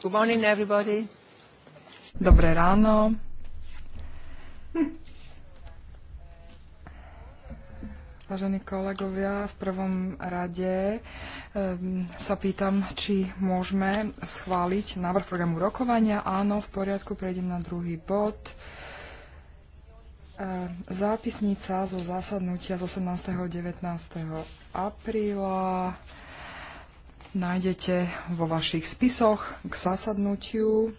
Good morning, everybody. Dobré ráno. Vážení kolegovia, v prvom rade um, sa pýtam, či môžeme schváliť návrh programu rokovania. Áno, v poriadku, prejdem na druhý bod. Ehm, zápisnica zo zasadnutia z 18. 19. apríla nájdete vo vašich spisoch k zasadnutiu.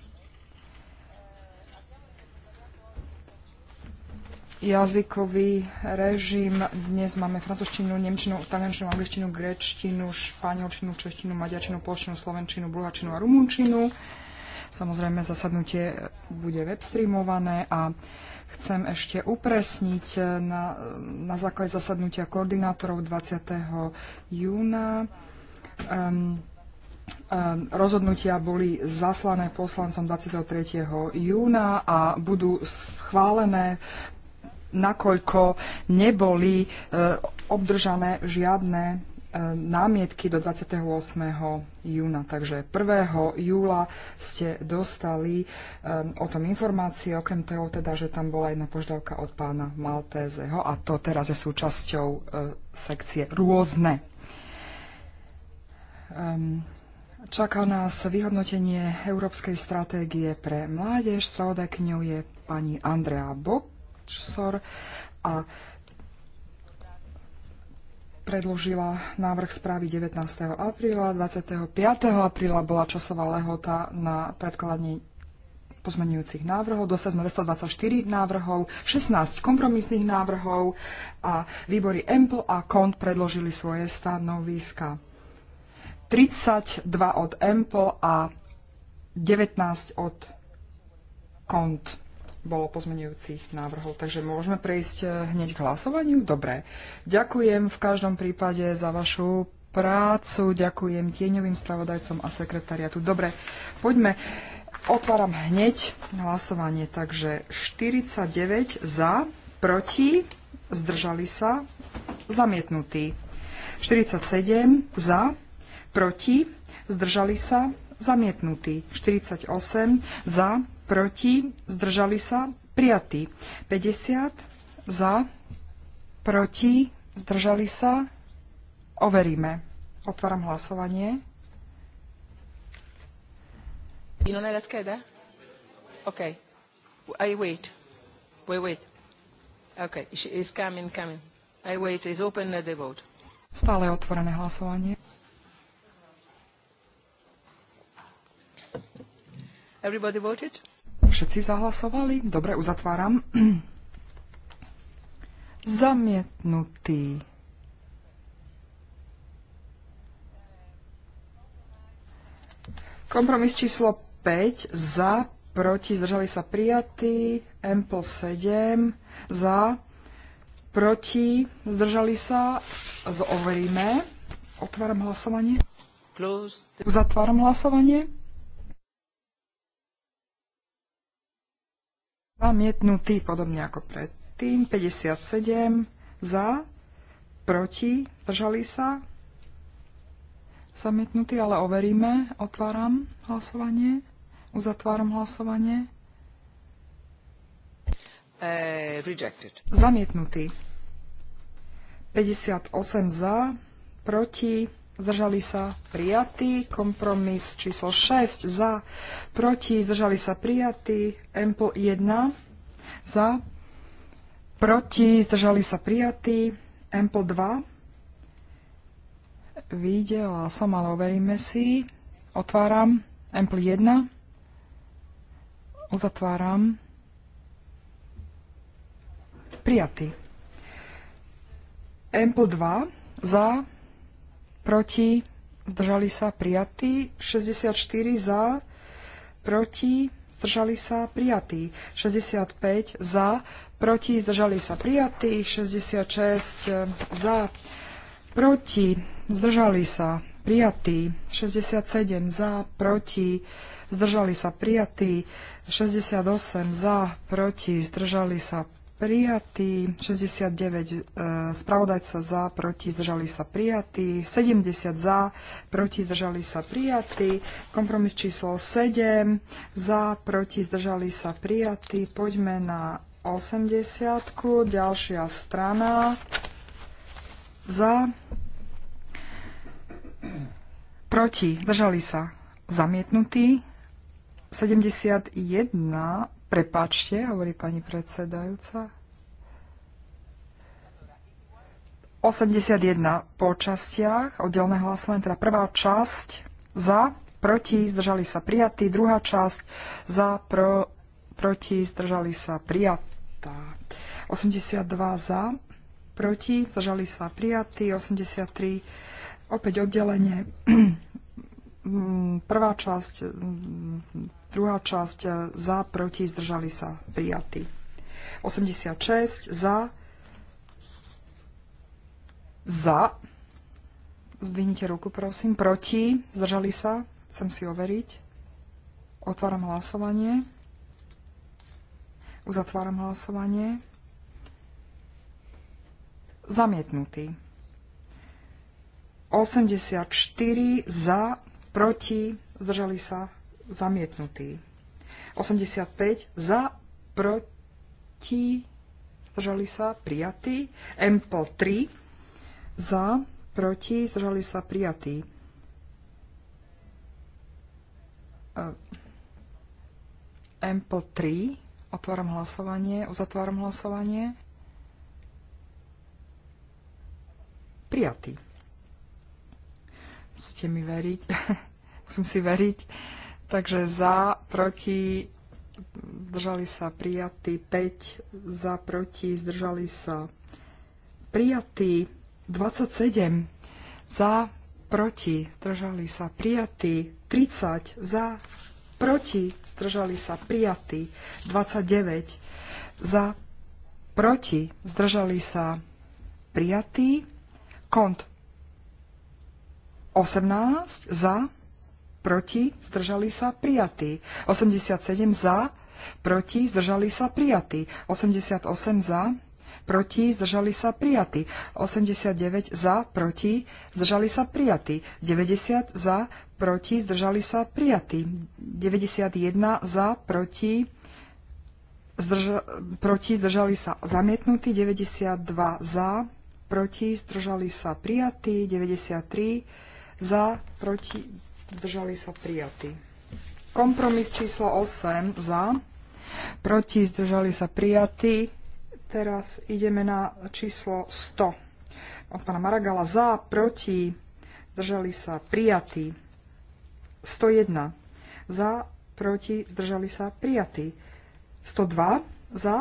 jazykový režim. Dnes máme francúzštinu, nemčinu, taliančinu, angličtinu, grečtinu, španielčinu, češtinu, maďarčinu, polštinu, slovenčinu, bulhačinu a rumunčinu. Samozrejme, zasadnutie bude webstreamované a chcem ešte upresniť eh, na, na základe zasadnutia koordinátorov 20. júna Um, rozhodnutia boli zaslané poslancom 23. júna a budú schválené, nakoľko neboli e, obdržané žiadne e, námietky do 28. júna. Takže 1. júla ste dostali o tom informácie, okrem toho teda, že tam bola jedna požiadavka od pána Maltézeho a to teraz je súčasťou e, sekcie rôzne. Um, čaká nás vyhodnotenie Európskej stratégie pre mládež. Spravodajkňou je pani Andrea Boksor a predložila návrh správy 19. apríla. 25. apríla bola časová lehota na predkladanie pozmenujúcich návrhov. Dosiaľ sme 224 návrhov, 16 kompromisných návrhov a výbory EMPL a KONT predložili svoje stanoviska. 32 od EMPL a 19 od KONT bolo pozmenujúcich návrhov. Takže môžeme prejsť eh, hneď k hlasovaniu? Dobre. Ďakujem v každom prípade za vašu prácu, ďakujem tieňovým spravodajcom a sekretariatu. Dobre, poďme. Otváram hneď hlasovanie. Takže 49 za, proti, zdržali sa, zamietnutí. 47 za, proti, zdržali sa, zamietnutý. 48 za, proti, zdržali sa, prijatý. 50 za, proti, zdržali sa, overíme. Otváram hlasovanie. You non è la scheda? Ok. I wait. We wait. Ok, it's coming, coming. I wait, it's open the vote. Stále otvorené hlasovanie. Everybody voted? Všetci zahlasovali? Dobre, uzatváram. Zamietnutý. Kompromis číslo 5 za, proti, zdržali sa prijatí, Ample 7 za, proti, zdržali sa, zoveríme. Otváram hlasovanie. Closed. Uzatváram hlasovanie. Zamietnutý podobne ako predtým. 57 za, proti, držali sa. Zamietnutý, ale overíme. Otváram hlasovanie. Uzatváram hlasovanie. Uh, rejected. Zamietnutý. 58 za, proti, zdržali sa prijatí, kompromis číslo 6 za, proti, zdržali sa prijatý, MPO 1 za, proti, zdržali sa prijatí, MPO 2 videla som, ale overíme si, otváram, MPO 1 uzatváram, prijatý. MPO 2 za, proti, zdržali sa prijatí, 64 za, proti, zdržali sa prijatí, 65 za, proti, zdržali sa prijatí, 66 eh, za, proti, zdržali sa prijatí, 67 za, proti, zdržali sa prijatí, 68 za, proti, zdržali sa prijatý, 69 e, spravodajca za, proti zdržali sa prijatý, 70 za, proti zdržali sa prijatý, kompromis číslo 7 za, proti zdržali sa prijatý, poďme na 80, ďalšia strana za, proti zdržali sa zamietnutý, 71 Prepačte, hovorí pani predsedajúca. 81 po častiach, oddelené hlasovanie, teda prvá časť za, proti, zdržali sa prijatí, druhá časť za, pro, proti, zdržali sa prijatá. 82 za, proti, zdržali sa prijatí, 83 opäť oddelenie Mm, prvá časť, mm, druhá časť e, za, proti, zdržali sa, prijatí. 86 za, za, zdvihnite ruku prosím, proti, zdržali sa, chcem si overiť. Otváram hlasovanie. Uzatváram hlasovanie. Zamietnutý. 84 za, proti, zdržali sa, zamietnutý. 85 za, proti, zdržali sa, prijatý. MPL 3 za, proti, zdržali sa, prijatý. E, MPL 3, otváram hlasovanie, uzatváram hlasovanie. Prijatý. Musíte mi veriť. Musím si veriť. Takže za, proti, zdržali sa prijatí. 5 za, proti, zdržali sa prijatí. 27 za, proti, zdržali sa prijatí. 30 za, proti, zdržali sa prijatí. 29 za, proti, zdržali sa prijatí. Kont 18 za, proti, zdržali sa, prijatí. 87 za, proti, zdržali sa, prijatí. 88 za, proti, zdržali sa, prijatí. 89 za, proti, zdržali sa, prijatí. 90 za, proti, zdržali sa, prijatí. 91 za, proti, zdrža- proti, zdržali sa zamietnutí, 92 za, proti, zdržali sa prijatí, 93 za, proti, zdržali sa prijatí. Kompromis číslo 8 za, proti, zdržali sa prijatí. Teraz ideme na číslo 100. Od pána Maragala za, proti, zdržali sa prijatí. 101 za, proti, zdržali sa prijatí. 102 za,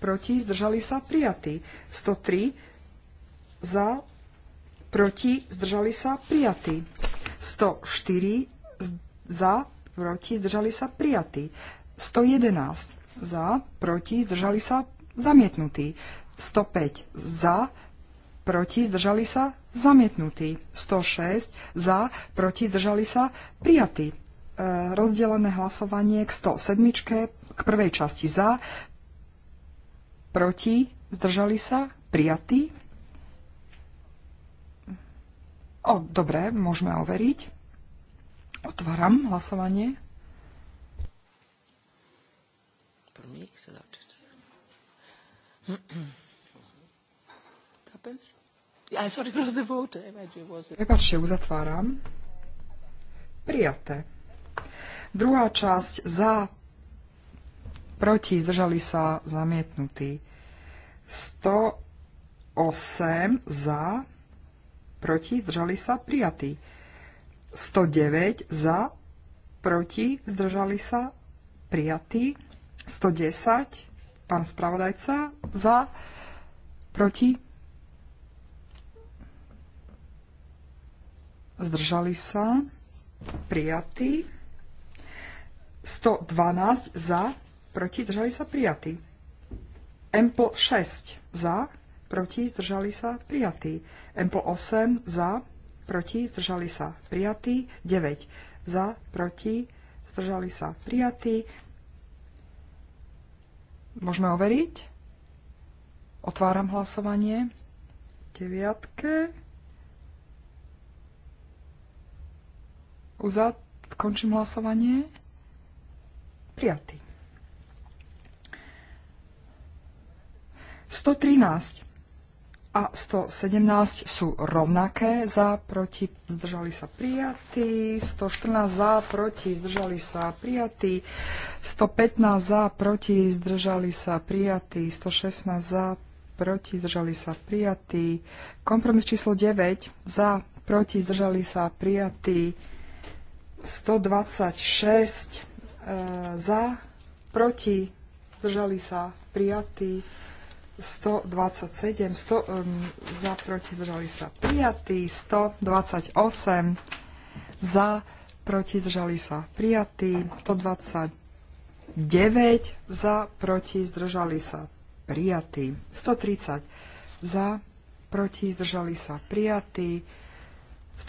proti, zdržali sa prijatí. 103 za, proti, zdržali sa, prijatý. 104 za, proti, zdržali sa, prijatý. 111 za, proti, zdržali sa, zamietnutý. 105 za, proti, zdržali sa, zamietnutý. 106 za, proti, zdržali sa, prijatý. E, rozdelené hlasovanie k 107, k prvej časti za, proti, zdržali sa, prijatý. O, dobre, môžeme overiť. Otváram hlasovanie. Prepačte, uzatváram. Prijaté. Druhá časť za, proti, zdržali sa, zamietnutí. 108 za, proti, zdržali sa, prijatý. 109 za, proti, zdržali sa, prijatý. 110, pán spravodajca, za, proti, zdržali sa, prijatý. 112 za, proti, zdržali sa prijatý. Empl 6 za, proti, zdržali sa, prijatý. Empl 8 za, proti, zdržali sa, prijatý. 9 za, proti, zdržali sa, prijatý. Môžeme overiť? Otváram hlasovanie. Deviatke. Uzad, končím hlasovanie. Prijatý. 113 a 117 sú rovnaké. Za, proti, zdržali sa prijatí. 114 za, proti, zdržali sa prijatí. 115 za, proti, zdržali sa prijatí. 116 za, proti, zdržali sa prijatí. Kompromis číslo 9 za, proti, zdržali sa prijatí. 126 e, za, proti, zdržali sa prijatí. 127 100, um, za, proti, zdržali sa prijatí, 128 za, proti, zdržali sa prijatí, 129 za, proti, zdržali sa prijatí, 130 za, proti, zdržali sa prijatí,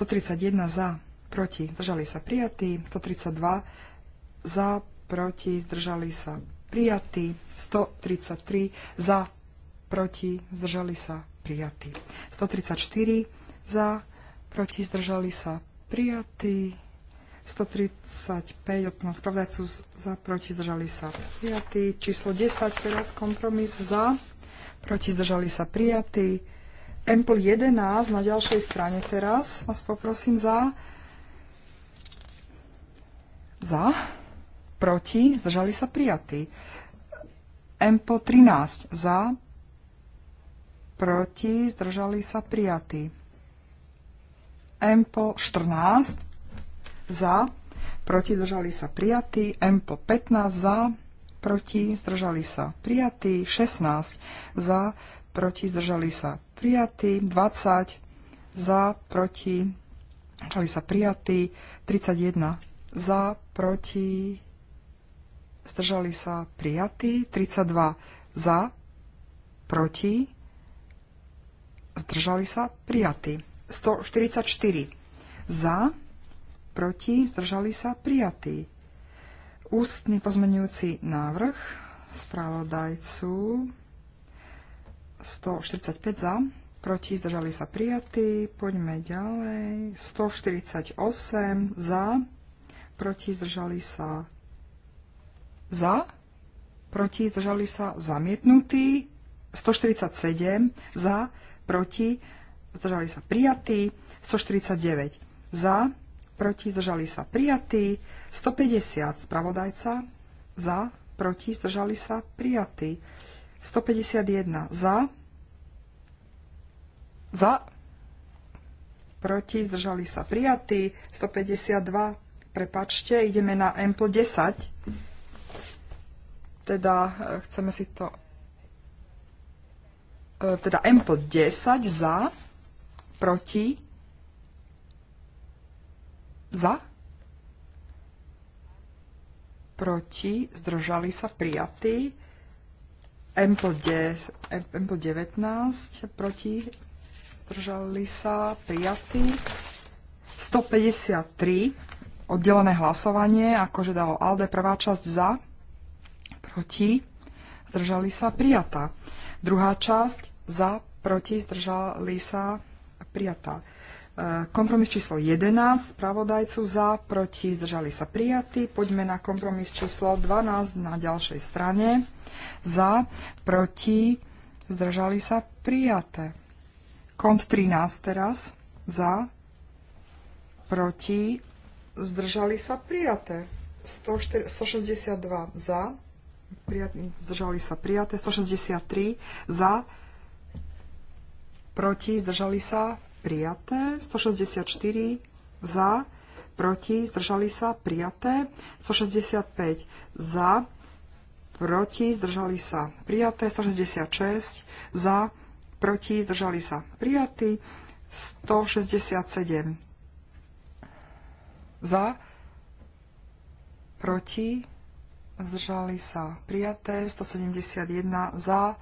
131 za, proti, zdržali sa prijatí, 132 za, proti, zdržali sa prijatí, 133 za, proti, zdržali sa, prijatý. 134 za, proti, zdržali sa, prijatý. 135 od nás spravodajcu za, proti, zdržali sa, prijatý. Číslo 10 teraz kompromis za, proti, zdržali sa, prijatý. Empl 11 na ďalšej strane teraz vás poprosím za, za, proti, zdržali sa, prijatý. MPO 13 za, proti, zdržali sa prijatí. MPO 14 za, proti, zdržali sa prijatí. MPO 15 za, proti, zdržali sa prijatí. 16 za, proti, zdržali sa prijatí. 20 za, proti, zdržali sa prijatí. 31 za, proti, zdržali sa prijatí. 32 za, proti, zdržali sa, prijatý. 144 za, proti, zdržali sa, prijatý. Ústny pozmenujúci návrh správodajcu 145 za, proti, zdržali sa, prijatý. Poďme ďalej. 148 za, proti, zdržali sa, za, proti, zdržali sa, zamietnutý. 147 za, proti, zdržali sa prijatí, 149 za, proti, zdržali sa prijatí, 150 spravodajca, za, proti, zdržali sa prijatí, 151 za, za, proti, zdržali sa prijatí, 152, prepačte, ideme na M 10, teda eh, chceme si to E, teda M pod 10 za, proti, za, proti, zdržali sa, prijatí. pod 19 proti, zdržali sa, prijatí. 153 oddelené hlasovanie, akože dalo ALDE prvá časť za, proti, zdržali sa, prijatá. Druhá časť za, proti, zdržali sa, prijatá. E, kompromis číslo 11, spravodajcu za, proti, zdržali sa prijatí. Poďme na kompromis číslo 12 na ďalšej strane. Za, proti, zdržali sa prijaté. Kont 13 teraz. Za, proti, zdržali sa prijaté. 162 za, prijat, zdržali sa prijaté, 163 za, proti, zdržali sa prijaté, 164 za, proti, zdržali sa prijaté, 165 za, proti, zdržali sa prijaté, 166 za, proti, zdržali sa prijatí, 167 za, proti, zdržali sa prijaté, 171 za,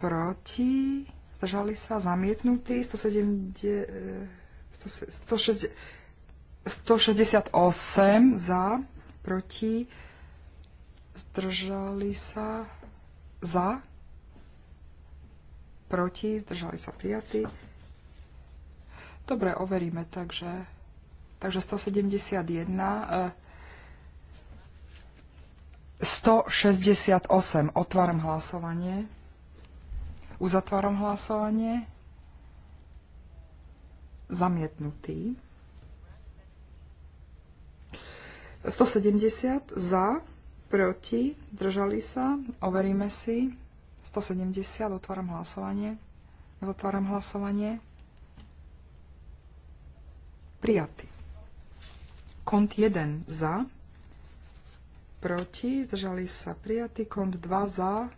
proti, zdržali sa zamietnutí, 168 za, proti, zdržali sa za, proti, zdržali sa prijatí. Dobre, overíme, takže, takže 171 e, eh, 168. Otváram hlasovanie. Uzatváram hlasovanie. Zamietnutý. 170 za, proti, zdržali sa, overíme si. 170, otváram hlasovanie. Zatváram hlasovanie. Prijatý. Kont 1 za, proti, zdržali sa prijatý, kont 2 za,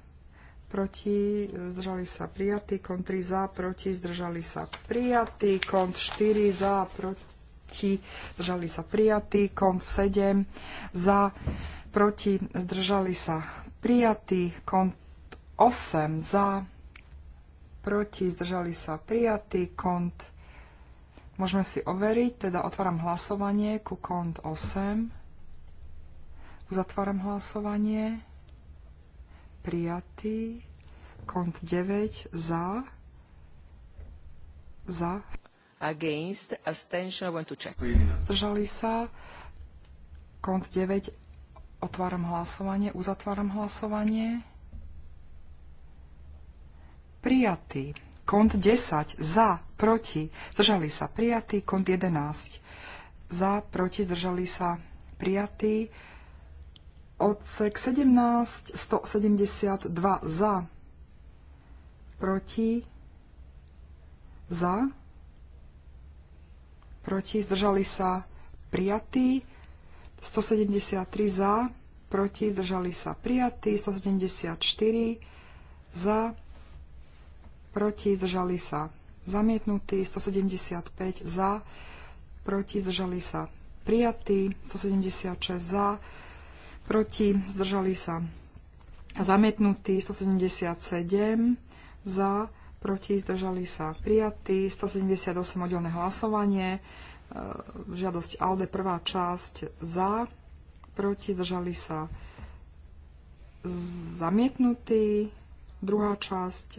proti, zdržali sa prijatý, kont 3 za, proti, zdržali sa prijatí, kont 4 za, proti, zdržali sa prijatí, kont 7 za, proti, zdržali sa prijatí, kont 8 za, proti, zdržali sa prijatý, kont Môžeme si overiť, teda otváram hlasovanie ku kont 8. Uzatváram hlasovanie. Prijatý. Kont 9 za. Za. Against. Abstention. want to check. Zdržali sa. Kont 9. Otváram hlasovanie. Uzatváram hlasovanie. Prijatý. Kont 10 za, proti, zdržali sa prijatý, kont 11 za, proti, zdržali sa prijatý. Odsek 17, 172 za, proti, za, proti, zdržali sa prijatí, 173 za, proti, zdržali sa prijatí, 174 za, proti, zdržali sa zamietnutí, 175 za, proti, zdržali sa prijatí, 176 za, proti, zdržali sa zamietnutí, 177 za, proti, zdržali sa prijatí, 178 oddelné hlasovanie, e, žiadosť ALDE prvá časť za, proti, zdržali sa zamietnutí, druhá časť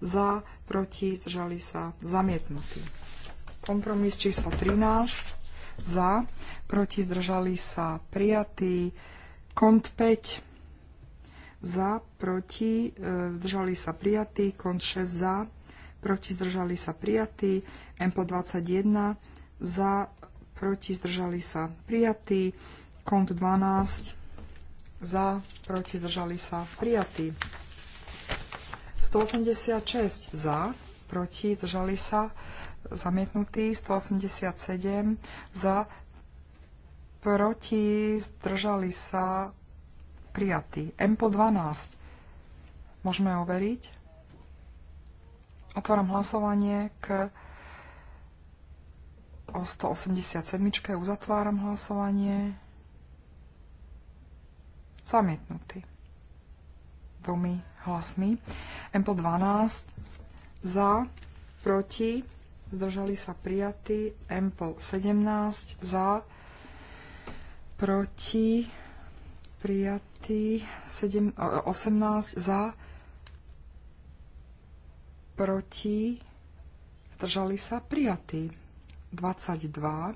za, proti, zdržali sa zamietnutí. Kompromis číslo 13 za, proti, zdržali sa prijatí, Kont 5 e, za, proti, zdržali sa prijatí. Kont 6 za, proti, zdržali sa prijatí. MPO 21 za, proti, zdržali sa prijatí. Kont 12 za, proti, zdržali sa prijatí. 186 za, proti, zdržali sa zamietnutí. 187 za, proti, zdržali sa, M MPO 12. Môžeme overiť. Otváram hlasovanie k o 187. Uzatváram hlasovanie. Zamietnutý. Dvomi hlasmi. MPO 12. Za, proti, zdržali sa prijatí. MPO 17. Za, proti, prijatý, 7, 18 za, proti, zdržali sa, prijatý, 22.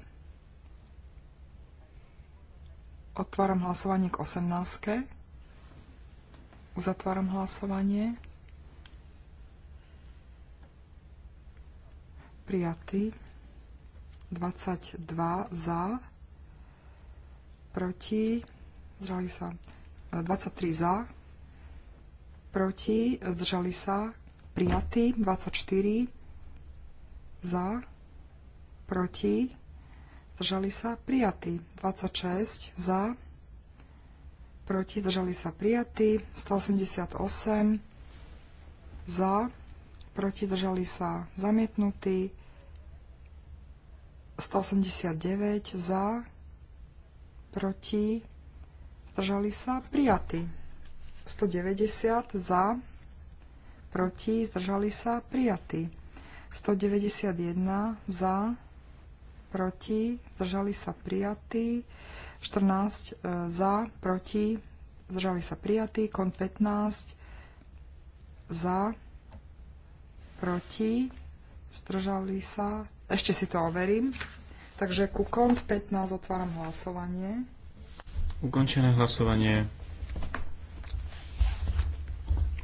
Otváram hlasovanie k 18. Uzatváram hlasovanie. Prijatý. 22 za proti, zdržali sa 23 e, za, proti, zdržali sa prijatí 24 za, proti, zdržali sa prijatí 26 za, proti, zdržali sa prijatí 188 za, proti, zdržali sa zamietnutí 189 za, proti, zdržali sa, prijatý. 190 za, proti, zdržali sa, prijatý. 191 za, proti, zdržali sa, prijatý. 14 e, za, proti, zdržali sa, prijatý. Kon 15 za, proti, zdržali sa, ešte si to overím. Takže ku kont 15 otváram hlasovanie. Ukončené hlasovanie.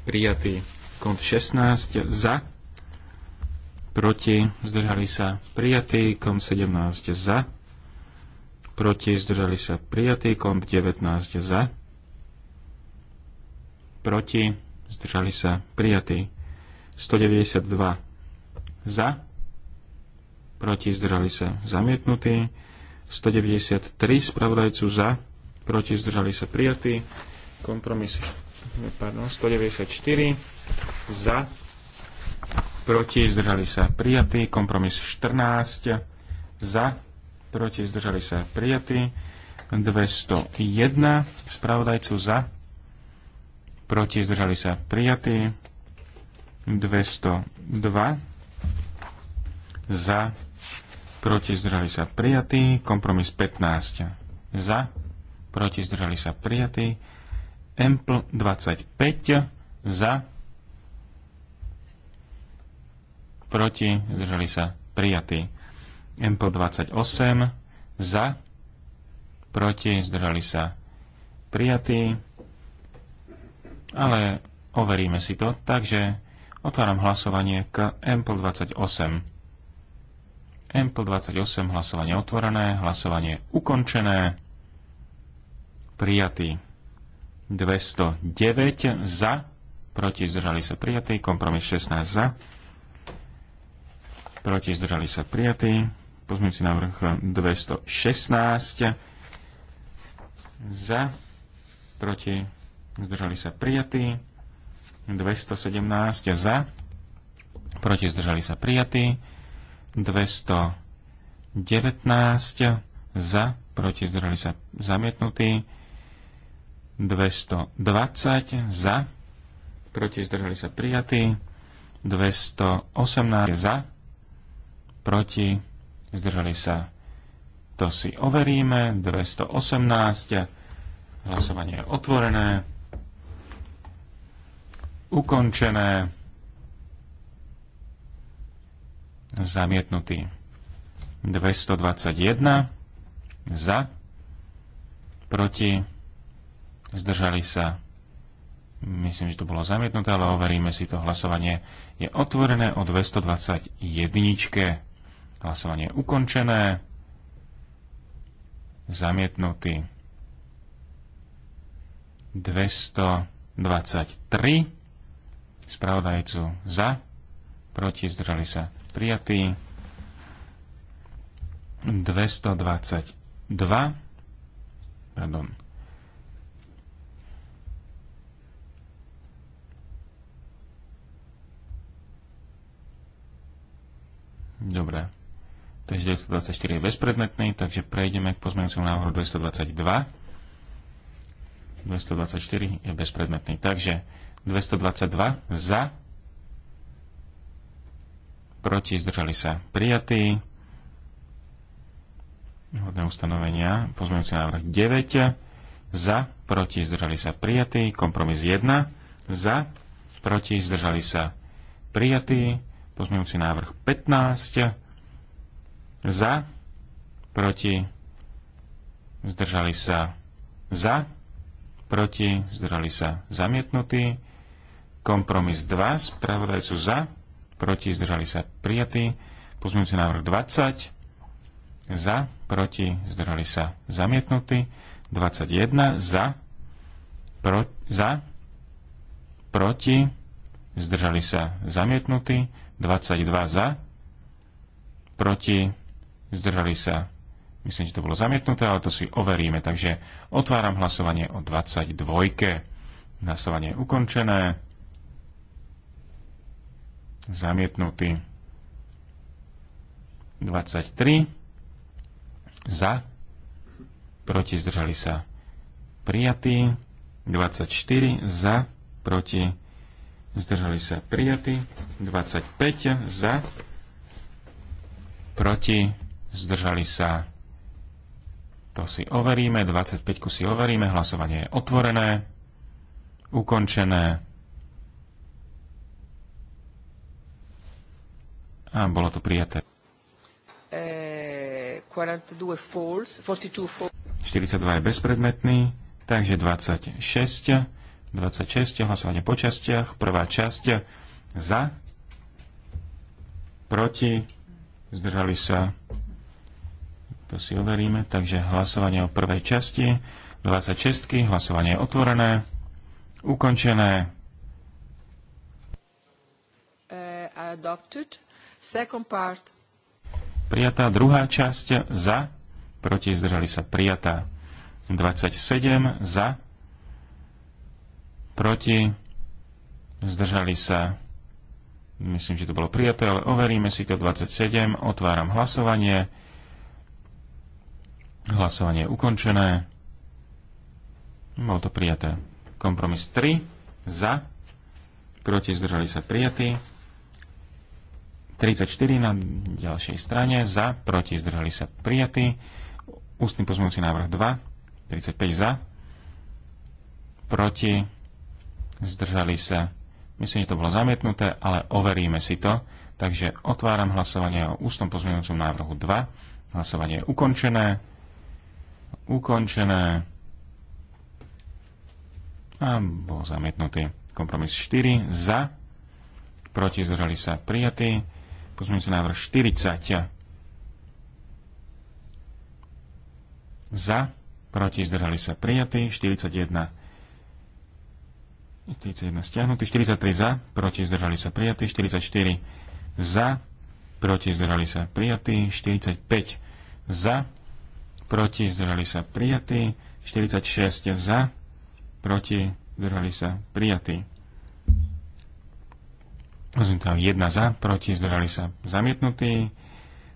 Prijatý kont 16 za. Proti zdržali sa prijatý kont 17 za. Proti zdržali sa prijatý kont 19 za. Proti zdržali sa prijatý 192 za proti zdržali sa zamietnutí, 193 spravodajcu za, proti zdržali sa prijatí, kompromis pardon, 194 za, proti zdržali sa prijatí, kompromis 14 za, proti zdržali sa prijatí, 201 spravodajcu za, proti zdržali sa prijatí, 202 za, proti zdržali sa prijatí, kompromis 15 za, proti zdržali sa prijatí, Empl 25 za, proti zdržali sa prijatí, Empl 28 za, proti zdržali sa prijatí, ale overíme si to, takže otváram hlasovanie k Empl 28. MP 28, hlasovanie otvorené, hlasovanie ukončené, prijatý 209 za, proti zdržali sa prijatý, kompromis 16 za, proti zdržali sa prijatý, pozmeňujúci návrh 216 za, proti zdržali sa prijatý, 217 za, proti zdržali sa prijatý, 219 za, proti zdržali sa zamietnutí, 220 za, proti zdržali sa prijatí, 218 za, proti zdržali sa. To si overíme, 218, hlasovanie je otvorené, ukončené. zamietnutý. 221 za, proti, zdržali sa. Myslím, že to bolo zamietnuté, ale overíme si to. Hlasovanie je otvorené o 221. Hlasovanie je ukončené. Zamietnutý. 223. Spravodajcu za, proti, zdržali sa prijatý. 222. Pardon. Dobre. Takže 224 je bezpredmetný, takže prejdeme k pozmeňujúcemu návrhu 222. 224 je bezpredmetný. Takže 222 za proti, zdržali sa prijatí. Hodné ustanovenia, pozmeňujúci návrh 9, za, proti, zdržali sa prijatí. Kompromis 1, za, proti, zdržali sa prijatí. Pozmeňujúci návrh 15, za, proti, zdržali sa za, proti, zdržali sa zamietnutí. Kompromis 2, spravodajcu za, proti, zdržali sa prijatí. Pozmeňujúci návrh 20, za, proti, zdržali sa zamietnutí. 21, za, pro, za, proti, zdržali sa zamietnutí. 22 za, proti, zdržali sa. Myslím, že to bolo zamietnuté, ale to si overíme. Takže otváram hlasovanie o 22. Hlasovanie je ukončené zamietnutý. 23 za, proti zdržali sa prijatí. 24 za, proti zdržali sa prijatí. 25 za, proti zdržali sa to si overíme, 25 si overíme, hlasovanie je otvorené, ukončené. A bolo to prijaté. 42 eh, je bezpredmetný, takže 26. 26, hlasovanie po častiach. Prvá časť za, proti, zdržali sa, to si overíme, takže hlasovanie o prvej časti, 26, hlasovanie je otvorené, ukončené. Eh, adopted. Prijatá druhá časť za, proti zdržali sa prijatá 27 za, proti zdržali sa, myslím, že to bolo prijaté, ale overíme si to 27, otváram hlasovanie, hlasovanie je ukončené, bolo to prijaté. Kompromis 3 za, proti zdržali sa prijatí. 34 na ďalšej strane, za, proti, zdržali sa prijatí. Ústny pozmúci návrh 2, 35 za, proti, zdržali sa. Myslím, že to bolo zamietnuté, ale overíme si to. Takže otváram hlasovanie o ústnom pozmeňujúcom návrhu 2. Hlasovanie je ukončené. Ukončené. A bol zamietnutý kompromis 4 za, proti zdržali sa prijatí. Pozmeňujúci návrh 40. Za, proti, zdržali sa prijatí. 41. 41 stiahnutý. 43 za, proti, zdržali sa prijatí. 44 za, proti, zdržali sa prijatí. 45 za, proti, zdržali sa prijatí. 46 za, proti, zdržali sa prijatí. Rozumiem tam, jedna za, proti, zdržali sa zamietnutí,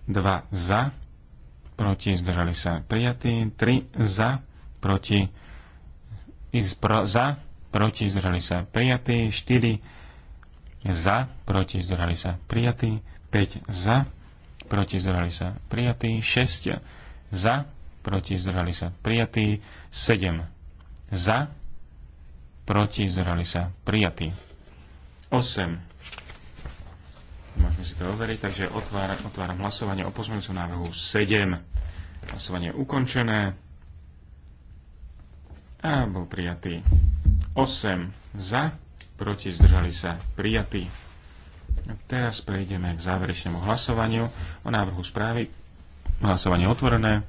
dva za, proti, zdržali sa prijatí, tri za, proti, pro, za, proti, zdržali sa prijatí, štyri za, proti, zdržali sa prijatí, 5 za, proti, zdržali sa prijatí, Šesť za, proti, zdržali sa prijatí, sedem za, proti, zdržali sa prijatí, 8 Môžeme si to overiť, takže otváram, otváram hlasovanie o pozmeňujúcom návrhu 7. Hlasovanie je ukončené. A bol prijatý. 8 za, proti zdržali sa prijatý. Teraz prejdeme k záverečnému hlasovaniu o návrhu správy. Hlasovanie otvorené.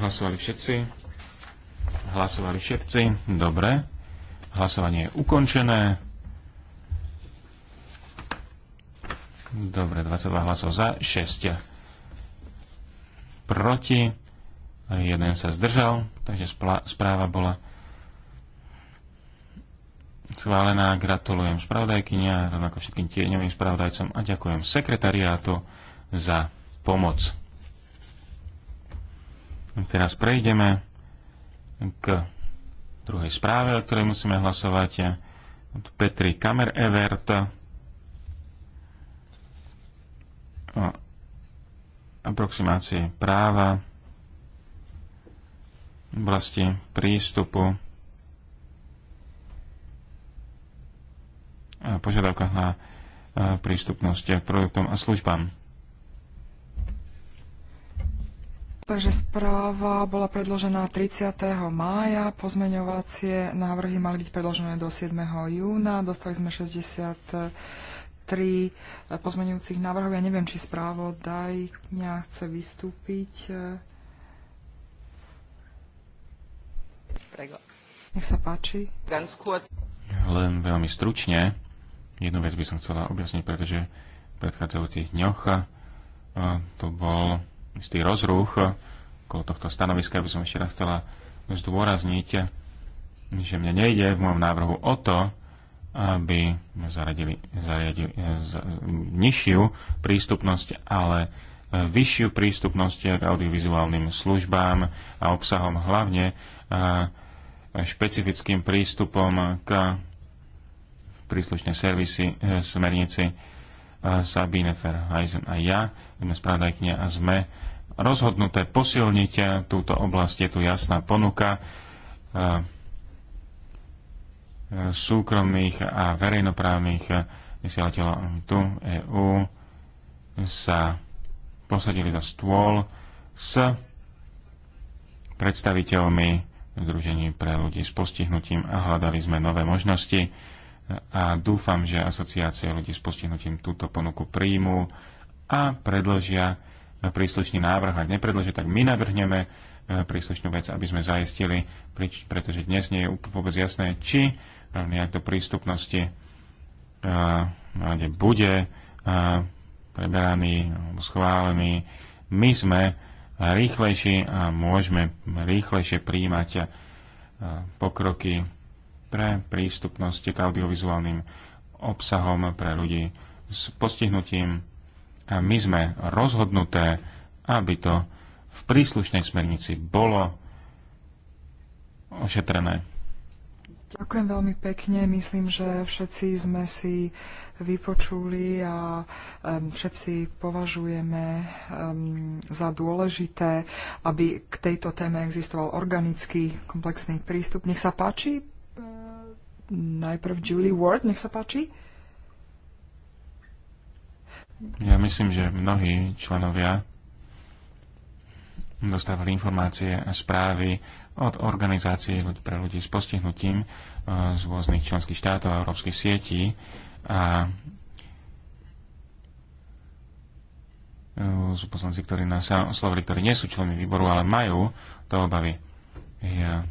Hlasovali všetci. Hlasovali všetci. Dobre. Hlasovanie je ukončené. Dobre, 22 hlasov za, 6 proti, jeden sa zdržal, takže správa bola schválená. Gratulujem spravodajkyni a rovnako všetkým tieňovým spravodajcom a ďakujem sekretariátu za pomoc. Teraz prejdeme k druhej správe, o ktorej musíme hlasovať. Od Petri Kamer-Evert aproximácie práva v oblasti prístupu a požiadavkách na e, prístupnosť k produktom a službám. Takže správa bola predložená 30. mája, pozmeňovacie návrhy mali byť predložené do 7. júna, dostali sme 60 tri pozmeňujúcich návrhov. Ja neviem, či správodajňa chce vystúpiť. Nech sa páči. Len veľmi stručne. Jednu vec by som chcela objasniť, pretože v predchádzajúcich dňoch to bol istý rozruch okolo tohto stanoviska. By som ešte raz chcela zdôrazniť, že mne nejde v môjom návrhu o to, aby zaradili, zariadili e, z, nižšiu prístupnosť, ale e, vyššiu prístupnosť k audiovizuálnym službám a obsahom hlavne a e, špecifickým prístupom k príslušnej servisy smernici Sabine Ferheisen a ja, sme spravodajkňa a sme rozhodnuté posilniť túto oblasť. Je tu jasná ponuka súkromných a verejnoprávnych vysielateľov tu EÚ sa posadili za stôl s predstaviteľmi Združení pre ľudí s postihnutím a hľadali sme nové možnosti a dúfam, že asociácie ľudí s postihnutím túto ponuku príjmu a predložia príslušný návrh. Ak nepredložia, tak my navrhneme e, príslušnú vec, aby sme zaistili, pretože dnes nie je vôbec jasné, či nejak do prístupnosti kde bude preberaný alebo schválený. My sme rýchlejší a môžeme rýchlejšie príjmať pokroky pre prístupnosť k audiovizuálnym obsahom pre ľudí s postihnutím. A my sme rozhodnuté, aby to v príslušnej smernici bolo ošetrené. Ďakujem veľmi pekne. Myslím, že všetci sme si vypočuli a um, všetci považujeme um, za dôležité, aby k tejto téme existoval organický, komplexný prístup. Nech sa páči. Uh, najprv Julie Ward, nech sa páči. Ja myslím, že mnohí členovia dostávali informácie a správy od organizácií pre ľudí s postihnutím e, z rôznych členských štátov a európskych sietí a e, sú poslanci, ktorí nás oslovili, ktorí nie sú členmi výboru, ale majú to obavy. Ja e,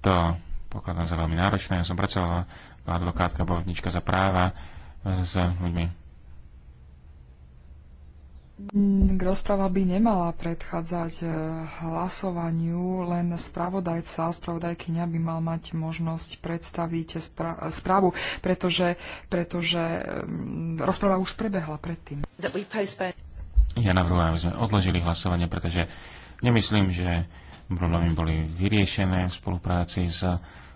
to pokladám za veľmi náročné. Ja som pracovala ako advokátka, bojovnička za práva s ľuďmi k mm, rozpráva by nemala predchádzať eh, hlasovaniu, len spravodajca, spravodajkyňa by mal mať možnosť predstaviť správu, pretože, pretože mm, rozpráva už prebehla predtým. Ja navrhujem, aby sme odložili hlasovanie, pretože nemyslím, že problémy boli vyriešené v spolupráci s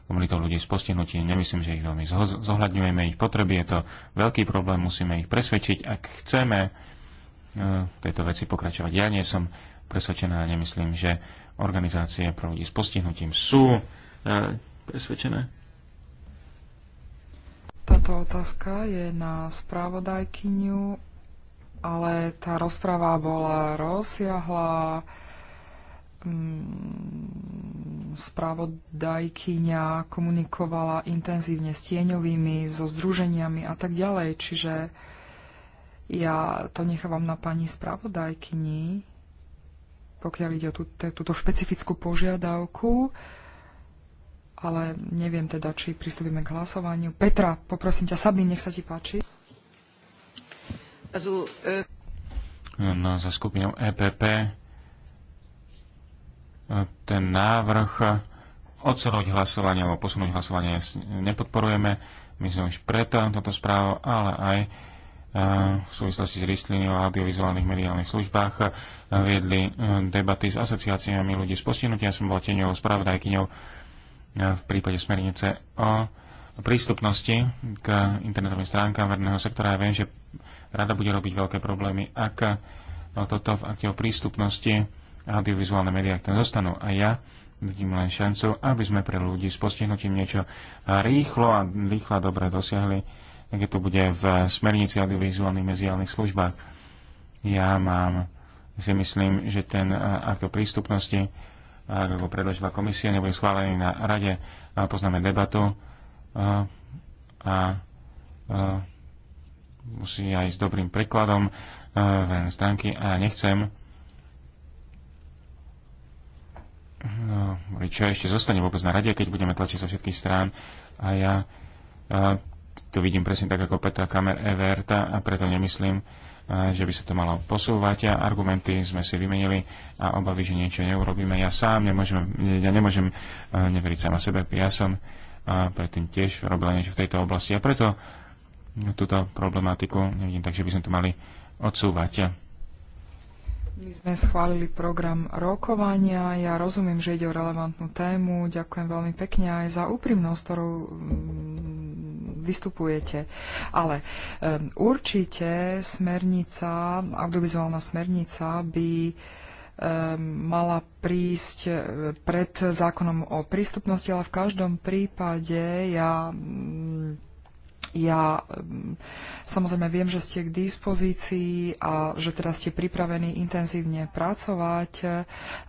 komunitou ľudí s postihnutím. Nemyslím, že ich veľmi zohľadňujeme, ich potreby. Je to veľký problém, musíme ich presvedčiť. Ak chceme v e, tejto veci pokračovať. Ja nie som presvedčená a nemyslím, že organizácie pro ľudí s postihnutím sú e, presvedčené. Táto otázka je na správodajkyňu, ale tá rozpráva bola rozsiahla. Mm, Spravodajkyňa komunikovala intenzívne s tieňovými, so združeniami a tak ďalej. Čiže ja to nechávam na pani spravodajkyni, pokiaľ ide o tú, túto špecifickú požiadavku, ale neviem teda, či pristúpime k hlasovaniu. Petra, poprosím ťa, Sabín, nech sa ti páči. No, za skupinou EPP e, ten návrh odsunúť hlasovanie alebo posunúť hlasovanie nepodporujeme. My sme už preto toto správo, ale aj v súvislosti s listlinou o audiovizuálnych mediálnych službách viedli e, debaty s asociáciami ľudí s postihnutia Ja som bol teňovou spravodajkyňou e, v prípade smernice o prístupnosti k internetovým stránkám verného sektora. Ja viem, že rada bude robiť veľké problémy, ak toto v akte o prístupnosti audiovizuálne médiá tam zostanú. A ja vidím len šancu, aby sme pre ľudí s postihnutím niečo rýchlo a rýchlo a dobre dosiahli keď to bude v smernici audiovizuálnych mediálnych službách. Ja mám, si myslím, že ten akt o prístupnosti, ako predložila komisia, nebude schválený na rade. A poznáme debatu a, a, a musí aj s dobrým prekladom verejnej stránky a ja nechcem, No, čo ešte zostane vôbec na rade, keď budeme tlačiť zo všetkých strán. A ja to vidím presne tak ako Petra Kamer Everta a preto nemyslím, eh, že by sa to malo posúvať a argumenty sme si vymenili a obavy, že niečo neurobíme. Ja sám nemôžem, ja nemôžem eh, neveriť sama sebe. Ja som eh, predtým tiež robila niečo v tejto oblasti a preto túto problematiku nevidím tak, že by sme to mali odsúvať. My sme schválili program rokovania. Ja rozumiem, že ide o relevantnú tému. Ďakujem veľmi pekne aj za úprimnosť, ktorú mm, vystupujete. Ale um, určite smernica, audiovizuálna smernica by mala prísť eh, pred zákonom o prístupnosti, ale v každom prípade ja mm, ja mm, samozrejme viem, že ste k dispozícii a že teda ste pripravení intenzívne pracovať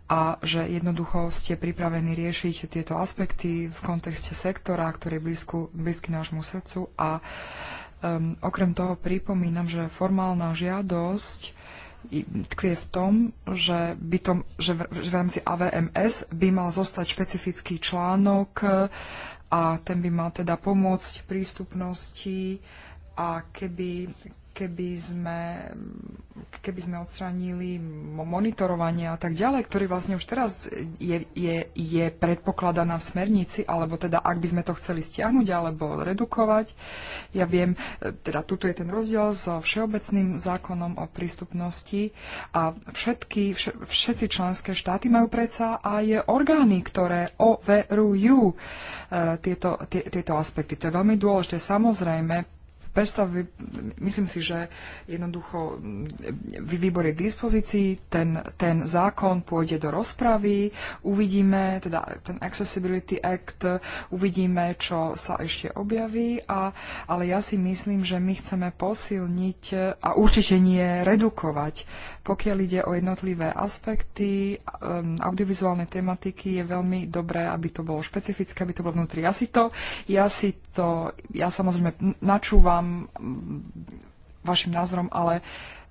a že jednoducho ste pripravení riešiť tieto aspekty v kontexte sektora, ktorý je blízku, blízky nášmu srdcu. A um, okrem toho pripomínam, že formálna žiadosť tkvie v tom, že, by tom, že, v, že v rámci AVMS by mal zostať špecifický článok a ten by mal teda pomôcť prístupnosti a keby keby sme, keby sme odstránili monitorovanie a tak ďalej, ktorý vlastne už teraz je, je, je predpokladaná v smernici, alebo teda ak by sme to chceli stiahnuť alebo redukovať. Ja viem, teda tuto je ten rozdiel so všeobecným zákonom o prístupnosti a všetky, všetci členské štáty majú predsa aj orgány, ktoré overujú e, tieto, tie, tieto aspekty. To je veľmi dôležité. Samozrejme, Predstav, myslím si, že jednoducho mm, výbor je k dispozícii, ten, ten zákon pôjde do rozpravy, uvidíme, teda ten Accessibility Act, uvidíme, čo sa ešte objaví, a, ale ja si myslím, že my chceme posilniť a určite nie redukovať pokiaľ ide o jednotlivé aspekty um, audiovizuálnej tematiky, je veľmi dobré, aby to bolo špecifické, aby to bolo vnútri. Ja si to, ja si to, ja samozrejme načúvam mm, vašim názorom, ale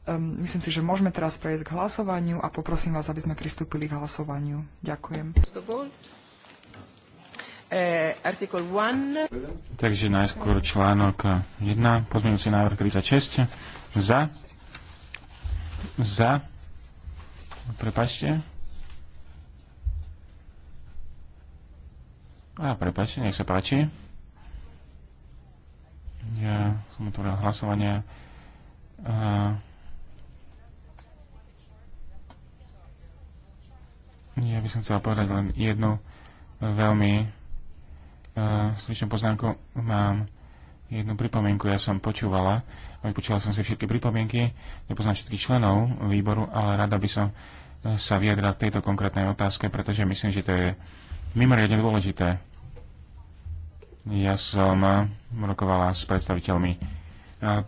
um, myslím si, že môžeme teraz prejsť k hlasovaniu a poprosím vás, aby sme pristúpili k hlasovaniu. Ďakujem. Eh, Takže najskôr článok 1, pozmeňujúci návrh 36, za, za, prepačte, a prepačte, nech sa páči. Ja som otvoril hlasovanie. A... Ja by som chcel povedať len jednu veľmi uh, stručnú poznámku. Mám jednu pripomienku. Ja som počúvala, vypočula som si všetky pripomienky, nepoznám všetkých členov výboru, ale rada by som eh, sa vyjadrila k tejto konkrétnej otázke, pretože myslím, že to je mimoriadne dôležité. Ja som eh, rokovala s predstaviteľmi eh,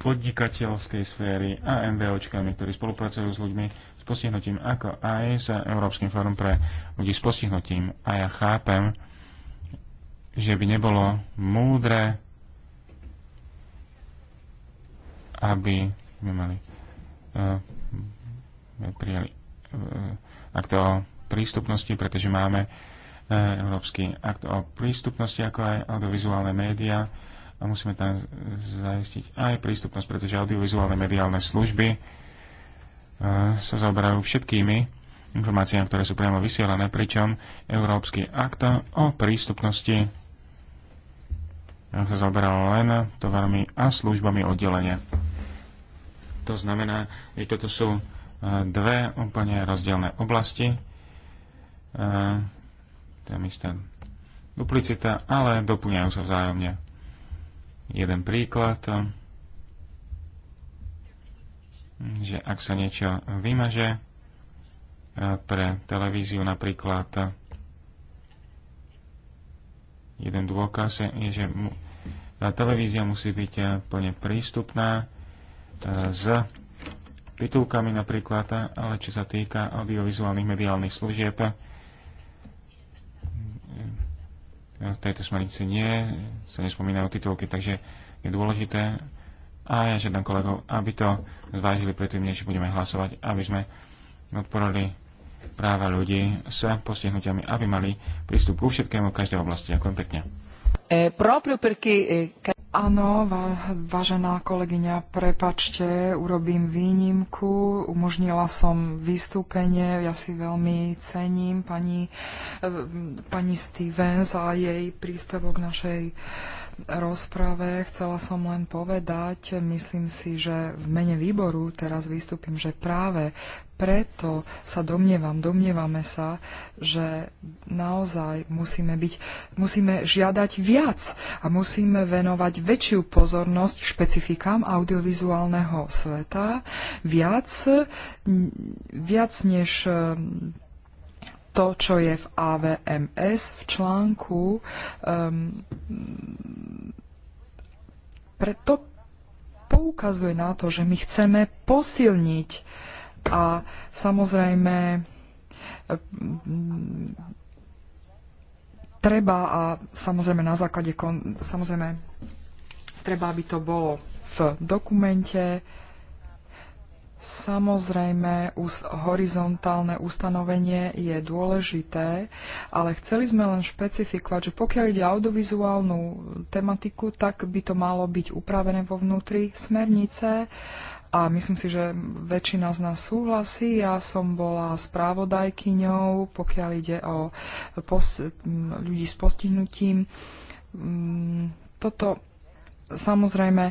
podnikateľskej sféry a MVOčkami, ktorí spolupracujú s ľuďmi s postihnutím, ako aj s Európskym fórum pre ľudí s postihnutím. A ja chápem, že by nebolo múdre aby sme mali eh, prijali eh, akt o prístupnosti, pretože máme eh, Európsky akt o prístupnosti, ako aj audiovizuálne médiá a musíme tam zaistiť aj prístupnosť, pretože audiovizuálne mediálne služby sa zaoberajú všetkými informáciám, ktoré sú priamo vysielané, pričom Európsky akt o prístupnosti sa zaoberal len tovarmi a službami oddelenia. To znamená, že toto sú e, dve úplne rozdielne oblasti. E, tam istá duplicita, ale doplňajú sa vzájomne. Jeden príklad, že ak sa niečo vymaže e, pre televíziu napríklad, jeden dôkaz je, že tá televízia musí byť plne prístupná s titulkami napríklad, ale čo sa týka audiovizuálnych mediálnych služieb, v tejto smernici nie, sa nespomínajú titulky, takže je dôležité a ja žiadam kolegov, aby to zvážili predtým, než budeme hlasovať, aby sme podporili práva ľudí s postihnutiami, aby mali prístup ku všetkému v každej oblasti. Ďakujem pekne. E, e, Áno, vážená kolegyňa, prepačte, urobím výnimku. Umožnila som vystúpenie, ja si veľmi cením pani, e, pani Stevens a jej príspevok našej rozprave. Chcela som len povedať, myslím si, že v mene výboru teraz vystúpim, že práve preto sa domnievam, domnievame sa, že naozaj musíme byť, musíme žiadať viac a musíme venovať väčšiu pozornosť špecifikám audiovizuálneho sveta, viac, viac než to, čo je v AVMS v článku. Um, preto poukazuje na to, že my chceme posilniť a samozrejme, treba a samozrejme na základe, samozrejme, treba, aby to bolo v dokumente, Samozrejme, horizontálne ustanovenie je dôležité, ale chceli sme len špecifikovať, že pokiaľ ide audiovizuálnu tematiku, tak by to malo byť upravené vo vnútri smernice a myslím si, že väčšina z nás súhlasí. Ja som bola správodajkyňou, pokiaľ ide o ľudí s postihnutím. Mm, toto samozrejme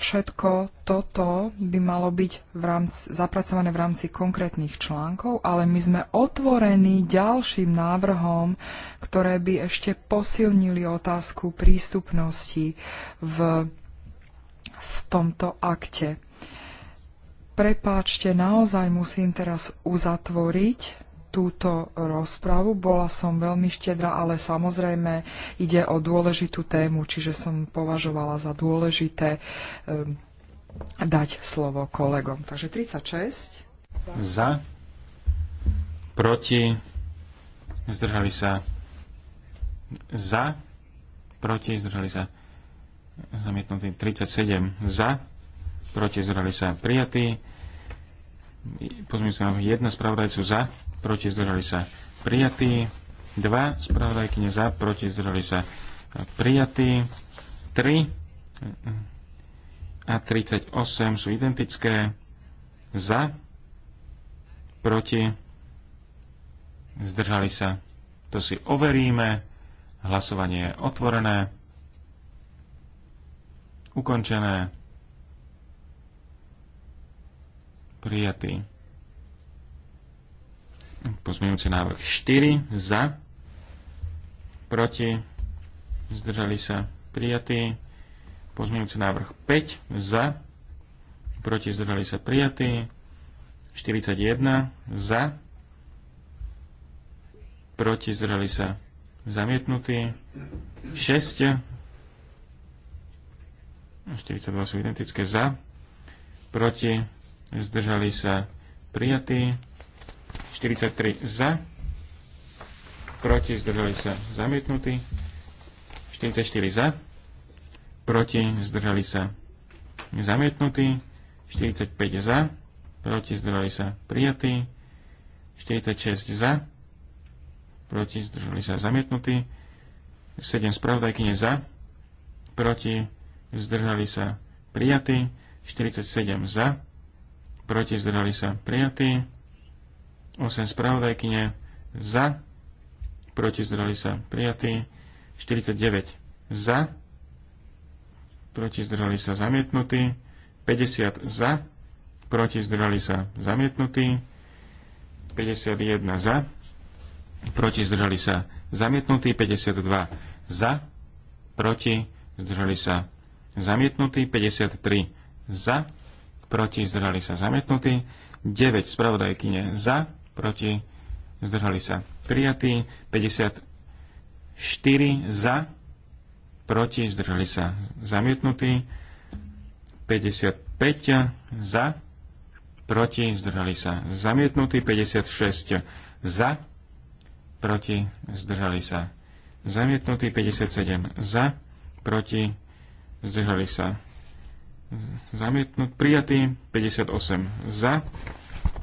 všetko toto by malo byť v rámci, zapracované v rámci konkrétnych článkov, ale my sme otvorení ďalším návrhom, ktoré by ešte posilnili otázku prístupnosti v tomto akte. Prepáčte, naozaj musím teraz uzatvoriť túto rozpravu. Bola som veľmi štedrá, ale samozrejme ide o dôležitú tému, čiže som považovala za dôležité um, dať slovo kolegom. Takže 36. Za. za proti. Zdržali sa. Za. Proti. Zdržali sa zamietnutý 37 za, proti zdržali sa prijatí, sa na jedna spravodajcu za, proti zdržali sa prijatí, 2 spravodajkyne za, proti zdržali sa prijatí, 3 a 38 sú identické za, proti, zdržali sa. To si overíme. Hlasovanie je otvorené. Ukončené. Prijatý. Pozmienujúci návrh 4 za. Proti. Zdržali sa. Prijatý. Pozmienujúci návrh 5 za. Proti. Zdržali sa. Prijatý. 41 za proti zdržali sa zamietnutý, 6 42 sú identické za, proti, zdržali sa prijatí, 43 za, proti, zdržali sa zamietnutí, 44 za, proti, zdržali sa zamietnutí, 45 za, proti, zdržali sa prijatí, 46 za, proti, zdržali sa zamietnutí, 7 spravodajkyne za, proti, zdržali sa prijatí, 47 za, proti zdržali sa prijatí, 8 spravodajkyne za, proti zdržali sa prijatí, 49 za, proti zdržali sa zamietnutí, 50 za, proti zdržali sa zamietnutí, 51 za, proti zdržali sa zamietnutí, 52 za, proti zdržali sa zamietnutý, 53 za, proti, zdržali sa zamietnutí, 9 spravodajkyne za, proti, zdržali sa prijatí, 54 za, proti, zdržali sa zamietnutí, 55 za, proti, zdržali sa zamietnutí, 56 za, proti, zdržali sa zamietnutí, 57 za, proti, zdržali sa zamietnut, prijatý, 58 za,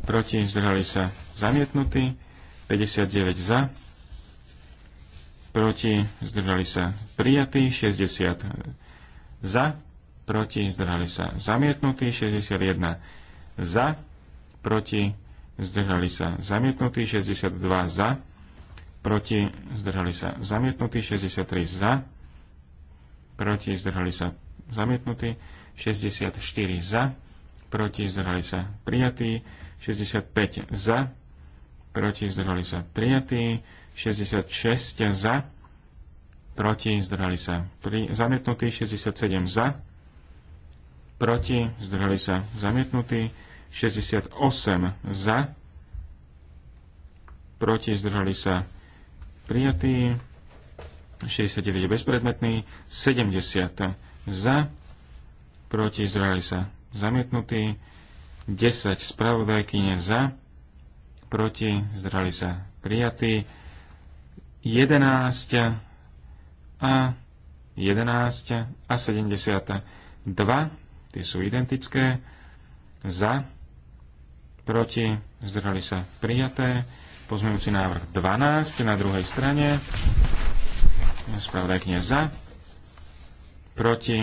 proti, zdržali sa zamietnutí, 59 za, proti, zdržali sa prijatí, 60 za, proti, zdržali sa zamietnutí, 61 za, proti, zdržali sa zamietnutí, 62 za, proti, zdržali sa zamietnutý, 63 za, proti, zdržali sa zamietnutí, 64 za, proti, zdržali sa prijatí, 65 za, proti, zdržali sa prijatí, 66 za, proti, zdržali sa pri, zamietnutí, 67 za, proti, zdržali sa zamietnutí, 68 za, proti, zdržali sa prijatí, 69 je bezpredmetný, 70 za, proti zdržali sa zamietnutí, 10 spravodajkyne za, proti zdržali sa prijatí, 11 a 11 a 72, tie sú identické, za, proti, zdržali sa prijaté. Pozmeňujúci návrh 12 na druhej strane, Spravodajkňa za. Proti.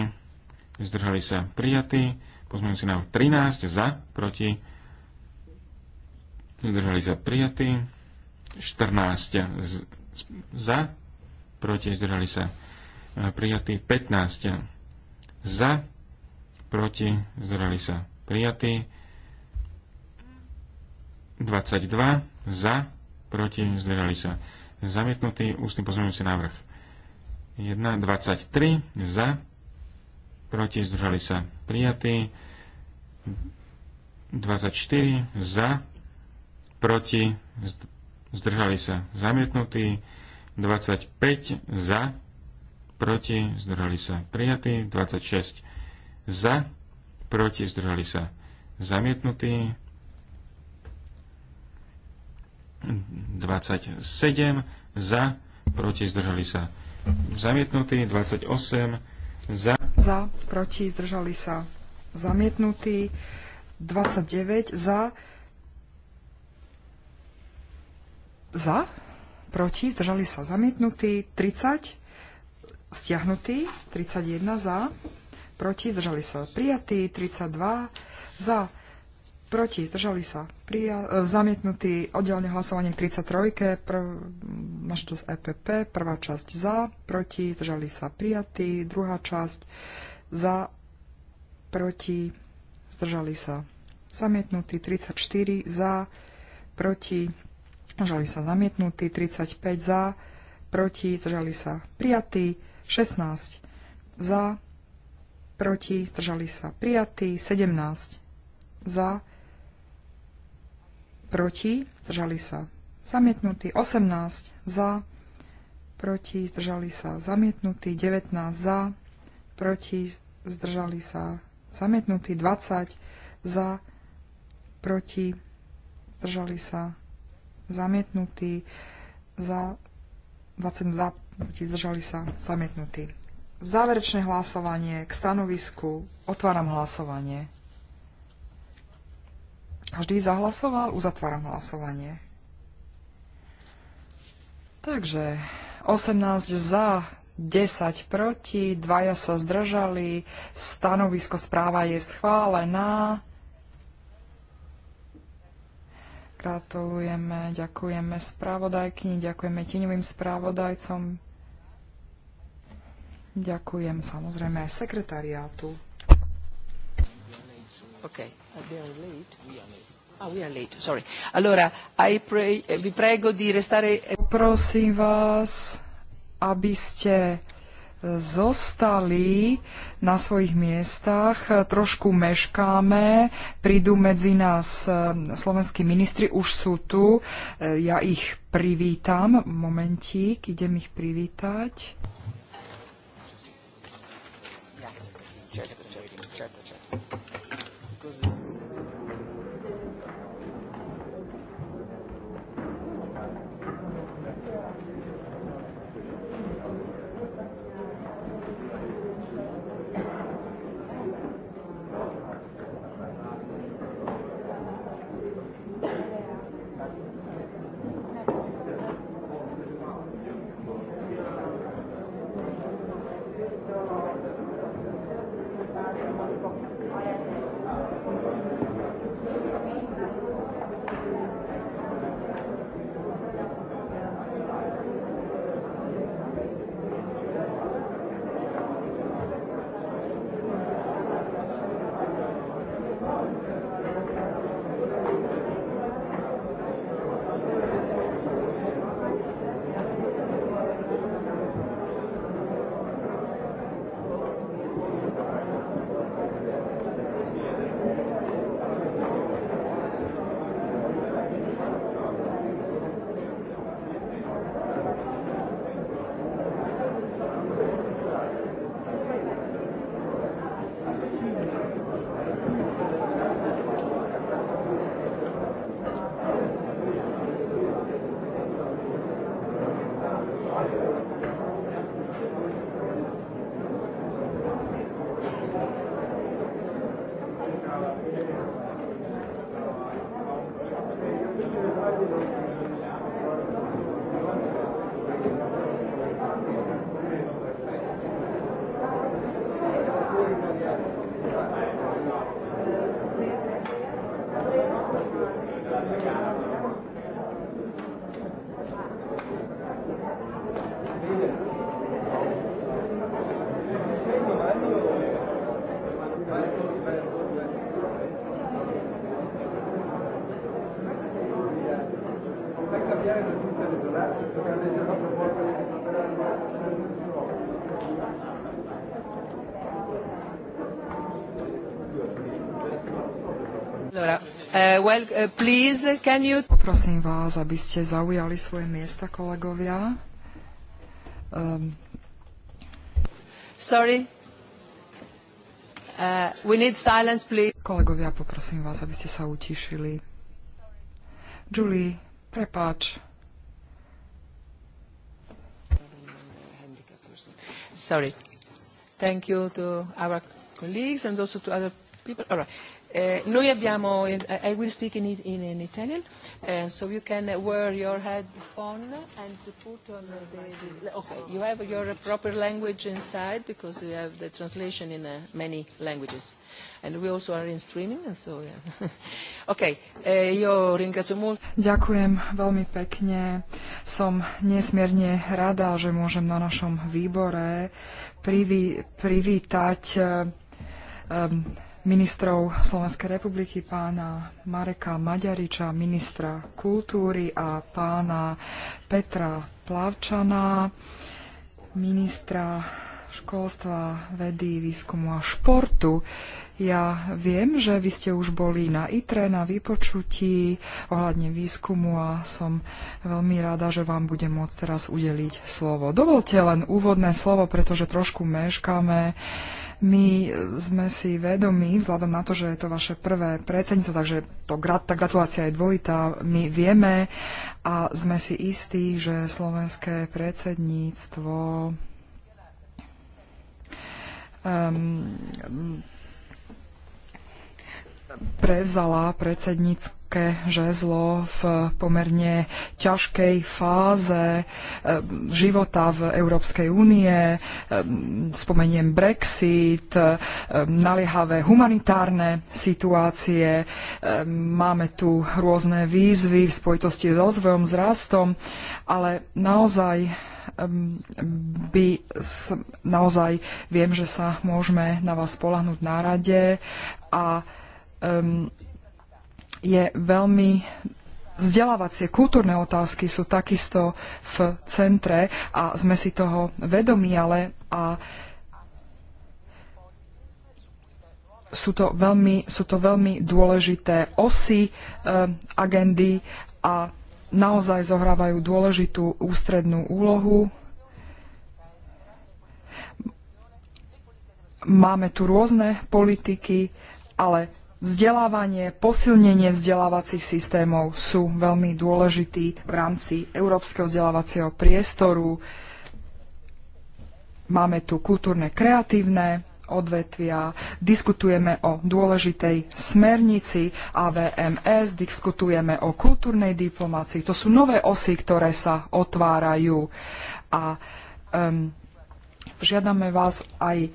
Zdržali sa prijatí. Pozmeňujúci návrh 13 za. Proti. Zdržali sa prijatí. 14 z, za. Proti. Zdržali sa e, prijatí. 15 za. Proti. Zdržali sa prijatí. 22 za. Proti. Zdržali sa zamietnutý ústny pozmeňujúci návrh 1 23 za, proti zdržali sa prijatí, 24 za, proti zdržali sa zamietnutí, 25 za, proti zdržali sa prijatí, 26 za, proti zdržali sa zamietnutí, 27 za, proti zdržali sa prijatí, zamietnutý, 28 za. Za, proti, zdržali sa zamietnutý, 29 za. Za, proti, zdržali sa zamietnutý, 30 stiahnutý, 31 za, proti, zdržali sa prijatý, 32 za, proti, zdržali sa, prija, e, zamietnutý oddelenie hlasovaním k 33, prv, naša EPP, prvá časť za, proti, zdržali sa, prijatý, druhá časť za, proti, zdržali sa, zamietnutý, 34 za, proti, zdržali sa, zamietnutý, 35 za, proti, zdržali sa, prijatý, 16 za, proti, zdržali sa, prijatý, 17 za, proti, zdržali sa zamietnutí, 18 za, proti, zdržali sa zamietnutí, 19 za, proti, zdržali sa zamietnutí, 20 za, proti, zdržali sa zamietnutí, za 22 proti, zdržali sa zamietnutí. Záverečné hlasovanie k stanovisku. Otváram hlasovanie. Každý zahlasoval? Uzatváram hlasovanie. Takže 18 za, 10 proti, dvaja sa zdržali, stanovisko správa je schválená. Gratulujeme, ďakujeme správodajkyni, ďakujeme tieňovým správodajcom. Ďakujem samozrejme aj sekretariátu. Okay. Ah, Poprosím eh, eh, vás, aby ste eh, zostali na svojich miestach. Trošku meškáme, prídu medzi nás slovenskí ministri, už sú tu. Ja ich privítam. Momentík, idem ich privítať. Čak, Uh, well, uh, please, can you... Poprosím vás, aby ste zaujali svoje miesta, kolegovia. Um... Sorry. Uh, we need silence, please. Kolegovia, poprosím vás, aby ste sa utišili. Julie, prepáč. Sorry. Thank you to our colleagues and also to other people. All right. Eh, noi abbiamo, eh, I will speak in, in, in Italian, uh, so you can wear your headphone and to put on the, the, okay, you have your proper language inside because we have the translation in uh, many languages. And we also are in streaming, and so yeah. okay, eh, io ringrazio molto. Ďakujem veľmi pekne. Som nesmierne rada, že môžem na našom výbore priví, privítať um, ministrov Slovenskej republiky, pána Mareka Maďariča, ministra kultúry a pána Petra Plavčana, ministra školstva, vedy, výskumu a športu. Ja viem, že vy ste už boli na ITRE, na vypočutí ohľadne výskumu a som veľmi rada, že vám budem môcť teraz udeliť slovo. Dovolte len úvodné slovo, pretože trošku meškáme. My sme si vedomi, vzhľadom na to, že je to vaše prvé predsedníctvo, takže to, tá gratulácia je dvojitá, my vieme a sme si istí, že slovenské predsedníctvo um, prevzala predsednícke žezlo v pomerne ťažkej fáze e, života v Európskej únie. E, spomeniem Brexit, e, naliehavé humanitárne situácie, máme tu rôzne výzvy v spojitosti s rozvojom, s rastom, ale naozaj by naozaj viem, že sa môžeme na vás spolahnúť na rade a um, je veľmi vzdelávacie kultúrne otázky sú takisto v centre a sme si toho vedomi, ale a sú to veľmi, sú to veľmi dôležité osy e, agendy a naozaj zohrávajú dôležitú ústrednú úlohu. Máme tu rôzne politiky, ale Vzdelávanie, posilnenie vzdelávacích systémov sú veľmi dôležitý v rámci európskeho vzdelávacieho priestoru. Máme tu kultúrne kreatívne odvetvia, diskutujeme o dôležitej smernici AVMS, diskutujeme o kultúrnej diplomácii. To sú nové osy, ktoré sa otvárajú. A um, žiadame vás aj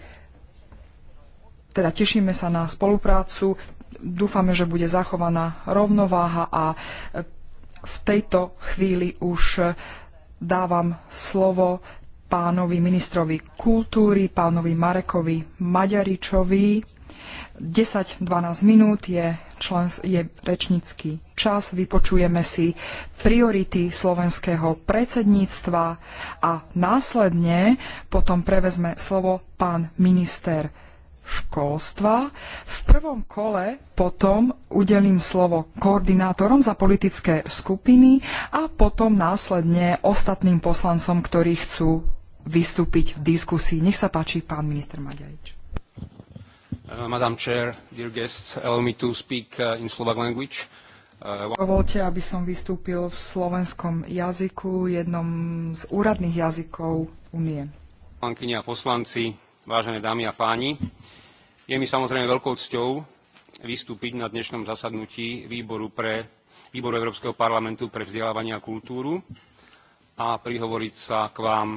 teda tešíme sa na spoluprácu, dúfame, že bude zachovaná rovnováha a e, v tejto chvíli už e, dávam slovo pánovi ministrovi kultúry, pánovi Marekovi Maďaričovi. 10-12 minút je, člen, je rečnícky čas. Vypočujeme si priority slovenského predsedníctva a následne potom prevezme slovo pán minister školstva. V prvom kole potom udelím slovo koordinátorom za politické skupiny a potom následne ostatným poslancom, ktorí chcú vystúpiť v diskusii. Nech sa páči, pán minister Maďarič. Povolte, uh, Madam Chair, dear guests, allow me to speak uh, in Slovak language. Uh, Dovolte, aby som vystúpil v slovenskom jazyku, jednom z úradných jazykov únie. Poslankyne a poslanci, vážené dámy a páni. Je mi samozrejme veľkou cťou vystúpiť na dnešnom zasadnutí výboru, pre, výboru Európskeho parlamentu pre vzdelávanie a kultúru a prihovoriť sa k vám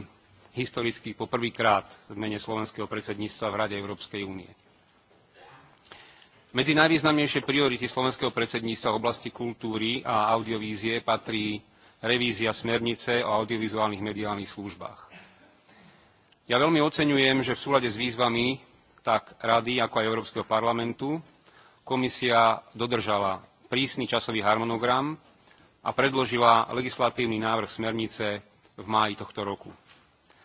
historicky poprvýkrát v mene slovenského predsedníctva v Rade Európskej únie. Medzi najvýznamnejšie priority slovenského predsedníctva v oblasti kultúry a audiovízie patrí revízia smernice o audiovizuálnych mediálnych službách. Ja veľmi oceňujem, že v súlade s výzvami tak Rady, ako aj Európskeho parlamentu, komisia dodržala prísny časový harmonogram a predložila legislatívny návrh smernice v máji tohto roku.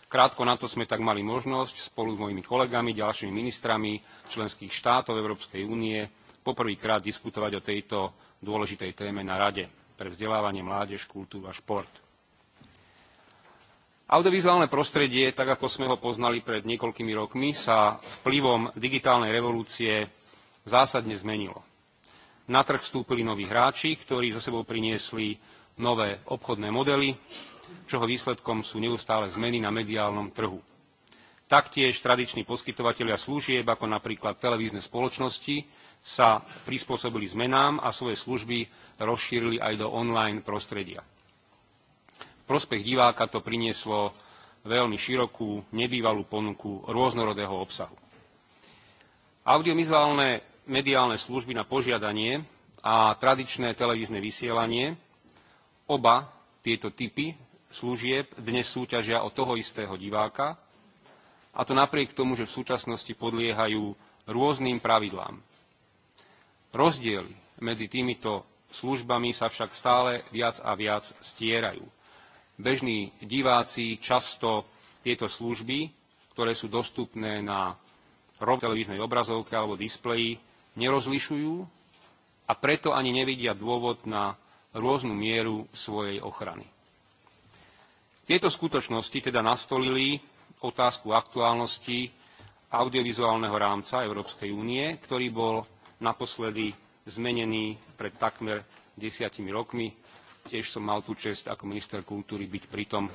Krátko na to sme tak mali možnosť spolu s mojimi kolegami, ďalšími ministrami členských štátov Európskej únie poprvýkrát diskutovať o tejto dôležitej téme na Rade pre vzdelávanie, mládež, kultúru a šport. Audiovizuálne prostredie, tak ako sme ho poznali pred niekoľkými rokmi, sa vplyvom digitálnej revolúcie zásadne zmenilo. Na trh vstúpili noví hráči, ktorí so sebou priniesli nové obchodné modely, čoho výsledkom sú neustále zmeny na mediálnom trhu. Taktiež tradiční poskytovateľia služieb, ako napríklad televízne spoločnosti, sa prispôsobili zmenám a svoje služby rozšírili aj do online prostredia prospech diváka to prinieslo veľmi širokú, nebývalú ponuku rôznorodého obsahu. Audiovizuálne mediálne služby na požiadanie a tradičné televízne vysielanie, oba tieto typy služieb dnes súťažia o toho istého diváka, a to napriek tomu, že v súčasnosti podliehajú rôznym pravidlám. Rozdiely medzi týmito službami sa však stále viac a viac stierajú bežní diváci často tieto služby, ktoré sú dostupné na televíznej obrazovke alebo displeji, nerozlišujú a preto ani nevidia dôvod na rôznu mieru svojej ochrany. Tieto skutočnosti teda nastolili otázku aktuálnosti audiovizuálneho rámca Európskej únie, ktorý bol naposledy zmenený pred takmer desiatimi rokmi Tiež som mal tú čest ako minister kultúry byť pritom.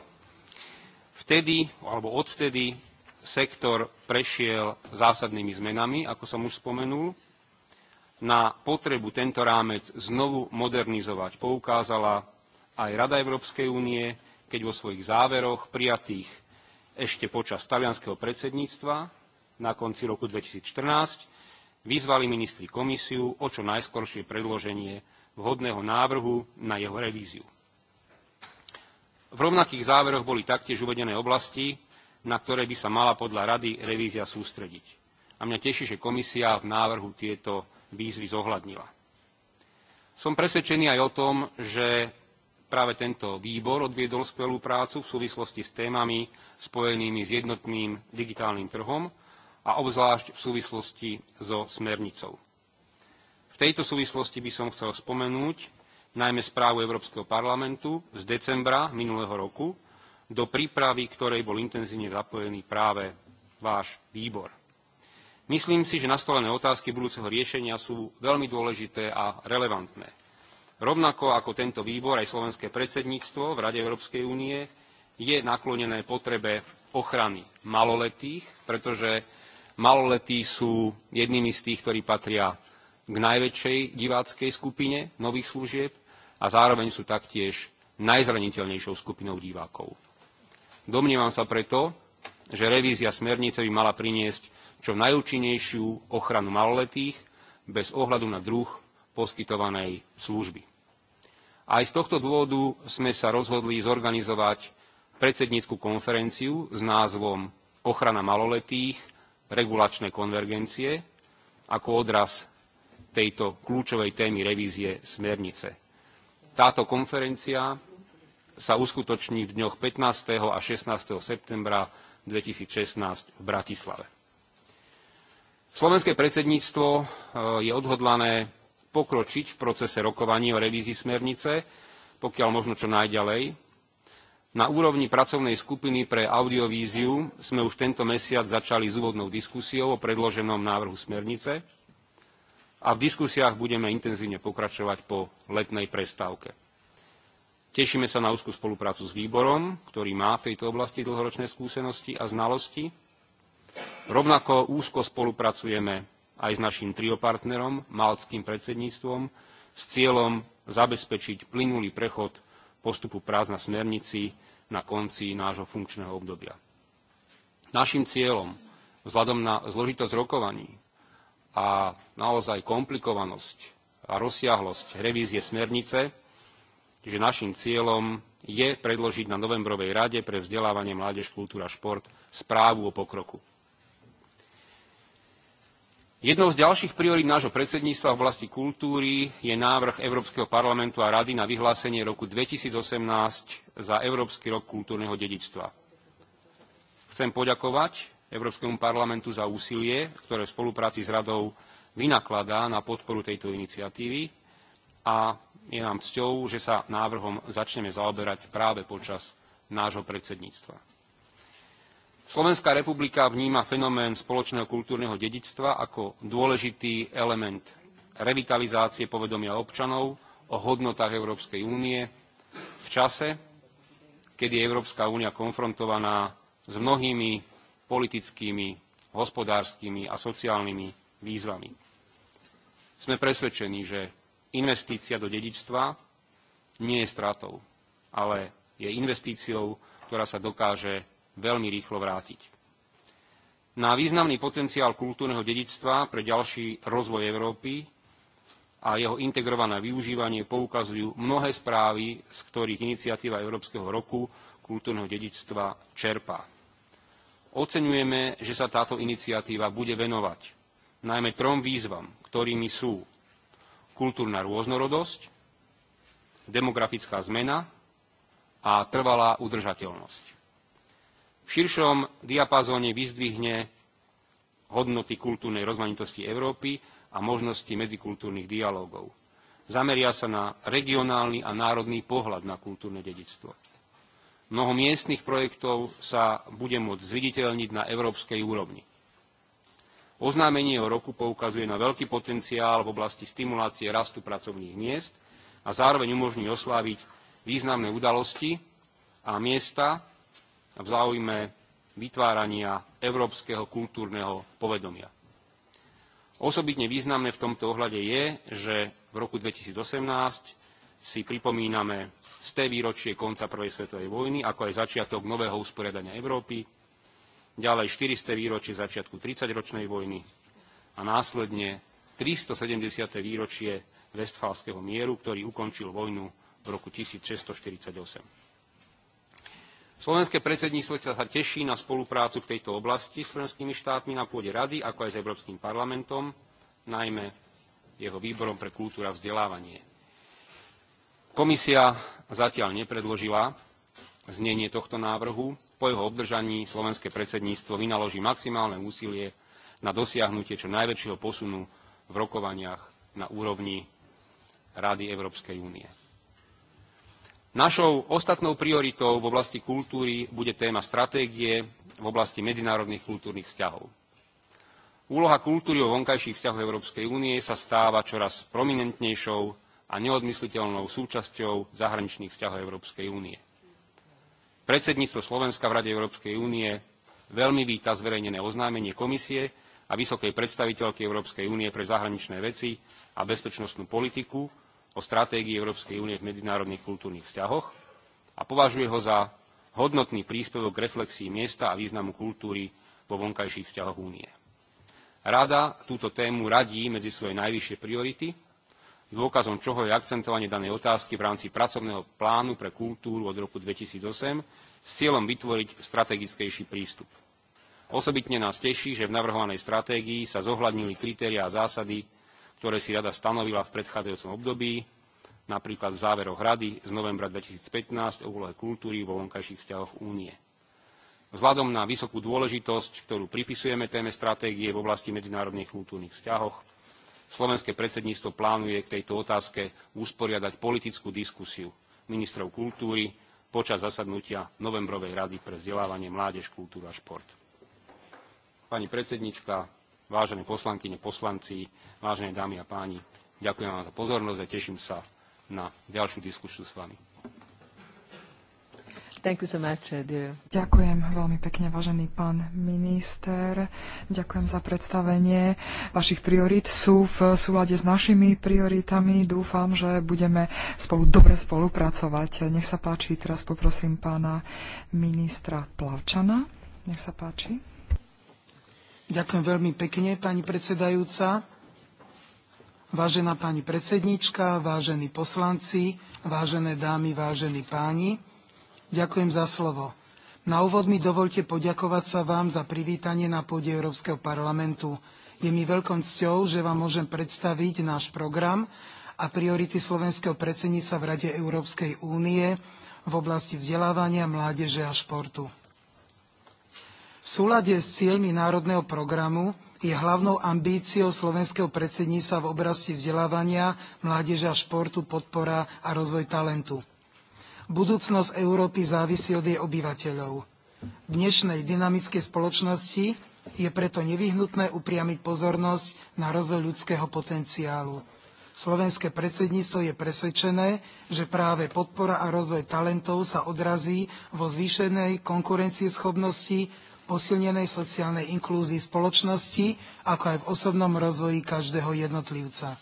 Vtedy, alebo odvtedy, sektor prešiel zásadnými zmenami, ako som už spomenul. Na potrebu tento rámec znovu modernizovať poukázala aj Rada Európskej únie, keď vo svojich záveroch prijatých ešte počas talianského predsedníctva na konci roku 2014 vyzvali ministri komisiu o čo najskoršie predloženie vhodného návrhu na jeho revíziu. V rovnakých záveroch boli taktiež uvedené oblasti, na ktoré by sa mala podľa Rady revízia sústrediť. A mňa teší, že komisia v návrhu tieto výzvy zohľadnila. Som presvedčený aj o tom, že práve tento výbor odviedol skvelú prácu v súvislosti s témami spojenými s jednotným digitálnym trhom a obzvlášť v súvislosti so smernicou. V tejto súvislosti by som chcel spomenúť najmä správu Európskeho parlamentu z decembra minulého roku, do prípravy ktorej bol intenzívne zapojený práve váš výbor. Myslím si, že nastolené otázky budúceho riešenia sú veľmi dôležité a relevantné. Rovnako ako tento výbor, aj slovenské predsedníctvo v Rade Európskej únie je naklonené potrebe ochrany maloletých, pretože maloletí sú jednými z tých, ktorí patria k najväčšej diváckej skupine nových služieb a zároveň sú taktiež najzraniteľnejšou skupinou divákov. Domnievam sa preto, že revízia smernice by mala priniesť čo najúčinnejšiu ochranu maloletých bez ohľadu na druh poskytovanej služby. Aj z tohto dôvodu sme sa rozhodli zorganizovať predsednícku konferenciu s názvom Ochrana maloletých, regulačné konvergencie ako odraz tejto kľúčovej témy revízie smernice. Táto konferencia sa uskutoční v dňoch 15. a 16. septembra 2016 v Bratislave. Slovenské predsedníctvo e, je odhodlané pokročiť v procese rokovaní o revízii smernice, pokiaľ možno čo najďalej. Na úrovni pracovnej skupiny pre audiovíziu sme už tento mesiac začali s úvodnou diskusiou o predloženom návrhu smernice a v diskusiách budeme intenzívne pokračovať po letnej prestávke. Tešíme sa na úzkú spoluprácu s výborom, ktorý má v tejto oblasti dlhoročné skúsenosti a znalosti. Rovnako úzko spolupracujeme aj s našim triopartnerom, maltským predsedníctvom, s cieľom zabezpečiť plynulý prechod postupu prác na smernici na konci nášho funkčného obdobia. Naším cieľom, vzhľadom na zložitosť rokovaní, a naozaj komplikovanosť a rozsiahlosť revízie smernice, že našim cieľom je predložiť na novembrovej rade pre vzdelávanie mládež, kultúra, šport správu o pokroku. Jednou z ďalších priorít nášho predsedníctva v oblasti kultúry je návrh Európskeho parlamentu a rady na vyhlásenie roku 2018 za Európsky rok kultúrneho dedičstva. Chcem poďakovať Európskemu parlamentu za úsilie, ktoré v spolupráci s radou vynakladá na podporu tejto iniciatívy a je nám cťou, že sa návrhom začneme zaoberať práve počas nášho predsedníctva. Slovenská republika vníma fenomén spoločného kultúrneho dedičstva ako dôležitý element revitalizácie povedomia občanov o hodnotách Európskej únie v čase, kedy je Európska únia konfrontovaná s mnohými politickými, hospodárskymi a sociálnymi výzvami. Sme presvedčení, že investícia do dedičstva nie je stratou, ale je investíciou, ktorá sa dokáže veľmi rýchlo vrátiť. Na významný potenciál kultúrneho dedičstva pre ďalší rozvoj Európy a jeho integrované využívanie poukazujú mnohé správy, z ktorých iniciatíva Európskeho roku kultúrneho dedičstva čerpá. Oceňujeme, že sa táto iniciatíva bude venovať najmä trom výzvam, ktorými sú kultúrna rôznorodosť, demografická zmena a trvalá udržateľnosť. V širšom diapazóne vyzdvihne hodnoty kultúrnej rozmanitosti Európy a možnosti medzikultúrnych dialogov. Zameria sa na regionálny a národný pohľad na kultúrne dedičstvo mnoho miestnych projektov sa bude môcť zviditeľniť na európskej úrovni. Oznámenie o roku poukazuje na veľký potenciál v oblasti stimulácie rastu pracovných miest a zároveň umožní osláviť významné udalosti a miesta v záujme vytvárania európskeho kultúrneho povedomia. Osobitne významné v tomto ohľade je, že v roku 2018 si pripomíname 100 výročie konca Prvej svetovej vojny, ako aj začiatok nového usporiadania Európy, ďalej 400 výročie začiatku 30-ročnej vojny a následne 370. výročie Vestfálskeho mieru, ktorý ukončil vojnu v roku 1648. Slovenské predsedníctvo sa teší na spoluprácu v tejto oblasti s členskými štátmi na pôde Rady, ako aj s Európskym parlamentom, najmä jeho výborom pre kultúra a vzdelávanie. Komisia zatiaľ nepredložila znenie tohto návrhu. Po jeho obdržaní slovenské predsedníctvo vynaloží maximálne úsilie na dosiahnutie čo najväčšieho posunu v rokovaniach na úrovni Rady Európskej únie. Našou ostatnou prioritou v oblasti kultúry bude téma stratégie v oblasti medzinárodných kultúrnych vzťahov. Úloha kultúry vo vonkajších vzťahoch Európskej únie sa stáva čoraz prominentnejšou a neodmysliteľnou súčasťou zahraničných vzťahov Európskej únie. Predsedníctvo Slovenska v Rade Európskej únie veľmi víta zverejnené oznámenie komisie a vysokej predstaviteľky Európskej únie pre zahraničné veci a bezpečnostnú politiku o stratégii Európskej únie v medzinárodných kultúrnych vzťahoch a považuje ho za hodnotný príspevok k reflexii miesta a významu kultúry vo vonkajších vzťahoch únie. Rada túto tému radí medzi svoje najvyššie priority dôkazom čoho je akcentovanie danej otázky v rámci pracovného plánu pre kultúru od roku 2008 s cieľom vytvoriť strategickejší prístup. Osobitne nás teší, že v navrhovanej stratégii sa zohľadnili kritériá a zásady, ktoré si rada stanovila v predchádzajúcom období, napríklad v záveroch Rady z novembra 2015 o úlohe kultúry vo vonkajších vzťahoch únie. Vzhľadom na vysokú dôležitosť, ktorú pripisujeme téme stratégie v oblasti medzinárodných kultúrnych vzťahoch, Slovenské predsedníctvo plánuje k tejto otázke usporiadať politickú diskusiu ministrov kultúry počas zasadnutia novembrovej rady pre vzdelávanie, mládež, kultúru a šport. Pani predsednička, vážené poslankyne, poslanci, vážené dámy a páni, ďakujem vám za pozornosť a teším sa na ďalšiu diskusiu s vami. Thank you so much, uh, dear. Ďakujem veľmi pekne, vážený pán minister. Ďakujem za predstavenie vašich priorít. Sú v súlade s našimi prioritami. Dúfam, že budeme spolu dobre spolupracovať. Nech sa páči, teraz poprosím pána ministra Plavčana. Nech sa páči. Ďakujem veľmi pekne, pani predsedajúca. Vážená pani predsednička, vážení poslanci, vážené dámy, vážení páni. Ďakujem za slovo. Na úvod mi dovolte poďakovať sa vám za privítanie na pôde Európskeho parlamentu. Je mi veľkou cťou, že vám môžem predstaviť náš program a priority slovenského predsedníctva v Rade Európskej únie v oblasti vzdelávania, mládeže a športu. V súlade s cieľmi národného programu je hlavnou ambíciou slovenského predsedníctva v oblasti vzdelávania, mládeže a športu podpora a rozvoj talentu Budúcnosť Európy závisí od jej obyvateľov. V dnešnej dynamickej spoločnosti je preto nevyhnutné upriamiť pozornosť na rozvoj ľudského potenciálu. Slovenské predsedníctvo je presvedčené, že práve podpora a rozvoj talentov sa odrazí vo zvýšenej konkurencieschopnosti, posilnenej sociálnej inklúzii spoločnosti, ako aj v osobnom rozvoji každého jednotlivca.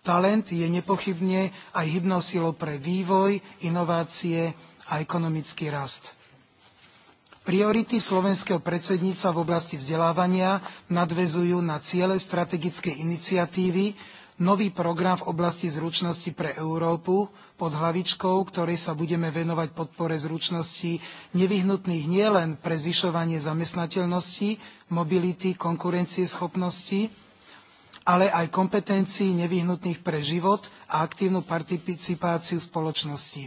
Talent je nepochybne aj hybnou silou pre vývoj, inovácie a ekonomický rast. Priority slovenského predsedníctva v oblasti vzdelávania nadvezujú na ciele strategickej iniciatívy, nový program v oblasti zručnosti pre Európu pod hlavičkou, ktorej sa budeme venovať podpore zručností nevyhnutných nielen pre zvyšovanie zamestnateľnosti, mobility, konkurencieschopnosti, ale aj kompetencií nevyhnutných pre život a aktívnu participáciu spoločnosti.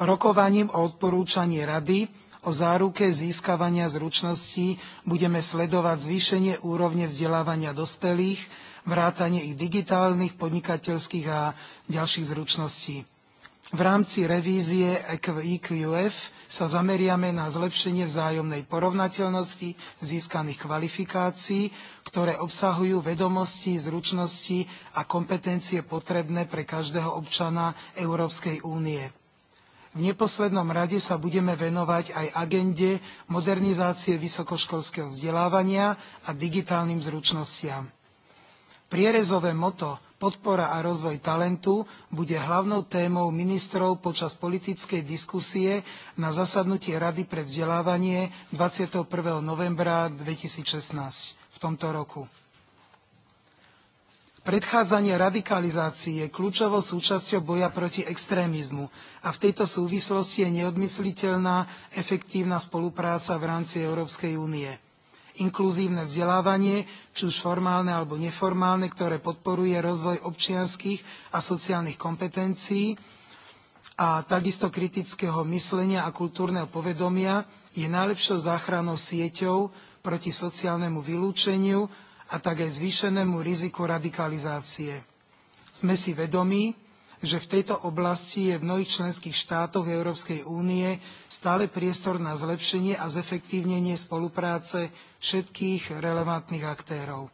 Rokovaním o odporúčaní Rady o záruke získavania zručností budeme sledovať zvýšenie úrovne vzdelávania dospelých, vrátanie ich digitálnych, podnikateľských a ďalších zručností. V rámci revízie EQF e sa zameriame na zlepšenie vzájomnej porovnateľnosti získaných kvalifikácií, ktoré obsahujú vedomosti, zručnosti a kompetencie potrebné pre každého občana Európskej únie. V neposlednom rade sa budeme venovať aj agende modernizácie vysokoškolského vzdelávania a digitálnym zručnostiam. Prierezové moto podpora a rozvoj talentu bude hlavnou témou ministrov počas politickej diskusie na zasadnutí Rady pre vzdelávanie 21. novembra 2016 v tomto roku. Predchádzanie radikalizácii je kľúčovou súčasťou boja proti extrémizmu a v tejto súvislosti je neodmysliteľná efektívna spolupráca v rámci Európskej únie inkluzívne vzdelávanie, či už formálne alebo neformálne, ktoré podporuje rozvoj občianskych a sociálnych kompetencií a takisto kritického myslenia a kultúrneho povedomia je najlepšou záchrannou sieťou proti sociálnemu vylúčeniu a tak aj zvýšenému riziku radikalizácie. Sme si vedomí, že v tejto oblasti je v mnohých členských štátoch Európskej únie stále priestor na zlepšenie a zefektívnenie spolupráce všetkých relevantných aktérov.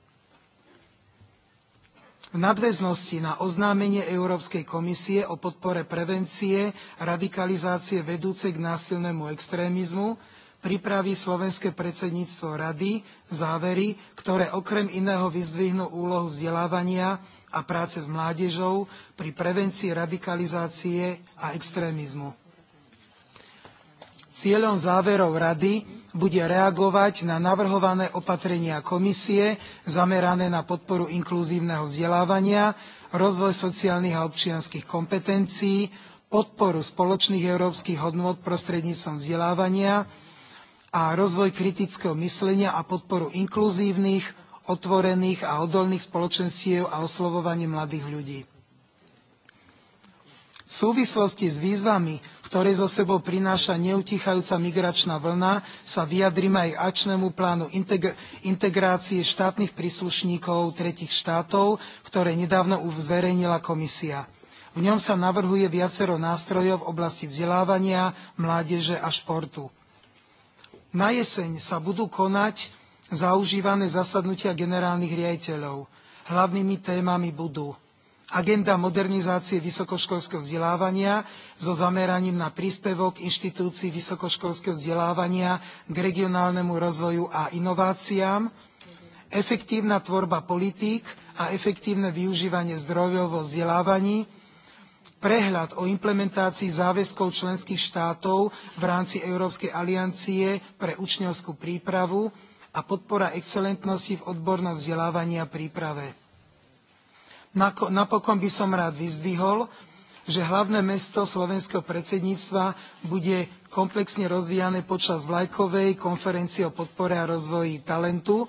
V nadväznosti na oznámenie Európskej komisie o podpore prevencie radikalizácie vedúcej k násilnému extrémizmu pripraví slovenské predsedníctvo Rady závery, ktoré okrem iného vyzdvihnú úlohu vzdelávania a práce s mládežou pri prevencii radikalizácie a extrémizmu. Cieľom záverov Rady bude reagovať na navrhované opatrenia komisie zamerané na podporu inkluzívneho vzdelávania, rozvoj sociálnych a občianskych kompetencií, podporu spoločných európskych hodnôt prostredníctvom vzdelávania a rozvoj kritického myslenia a podporu inkluzívnych, otvorených a odolných spoločenstiev a oslovovanie mladých ľudí. V súvislosti s výzvami, ktoré zo sebou prináša neutichajúca migračná vlna, sa vyjadrime aj akčnému plánu integrácie štátnych príslušníkov tretich štátov, ktoré nedávno zverejnila komisia. V ňom sa navrhuje viacero nástrojov v oblasti vzdelávania, mládeže a športu. Na jeseň sa budú konať zaužívané zasadnutia generálnych riaditeľov. Hlavnými témami budú agenda modernizácie vysokoškolského vzdelávania so zameraním na príspevok inštitúcií vysokoškolského vzdelávania k regionálnemu rozvoju a inováciám, efektívna tvorba politík a efektívne využívanie zdrojov vo vzdelávaní, prehľad o implementácii záväzkov členských štátov v rámci Európskej aliancie pre učňovskú prípravu a podpora excelentnosti v odbornom vzdelávaní a príprave. Napokon by som rád vyzdvihol, že hlavné mesto slovenského predsedníctva bude komplexne rozvíjane počas vlajkovej konferencie o podpore a rozvoji talentu,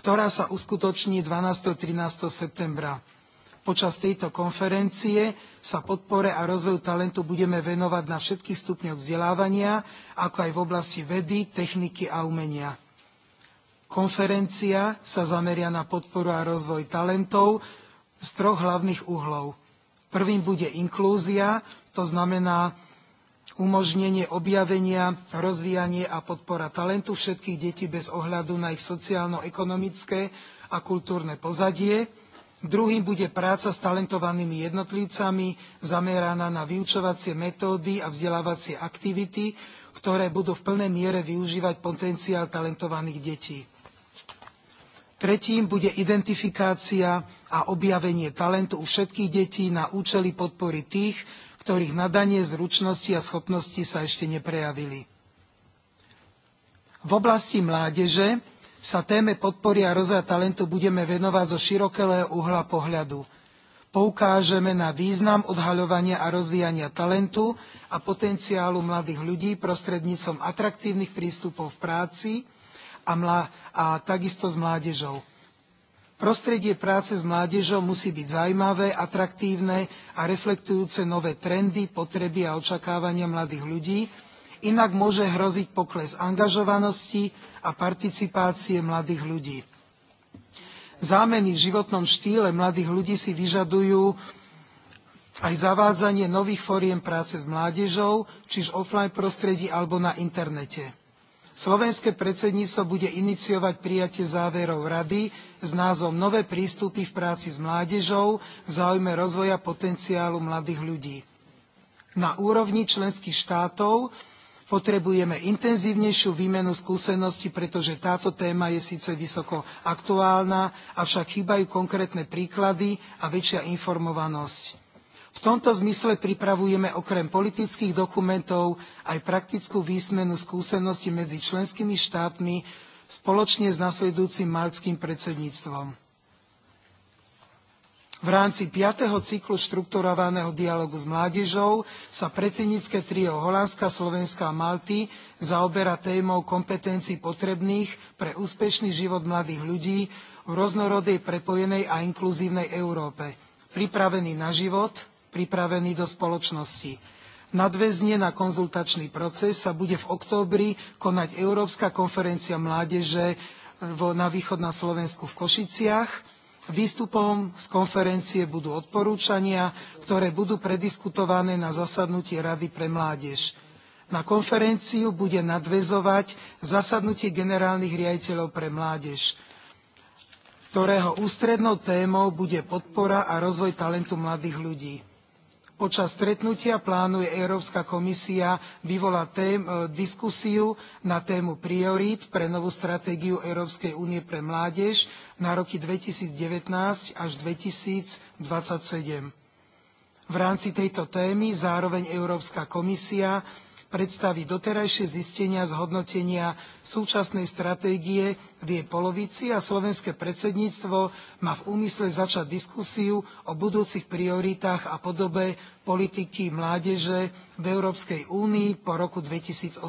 ktorá sa uskutoční 12. a 13. septembra. Počas tejto konferencie sa podpore a rozvoju talentu budeme venovať na všetkých stupňoch vzdelávania, ako aj v oblasti vedy, techniky a umenia. Konferencia sa zameria na podporu a rozvoj talentov z troch hlavných uhlov. Prvým bude inklúzia, to znamená umožnenie objavenia, rozvíjanie a podpora talentu všetkých detí bez ohľadu na ich sociálno-ekonomické a kultúrne pozadie. Druhým bude práca s talentovanými jednotlivcami zameraná na vyučovacie metódy a vzdelávacie aktivity, ktoré budú v plnej miere využívať potenciál talentovaných detí. Tretím bude identifikácia a objavenie talentu u všetkých detí na účely podpory tých, ktorých nadanie, zručnosti a schopnosti sa ešte neprejavili. V oblasti mládeže sa téme podpory a rozvoja talentu budeme venovať zo širokého uhla pohľadu. Poukážeme na význam odhaľovania a rozvíjania talentu a potenciálu mladých ľudí prostredníctvom atraktívnych prístupov v práci, a, mla, a takisto s mládežou. Prostredie práce s mládežou musí byť zaujímavé, atraktívne a reflektujúce nové trendy, potreby a očakávania mladých ľudí, inak môže hroziť pokles angažovanosti a participácie mladých ľudí. Zámeny v životnom štýle mladých ľudí si vyžadujú aj zavádzanie nových foriem práce s mládežou, čiž offline prostredí alebo na internete. Slovenské predsedníctvo bude iniciovať prijatie záverov Rady s názvom Nové prístupy v práci s mládežou v záujme rozvoja potenciálu mladých ľudí. Na úrovni členských štátov potrebujeme intenzívnejšiu výmenu skúseností, pretože táto téma je síce vysoko aktuálna, avšak chýbajú konkrétne príklady a väčšia informovanosť. V tomto zmysle pripravujeme okrem politických dokumentov aj praktickú výsmenu skúseností medzi členskými štátmi spoločne s nasledujúcim maltským predsedníctvom. V rámci 5. cyklu štrukturovaného dialogu s mládežou sa predsednícke trio Holandska, Slovenska a Malty zaoberá témou kompetencií potrebných pre úspešný život mladých ľudí v rôznorodej prepojenej a inkluzívnej Európe. Pripravený na život – pripravený do spoločnosti. Nadväzne na konzultačný proces sa bude v októbri konať Európska konferencia mládeže eh, na východnom Slovensku v Košiciach. Výstupom z konferencie budú odporúčania, ktoré budú prediskutované na zasadnutí Rady pre mládež. Na konferenciu bude nadväzovať zasadnutie generálnych riaditeľov pre mládež, ktorého ústrednou témou bude podpora a rozvoj talentu mladých ľudí. Počas stretnutia plánuje Európska komisia vyvolať e, diskusiu na tému priorít pre novú stratégiu Európskej únie pre mládež na roky 2019 až 2027. V rámci tejto témy zároveň Európska komisia predstaví doterajšie zistenia z hodnotenia súčasnej stratégie v jej polovici a slovenské predsedníctvo má v úmysle začať diskusiu o budúcich prioritách a podobe politiky mládeže v Európskej únii po roku 2018.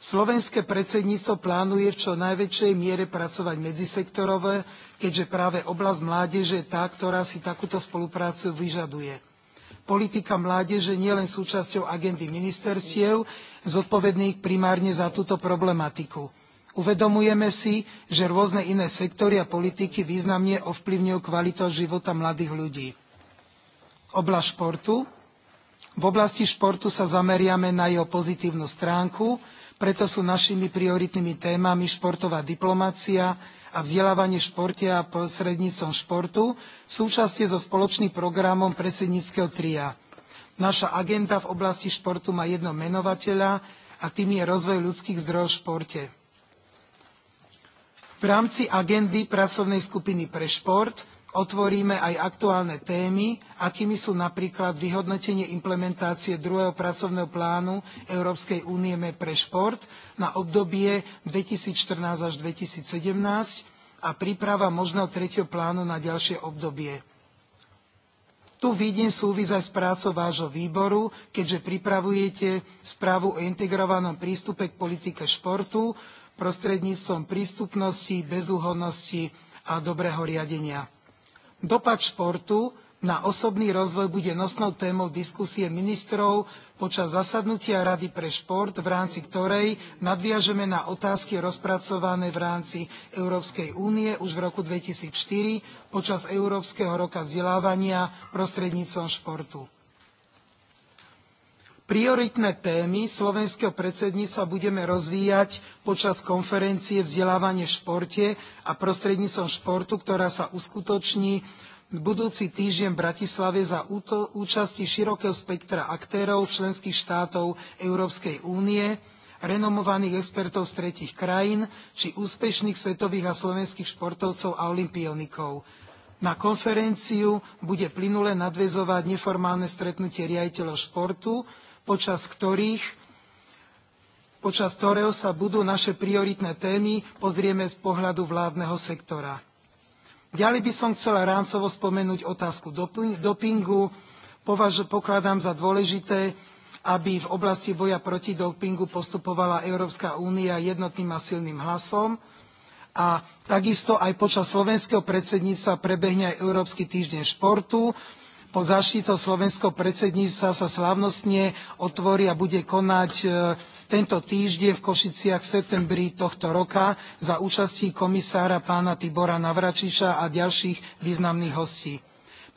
Slovenské predsedníctvo plánuje v čo najväčšej miere pracovať medzisektorové, keďže práve oblasť mládeže je tá, ktorá si takúto spoluprácu vyžaduje politika mládeže nielen súčasťou agendy ministerstiev, zodpovedných primárne za túto problematiku. Uvedomujeme si, že rôzne iné sektory a politiky významne ovplyvňujú kvalitu života mladých ľudí. Oblasť športu. V oblasti športu sa zameriame na jeho pozitívnu stránku, preto sú našimi prioritnými témami športová diplomacia, a vzdelávanie v športe a prostredníctvom športu v súčasne so spoločným programom predsedníckého tria. Naša agenda v oblasti športu má jedno menovateľa a tým je rozvoj ľudských zdrojov v športe. V rámci agendy pracovnej skupiny pre šport otvoríme aj aktuálne témy, akými sú napríklad vyhodnotenie implementácie druhého pracovného plánu Európskej únie e pre šport na obdobie 2014 až 2017 a príprava možného tretieho plánu na ďalšie obdobie. Tu vidím súvis aj s prácou vášho výboru, keďže pripravujete správu o integrovanom prístupe k politike športu prostredníctvom prístupnosti, bezúhodnosti a dobrého riadenia. Dopad športu na osobný rozvoj bude nosnou témou diskusie ministrov počas zasadnutia Rady pre šport, v rámci ktorej nadviažeme na otázky rozpracované v rámci Európskej únie už v roku four počas Európskeho roka vzdelávania prostredníctvom športu Prioritné témy slovenského predsedníctva budeme rozvíjať počas konferencie Vzdelávanie v športe a prostredníctvom športu, ktorá sa uskutoční budúci týždeň v Bratislave za účasti širokého spektra aktérov členských štátov Európskej únie, renomovaných expertov z tretich krajín či úspešných svetových a slovenských športovcov a olimpionikov. Na konferenciu bude plynule nadväzovať neformálne stretnutie riaditeľov športu, počas ktorých počas ktorého sa budú naše prioritné témy pozrieme z pohľadu vládneho sektora. Ďalej by som chcela rámcovo spomenúť otázku dopingu. Považ, pokladám za dôležité, aby v oblasti boja proti dopingu postupovala Európska únia jednotným a silným hlasom. A takisto aj počas slovenského predsedníctva prebehne aj Európsky týždeň športu, pod záštitou slovenského predsedníctva sa slávnostne otvorí a bude konať e, tento týždeň v Košiciach v septembri tohto roka za účasti komisára pána Tibora Navračiša a ďalších významných hostí.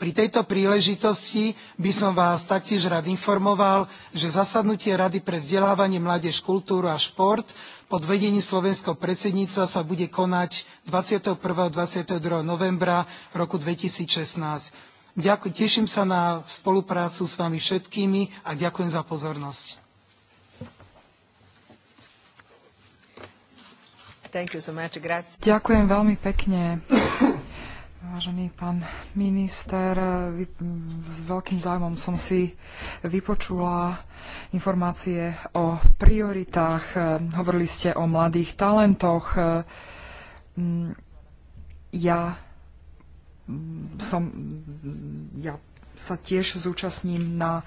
Pri tejto príležitosti by som vás taktiež rád informoval, že zasadnutie Rady pre vzdelávanie, mládež, kultúru a šport pod vedením slovenského predsedníctva sa bude konať 21. a 22. novembra roku 2016 Ďakujem, teším sa na spoluprácu s vami všetkými a ďakujem za pozornosť. ďakujem veľmi pekne. Vážený pán minister, s veľkým zájmom som si vypočula informácie o prioritách. Hovorili ste o mladých talentoch. Mm, ja som, ja sa tiež zúčastním na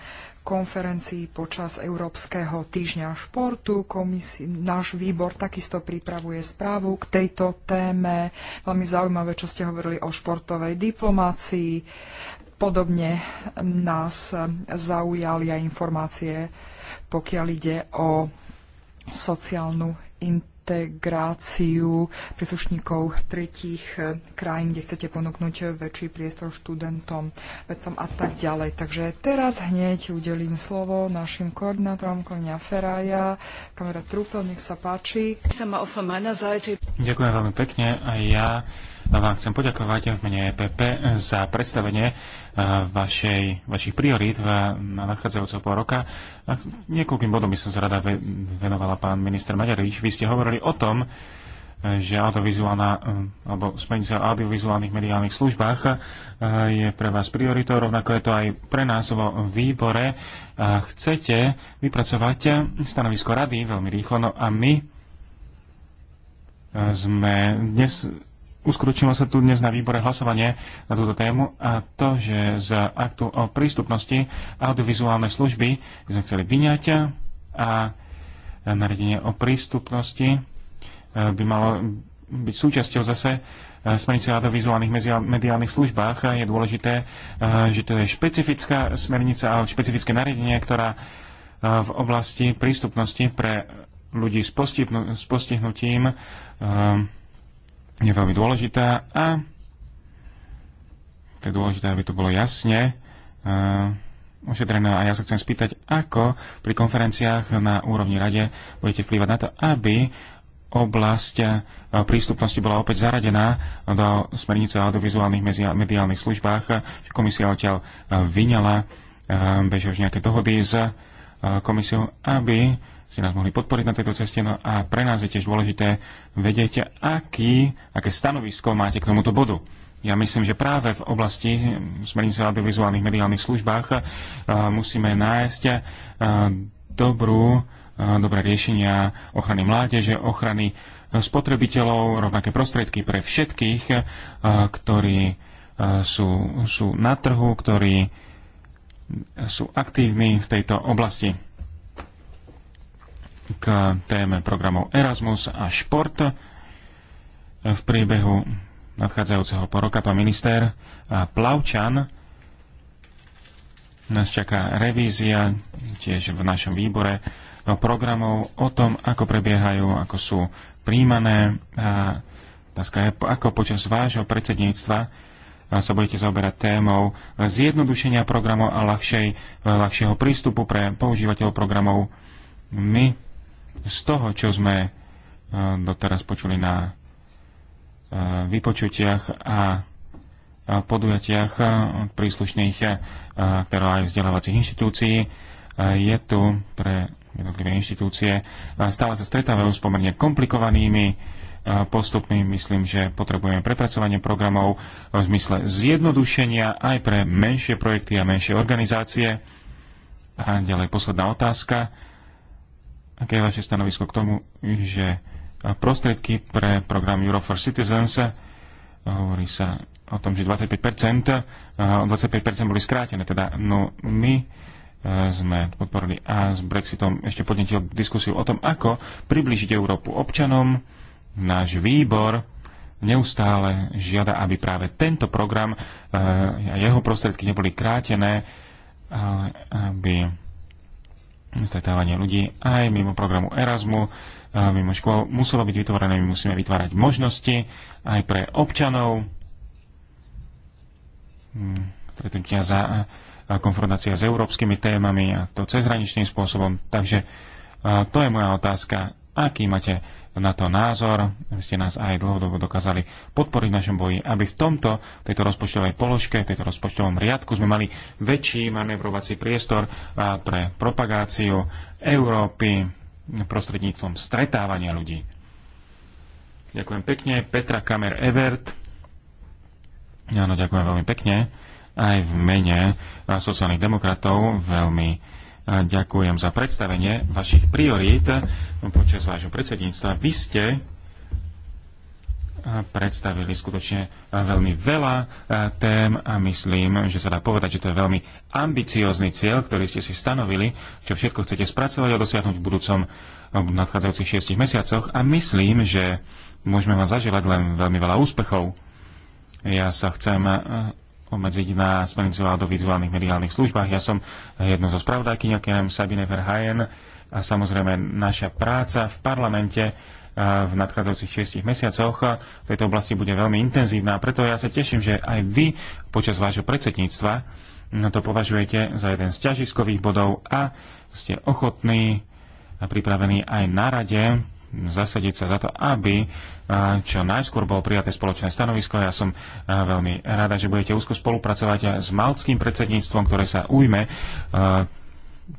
konferencii počas Európskeho týždňa športu. Komisi- náš výbor takisto pripravuje správu k tejto téme. Veľmi zaujímavé, čo ste hovorili o športovej diplomácii. Podobne nás zaujali aj informácie, pokiaľ ide o sociálnu integráciu integráciu príslušníkov tretích eh, krajín, kde chcete ponúknuť väčší priestor študentom, vedcom a tak ďalej. Takže teraz hneď udelím slovo našim koordinátorom Konia Feraja, kamera Trúpel, nech sa páči. Ďakujem veľmi pekne a ja vám chcem poďakovať v mene EPP za predstavenie e, vašej, vašich priorít na nadchádzajúceho pol roka. A niekoľkým bodom by som sa rada venovala pán minister Maďarovič. Vy ste hovorili o tom, že audiovizuálna, e, alebo smernica o audiovizuálnych mediálnych službách e, je pre vás prioritou, rovnako je to aj pre nás vo výbore. Chcete vypracovať stanovisko rady veľmi rýchlo, no a my sme dnes uskutočnilo sa tu dnes na výbore hlasovanie na túto tému a to, že z aktu o prístupnosti audiovizuálne služby sme chceli vyňať a nariadenie o prístupnosti e, by malo byť súčasťou zase e, smernice o audiovizuálnych mediálnych službách. Je dôležité, e, že to je špecifická smernica a špecifické nariadenie, ktorá v oblasti prístupnosti pre ľudí s, postihnutím je veľmi dôležitá a to je dôležité, aby to bolo jasne e, ošetrené. A ja sa chcem spýtať, ako pri konferenciách na úrovni rade budete vplývať na to, aby oblasť e, prístupnosti bola opäť zaradená do smernice o audiovizuálnych mediálnych službách. Komisia odtiaľ e, vyňala, bežia už nejaké dohody s komisiou, aby si nás mohli podporiť na tejto ceste. No a pre nás je tiež dôležité vedieť, aký, aké stanovisko máte k tomuto bodu. Ja myslím, že práve v oblasti smernice o audiovizuálnych mediálnych službách eh, musíme nájsť eh, dobrú, eh, dobré riešenia ochrany mládeže, ochrany spotrebiteľov, rovnaké prostriedky pre všetkých, ktorí sú, sú na trhu, ktorí sú aktívni v tejto oblasti k téme programov Erasmus a šport. V priebehu nadchádzajúceho poroka pán minister Plavčan nás čaká revízia tiež v našom výbore programov o tom, ako prebiehajú, ako sú príjmané. A otázka ako počas vášho predsedníctva sa budete zaoberať témou zjednodušenia programov a ľahšej, ľahšieho prístupu pre používateľov programov. My z toho, čo sme e, doteraz počuli na e, vypočutiach a podujatiach e, od príslušných ktorou teda aj vzdelávacích inštitúcií, je tu pre jednotlivé inštitúcie. Stále sa stretávajú s pomerne komplikovanými postupmi. Myslím, že potrebujeme prepracovanie programov v zmysle zjednodušenia aj pre menšie projekty a menšie organizácie. A ďalej posledná otázka aké je vaše stanovisko k tomu, že prostriedky pre program Euro for Citizens eh, hovorí sa o tom, že 25%, 25% eh, boli skrátené. Teda, no my eh, sme podporili a s Brexitom ešte podnetil diskusiu o tom, ako priblížiť Európu občanom. Náš výbor neustále žiada, aby práve tento program a jeho prostriedky neboli krátené, ale aby stretávanie ľudí aj mimo programu Erasmu, mimo škôl muselo byť vytvorené. My musíme vytvárať možnosti aj pre občanov. Hmm, stretnutia za konfrontácia s európskymi témami a to cezhraničným spôsobom. Takže to je moja otázka. Aký máte na to názor, aby ste nás aj dlhodobo dokázali podporiť v našom boji, aby v tomto, tejto rozpočtovej položke, tejto rozpočtovom riadku sme mali väčší manevrovací priestor pre propagáciu Európy prostredníctvom stretávania ľudí. Ďakujem pekne. Petra Kamer Evert. Áno, ďakujem veľmi pekne. Aj v mene sociálnych demokratov veľmi Ďakujem za predstavenie vašich priorít počas vášho predsedníctva. Vy ste predstavili skutočne veľmi veľa tém a myslím, že sa dá povedať, že to je veľmi ambiciózny cieľ, ktorý ste si stanovili, čo všetko chcete spracovať a dosiahnuť v budúcom v nadchádzajúcich šiestich mesiacoch a myslím, že môžeme vám zaželať len veľmi veľa úspechov. Ja sa chcem obmedziť na smernicu o vizuálnych mediálnych službách. Ja som jednou zo spravodajky, okrem Sabine Verhaen a samozrejme naša práca v parlamente eh, v nadchádzajúcich 6 mesiacoch v tejto oblasti bude veľmi intenzívna a preto ja sa teším, že aj vy počas vášho predsedníctva to považujete za jeden z ťažiskových bodov a ste ochotní a pripravení aj na rade zasadiť sa za to, aby čo najskôr bolo prijaté spoločné stanovisko. Ja som veľmi rada, že budete úzko spolupracovať s malckým predsedníctvom, ktoré sa ujme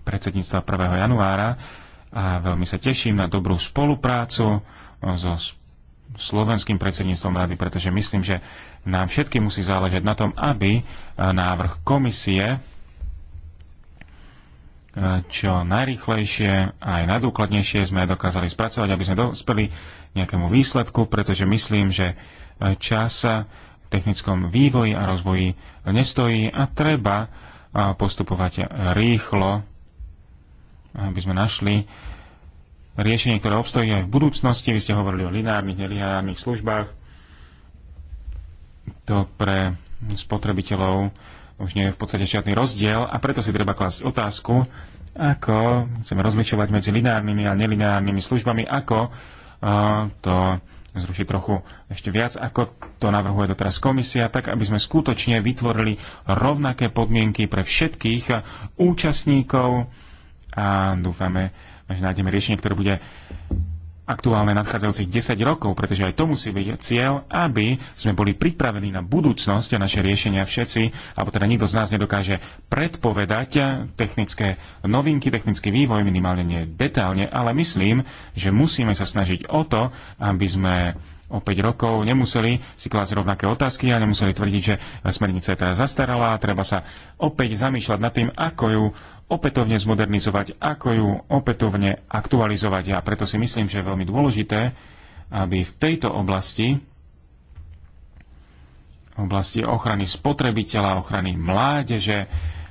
predsedníctva 1. januára a veľmi sa teším na dobrú spoluprácu so slovenským predsedníctvom rady, pretože myslím, že nám všetkým musí záležať na tom, aby návrh komisie čo najrychlejšie a aj najdôkladnejšie sme dokázali spracovať, aby sme dospeli nejakému výsledku, pretože myslím, že čas v technickom vývoji a rozvoji nestojí a treba postupovať rýchlo, aby sme našli riešenie, ktoré obstojí aj v budúcnosti. Vy ste hovorili o lineárnych, nelineárnych službách. To pre spotrebiteľov už nie je v podstate žiadny rozdiel a preto si treba klásť otázku, ako chceme rozlišovať medzi lineárnymi a nelineárnymi službami, ako eh, to zruší trochu ešte viac, ako to navrhuje doteraz komisia, tak aby sme skutočne vytvorili rovnaké podmienky pre všetkých eh, účastníkov a dúfame, že nájdeme riešenie, ktoré bude aktuálne nadchádzajúcich 10 rokov, pretože aj to musí byť cieľ, aby sme boli pripravení na budúcnosť a naše riešenia všetci, alebo teda nikto z nás nedokáže predpovedať technické novinky, technický vývoj, minimálne nie detálne, ale myslím, že musíme sa snažiť o to, aby sme o 5 rokov nemuseli si klásť rovnaké otázky a nemuseli tvrdiť, že smernica je teraz zastarala a treba sa opäť zamýšľať nad tým, ako ju opätovne zmodernizovať, ako ju opätovne aktualizovať. A preto si myslím, že je veľmi dôležité, aby v tejto oblasti, oblasti ochrany spotrebiteľa, ochrany mládeže,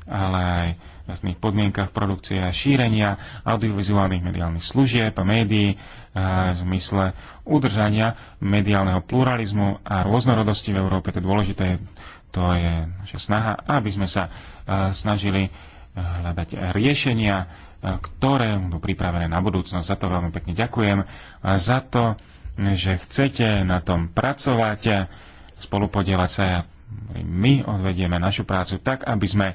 ale aj v jasných podmienkach produkcie a šírenia audiovizuálnych mediálnych služieb a médií a e, v zmysle udržania mediálneho pluralizmu a rôznorodosti v Európe. To je dôležité, to je naša snaha, aby sme sa e, snažili hľadať riešenia, e, ktoré budú pripravené na budúcnosť. Za to veľmi pekne ďakujem. A za to, že chcete na tom pracovať, spolupodielať sa. My odvedieme našu prácu tak, aby sme e,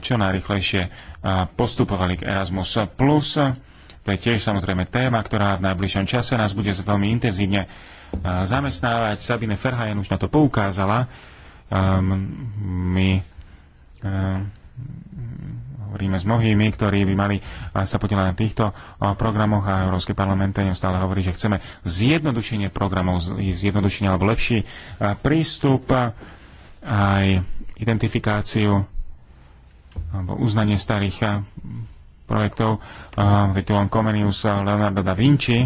čo najrychlejšie e, postupovali k Erasmus+. Plus. To je tiež samozrejme téma, ktorá v najbližšom čase nás bude veľmi intenzívne zamestnávať. Sabine Ferhajen už na to poukázala. Ehm, my ehm, hovoríme s mnohými, ktorí by mali eh, sa podielať na týchto eh, programoch a Európsky parlament stále hovorí, že chceme zjednodušenie programov, zjednodušenie alebo lepší eh, prístup aj identifikáciu alebo uznanie starých projektov Ritual Comenius Leonardo da Vinci.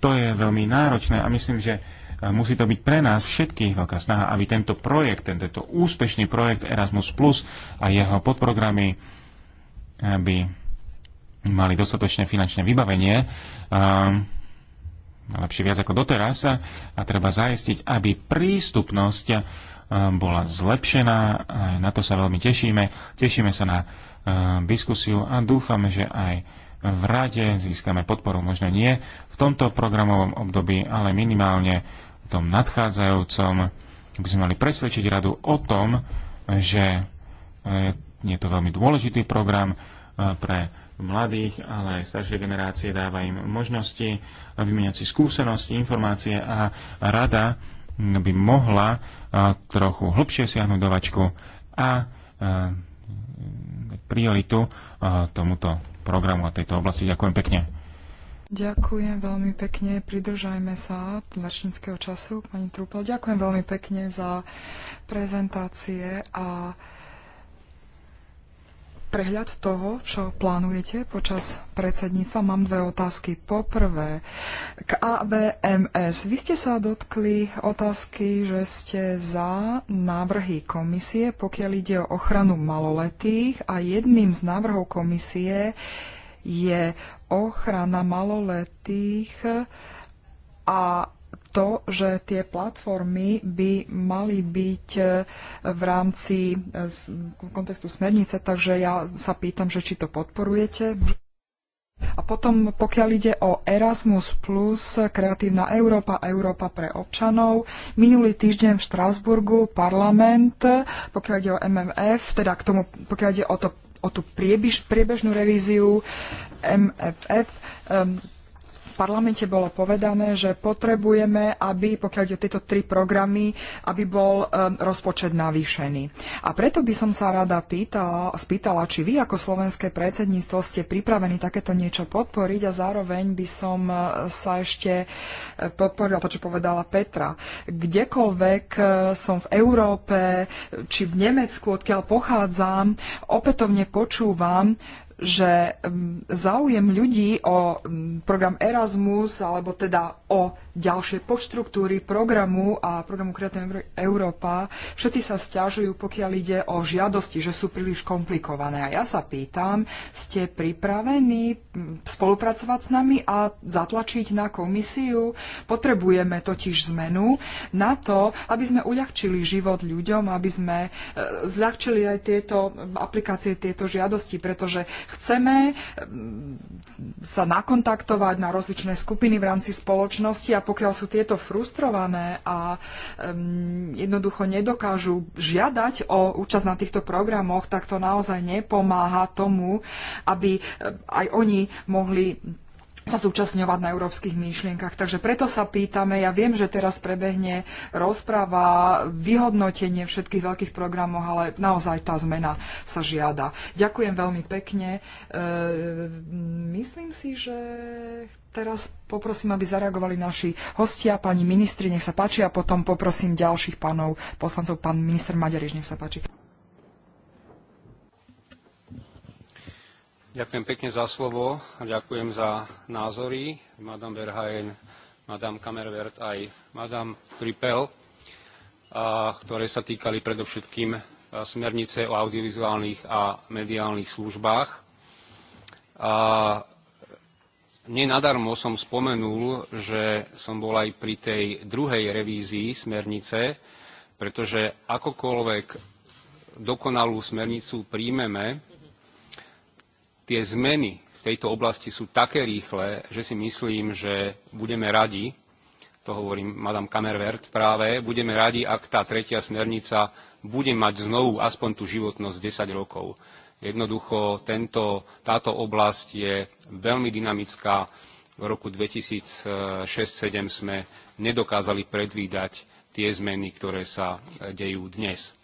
To je veľmi náročné a myslím, že musí to byť pre nás všetkých veľká snaha, aby tento projekt, tento úspešný projekt Erasmus Plus a jeho podprogramy aby mali dostatočné finančné vybavenie, ehm, lepšie viac ako doteraz, a treba zajistiť, aby prístupnosť ehm, bola zlepšená. na to sa veľmi tešíme. Tešíme sa na ehm, diskusiu a dúfame, že aj v rade získame podporu, možno nie v tomto programovom období, ale minimálne v tom nadchádzajúcom, by sme mali presvedčiť radu o tom, že e, je to veľmi dôležitý program, pre mladých, ale aj staršie generácie dáva im možnosti vymieňať si skúsenosti, informácie a rada by mohla trochu hlbšie siahnuť do vačku a prioritu tomuto programu a tejto oblasti. Ďakujem pekne. Ďakujem veľmi pekne. Pridržajme sa tlačníckého času. Pani Trúpel, ďakujem veľmi pekne za prezentácie a prehľad toho, čo plánujete počas predsedníctva. Mám dve otázky. Poprvé, k ABMS. Vy ste sa dotkli otázky, že ste za návrhy komisie, pokiaľ ide o ochranu maloletých a jedným z návrhov komisie je ochrana maloletých a to, že tie platformy by mali byť e, v rámci e, kontextu smernice, takže ja sa pýtam, že či to podporujete. A potom, pokiaľ ide o Erasmus+, plus, Kreatívna Európa, Európa pre občanov, minulý týždeň v Štrásburgu parlament, pokiaľ ide o MMF, teda k tomu, pokiaľ ide o, to, o tú priebež, priebežnú revíziu MFF, um, parlamente bolo povedané, že potrebujeme, aby, pokiaľ ide o tieto tri programy, aby bol e, rozpočet navýšený. A preto by som sa rada pýtala, spýtala, či vy ako slovenské predsedníctvo ste pripravení takéto niečo podporiť a zároveň by som e, sa ešte e, podporila to, čo povedala Petra. Kdekoľvek som v Európe, či v Nemecku, odkiaľ pochádzam, opätovne počúvam, že mm, záujem ľudí o mm, program Erasmus alebo teda o ďalšie podštruktúry programu a programu Kreatívna Európa. Všetci sa stiažujú, pokiaľ ide o žiadosti, že sú príliš komplikované. A ja sa pýtam, ste pripravení spolupracovať s nami a zatlačiť na komisiu? Potrebujeme totiž zmenu na to, aby sme uľahčili život ľuďom, aby sme e, zľahčili aj tieto aplikácie, tieto žiadosti, pretože chceme sa nakontaktovať na rozličné skupiny v rámci spoločnosti a pokiaľ sú tieto frustrované a um, jednoducho nedokážu žiadať o účasť na týchto programoch, tak to naozaj nepomáha tomu, aby aj oni mohli sa zúčastňovať na európskych myšlienkach. Takže preto sa pýtame, ja viem, že teraz prebehne rozpráva, vyhodnotenie všetkých veľkých programov, ale naozaj tá zmena sa žiada. Ďakujem veľmi pekne. E, myslím si, že teraz poprosím, aby zareagovali naši hostia, pani ministri, nech sa páči, a potom poprosím ďalších pánov poslancov, pán minister Maďariš, nech sa páči. Ďakujem pekne za slovo a ďakujem za názory, madame Verhaen, madame Kamervert aj madame Frippel, ktoré sa týkali predovšetkým smernice o audiovizuálnych a mediálnych službách. A nenadarmo som spomenul, že som bol aj pri tej druhej revízii smernice, pretože akokoľvek dokonalú smernicu príjmeme, tie zmeny v tejto oblasti sú také rýchle, že si myslím, že budeme radi, to hovorím madam Kamervert práve, budeme radi, ak tá tretia smernica bude mať znovu aspoň tú životnosť 10 rokov. Jednoducho tento, táto oblasť je veľmi dynamická. V roku 2006-2007 sme nedokázali predvídať tie zmeny, ktoré sa dejú dnes.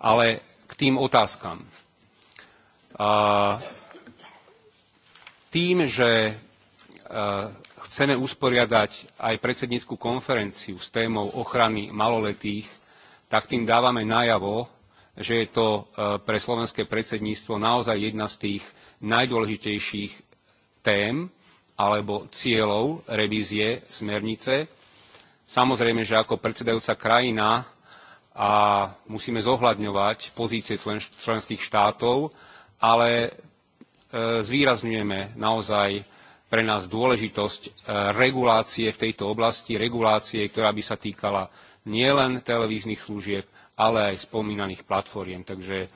Ale k tým otázkam. Tým, že e, chceme usporiadať aj predsedníckú konferenciu s témou ochrany maloletých, tak tým dávame najavo, že je to e, pre slovenské predsedníctvo naozaj jedna z tých najdôležitejších tém alebo cieľov revízie smernice. Samozrejme, že ako predsedajúca krajina a musíme zohľadňovať pozície členských štátov, ale E, zvýrazňujeme naozaj pre nás dôležitosť e, regulácie v tejto oblasti, regulácie, ktorá by sa týkala nielen televíznych služieb, ale aj spomínaných platformiem. Takže e,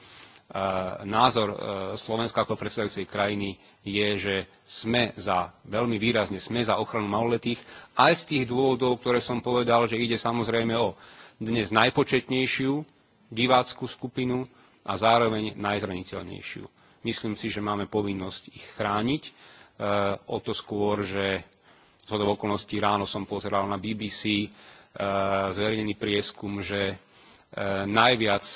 názor Slovenska ako predstavujúcej krajiny je, že sme za, veľmi výrazne sme za ochranu maloletých, aj z tých dôvodov, ktoré som povedal, že ide samozrejme o dnes najpočetnejšiu divácku skupinu a zároveň najzraniteľnejšiu. Myslím si, že máme povinnosť ich chrániť. E, o to skôr, že z okolností ráno som pozeral na BBC e, zverejnený prieskum, že e, najviac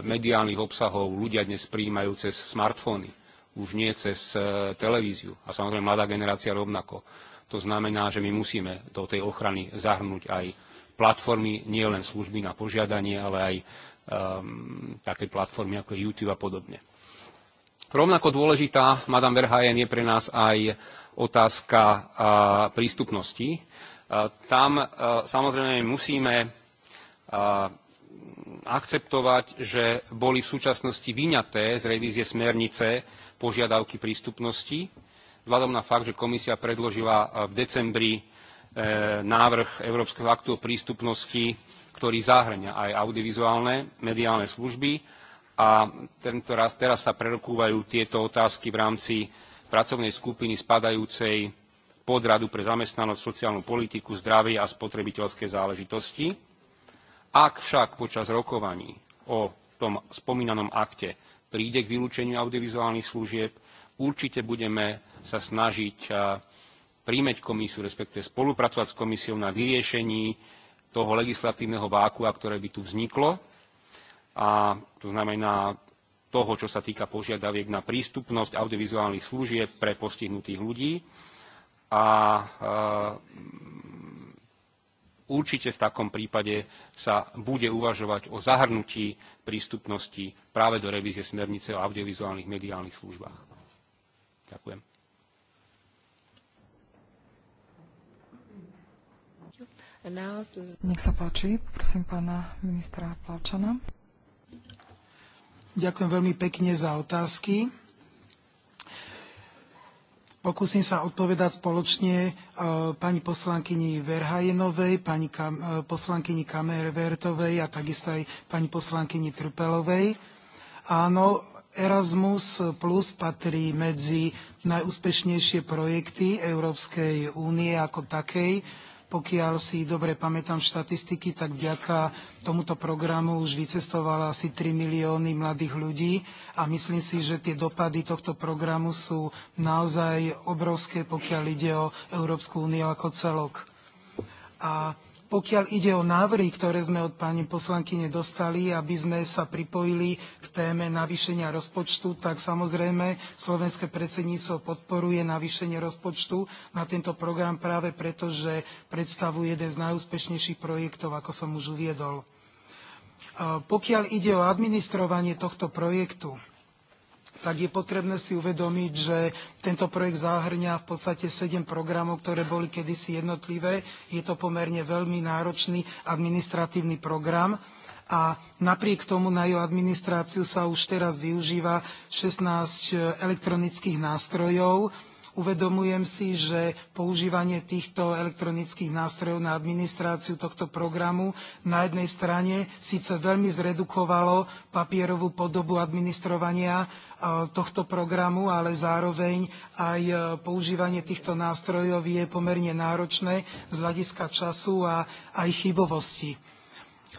mediálnych obsahov ľudia dnes prijímajú cez smartfóny, už nie cez televíziu. A samozrejme mladá generácia rovnako. To znamená, že my musíme do tej ochrany zahrnúť aj platformy, nie len služby na požiadanie, ale aj um, také platformy ako YouTube a podobne. Rovnako dôležitá, Madame Verhajen, je pre nás aj otázka prístupnosti. tam samozrejme musíme akceptovať, že boli v súčasnosti vyňaté z revízie smernice požiadavky prístupnosti, vzhľadom na fakt, že komisia predložila v decembri e, návrh Európskeho aktu o prístupnosti, ktorý zahrňa aj audiovizuálne mediálne služby a tento raz, teraz sa prerokúvajú tieto otázky v rámci pracovnej skupiny spadajúcej pod Radu pre zamestnanosť, sociálnu politiku, zdravie a spotrebiteľské záležitosti. Ak však počas rokovaní o tom spomínanom akte príde k vylúčeniu audiovizuálnych služieb, určite budeme sa snažiť príjmeť komisiu, respektive spolupracovať s komisiou na vyriešení toho legislatívneho vákua, ktoré by tu vzniklo a to znamená toho, čo sa týka požiadaviek na prístupnosť audiovizuálnych služieb pre postihnutých ľudí. A e, určite v takom prípade sa bude uvažovať o zahrnutí prístupnosti práve do revízie smernice o audiovizuálnych mediálnych službách. Ďakujem. Nech sa páči, prosím pána ministra Plavčana. Ďakujem veľmi pekne za otázky. Pokúsim sa odpovedať spoločne e, pani poslankyni Verhajenovej, pani kam, e, poslankyni Kamervertovej a takisto aj pani poslankyni Trpelovej. Áno, Erasmus Plus patrí medzi najúspešnejšie projekty Európskej únie ako takej pokiaľ si dobre pamätám štatistiky, tak vďaka tomuto programu už vycestovalo asi 3 milióny mladých ľudí a myslím si, že tie dopady tohto programu sú naozaj obrovské, pokiaľ ide o Európsku úniu ako celok. A pokiaľ ide o návrhy, ktoré sme od pani poslankyne dostali, aby sme sa pripojili k téme navýšenia rozpočtu, tak samozrejme slovenské predsedníctvo podporuje navýšenie rozpočtu na tento program práve preto, že predstavuje jeden z najúspešnejších projektov, ako som už uviedol. Pokiaľ ide o administrovanie tohto projektu, tak je potrebné si uvedomiť, že tento projekt zahrňa v podstate sedem programov, ktoré boli kedysi jednotlivé. Je to pomerne veľmi náročný administratívny program a napriek tomu na jeho administráciu sa už teraz využíva 16 e, elektronických nástrojov, Uvedomujem si, že používanie týchto elektronických nástrojov na administráciu tohto programu na jednej strane síce veľmi zredukovalo papierovú podobu administrovania e, tohto programu, ale zároveň aj e, používanie týchto nástrojov je pomerne náročné z hľadiska času a aj chybovosti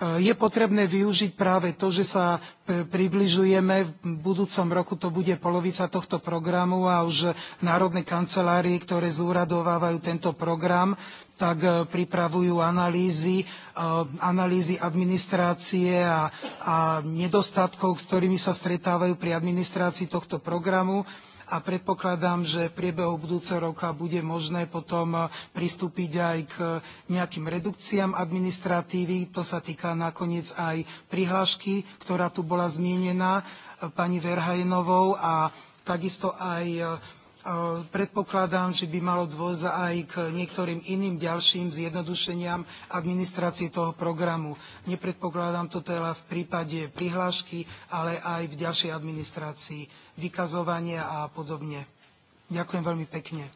Eh, je potrebné využiť práve to, že sa eh, približujeme, v budúcom roku to bude polovica tohto programu a už národné kancelárie, ktoré zúradovávajú tento program, tak eh, pripravujú analýzy, analýzy administrácie a, nedostatkov, s ktorými sa stretávajú pri administrácii tohto programu a predpokladám, že v priebehu budúceho roka bude možné potom eh, pristúpiť aj k eh, nejakým redukciám administratívy. To sa týka nakoniec aj prihlášky, ktorá tu bola zmienená eh, pani Verhajenovou a takisto aj predpokladám, že by malo dôjsť aj k niektorým iným ďalším zjednodušeniam administrácie toho programu. Nepredpokladám to teda v prípade prihlášky, ale aj v ďalšej administrácii, vykazovania a podobne. Ďakujem veľmi pekne.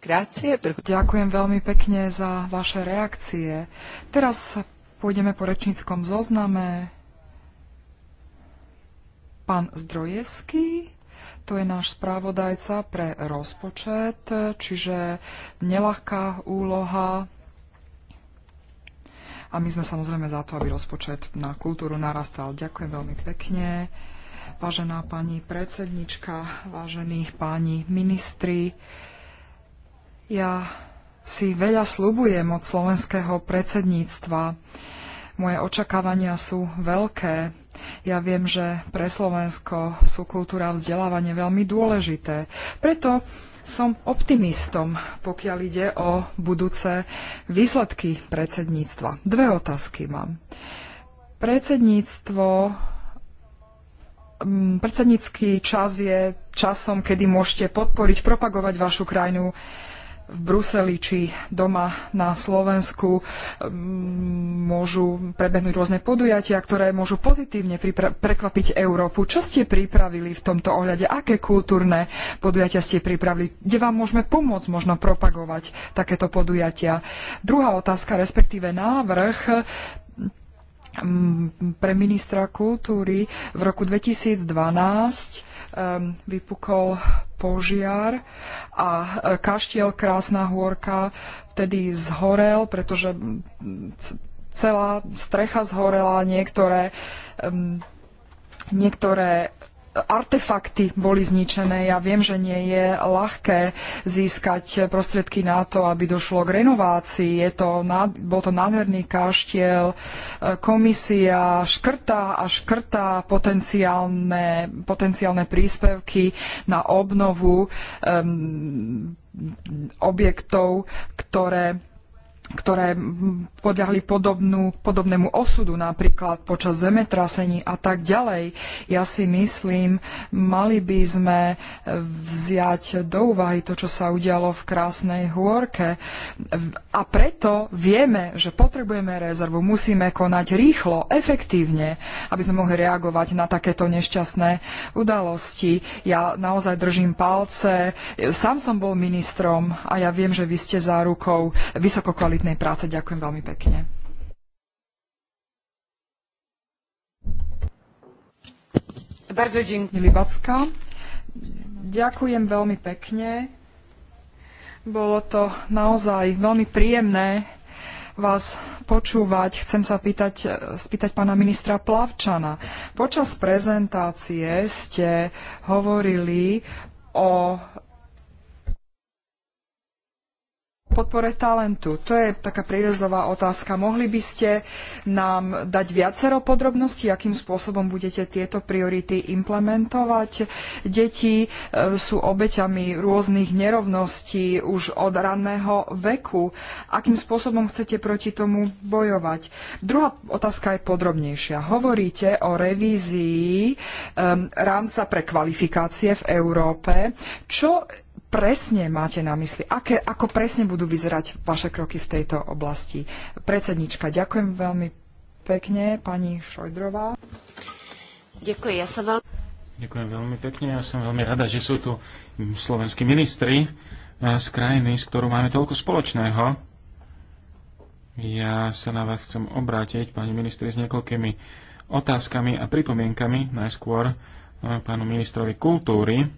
Grácie. Ďakujem veľmi pekne za vaše reakcie. Teraz pôjdeme po rečníckom zozname. Pán Zdrojevský. To je náš správodajca pre rozpočet, čiže nelahká úloha. A my sme samozrejme za to, aby rozpočet na kultúru narastal. Ďakujem veľmi pekne. Vážená pani predsednička, vážení páni ministri, ja si veľa slubujem od slovenského predsedníctva. Moje očakávania sú veľké. Ja viem, že pre Slovensko sú kultúra a vzdelávanie veľmi dôležité. Preto som optimistom, pokiaľ ide o budúce výsledky predsedníctva. Dve otázky mám. Predsedníctvo mm, predsednícky čas je časom, kedy môžete podporiť, propagovať vašu krajinu v Bruseli či doma na Slovensku môžu prebehnúť rôzne podujatia, ktoré môžu pozitívne prekvapiť Európu. Čo ste pripravili v tomto ohľade? Aké kultúrne podujatia ste pripravili? Kde vám môžeme pomôcť možno propagovať takéto podujatia? Druhá otázka, respektíve návrh pre ministra kultúry v roku 2012 vypukol požiar a e, kaštiel Krásna hôrka vtedy zhorel, pretože celá strecha zhorela, niektoré, niektoré artefakty boli zničené. Ja viem, že nie je ľahké získať prostriedky na to, aby došlo k renovácii. Je to, bol to nádherný kaštiel. E, komisia škrtá a škrtá potenciálne, potenciálne príspevky na obnovu um, objektov, ktoré ktoré podľahli podobnú, podobnému osudu, napríklad počas zemetrasení a tak ďalej. Ja si myslím, mali by sme eh, vziať do úvahy to, čo sa udialo v Krásnej hôrke. A preto vieme, že potrebujeme rezervu, musíme konať rýchlo, efektívne, aby sme mohli reagovať na takéto nešťastné udalosti. Ja naozaj držím palce. Sám som bol ministrom a ja viem, že vy ste rukou vysokokvalitného kvalitnej práce. Ďakujem veľmi pekne. Bardzo Ďakujem veľmi pekne. Bolo to naozaj veľmi príjemné vás počúvať. Chcem sa pýtať, spýtať pána ministra Plavčana. Počas prezentácie ste hovorili o podpore talentu? To je taká prírezová otázka. Mohli by ste nám dať viacero podrobností, akým spôsobom budete tieto priority implementovať? Deti e, sú obeťami rôznych nerovností už od ranného veku. Akým spôsobom chcete proti tomu bojovať? Druhá otázka je podrobnejšia. Hovoríte o revízii um, rámca pre kvalifikácie v Európe. Čo presne máte na mysli? Aké, ako presne budú vyzerať vaše kroky v tejto oblasti? Predsednička, ďakujem veľmi pekne, pani Šojdrová. Ďakujem, ja sa veľmi... Ďakujem veľmi pekne, ja som veľmi rada, že sú tu slovenskí ministri e, z krajiny, s ktorou máme toľko spoločného. Ja sa na vás chcem obrátiť, pani ministri, s niekoľkými otázkami a pripomienkami, najskôr e, pánu ministrovi kultúry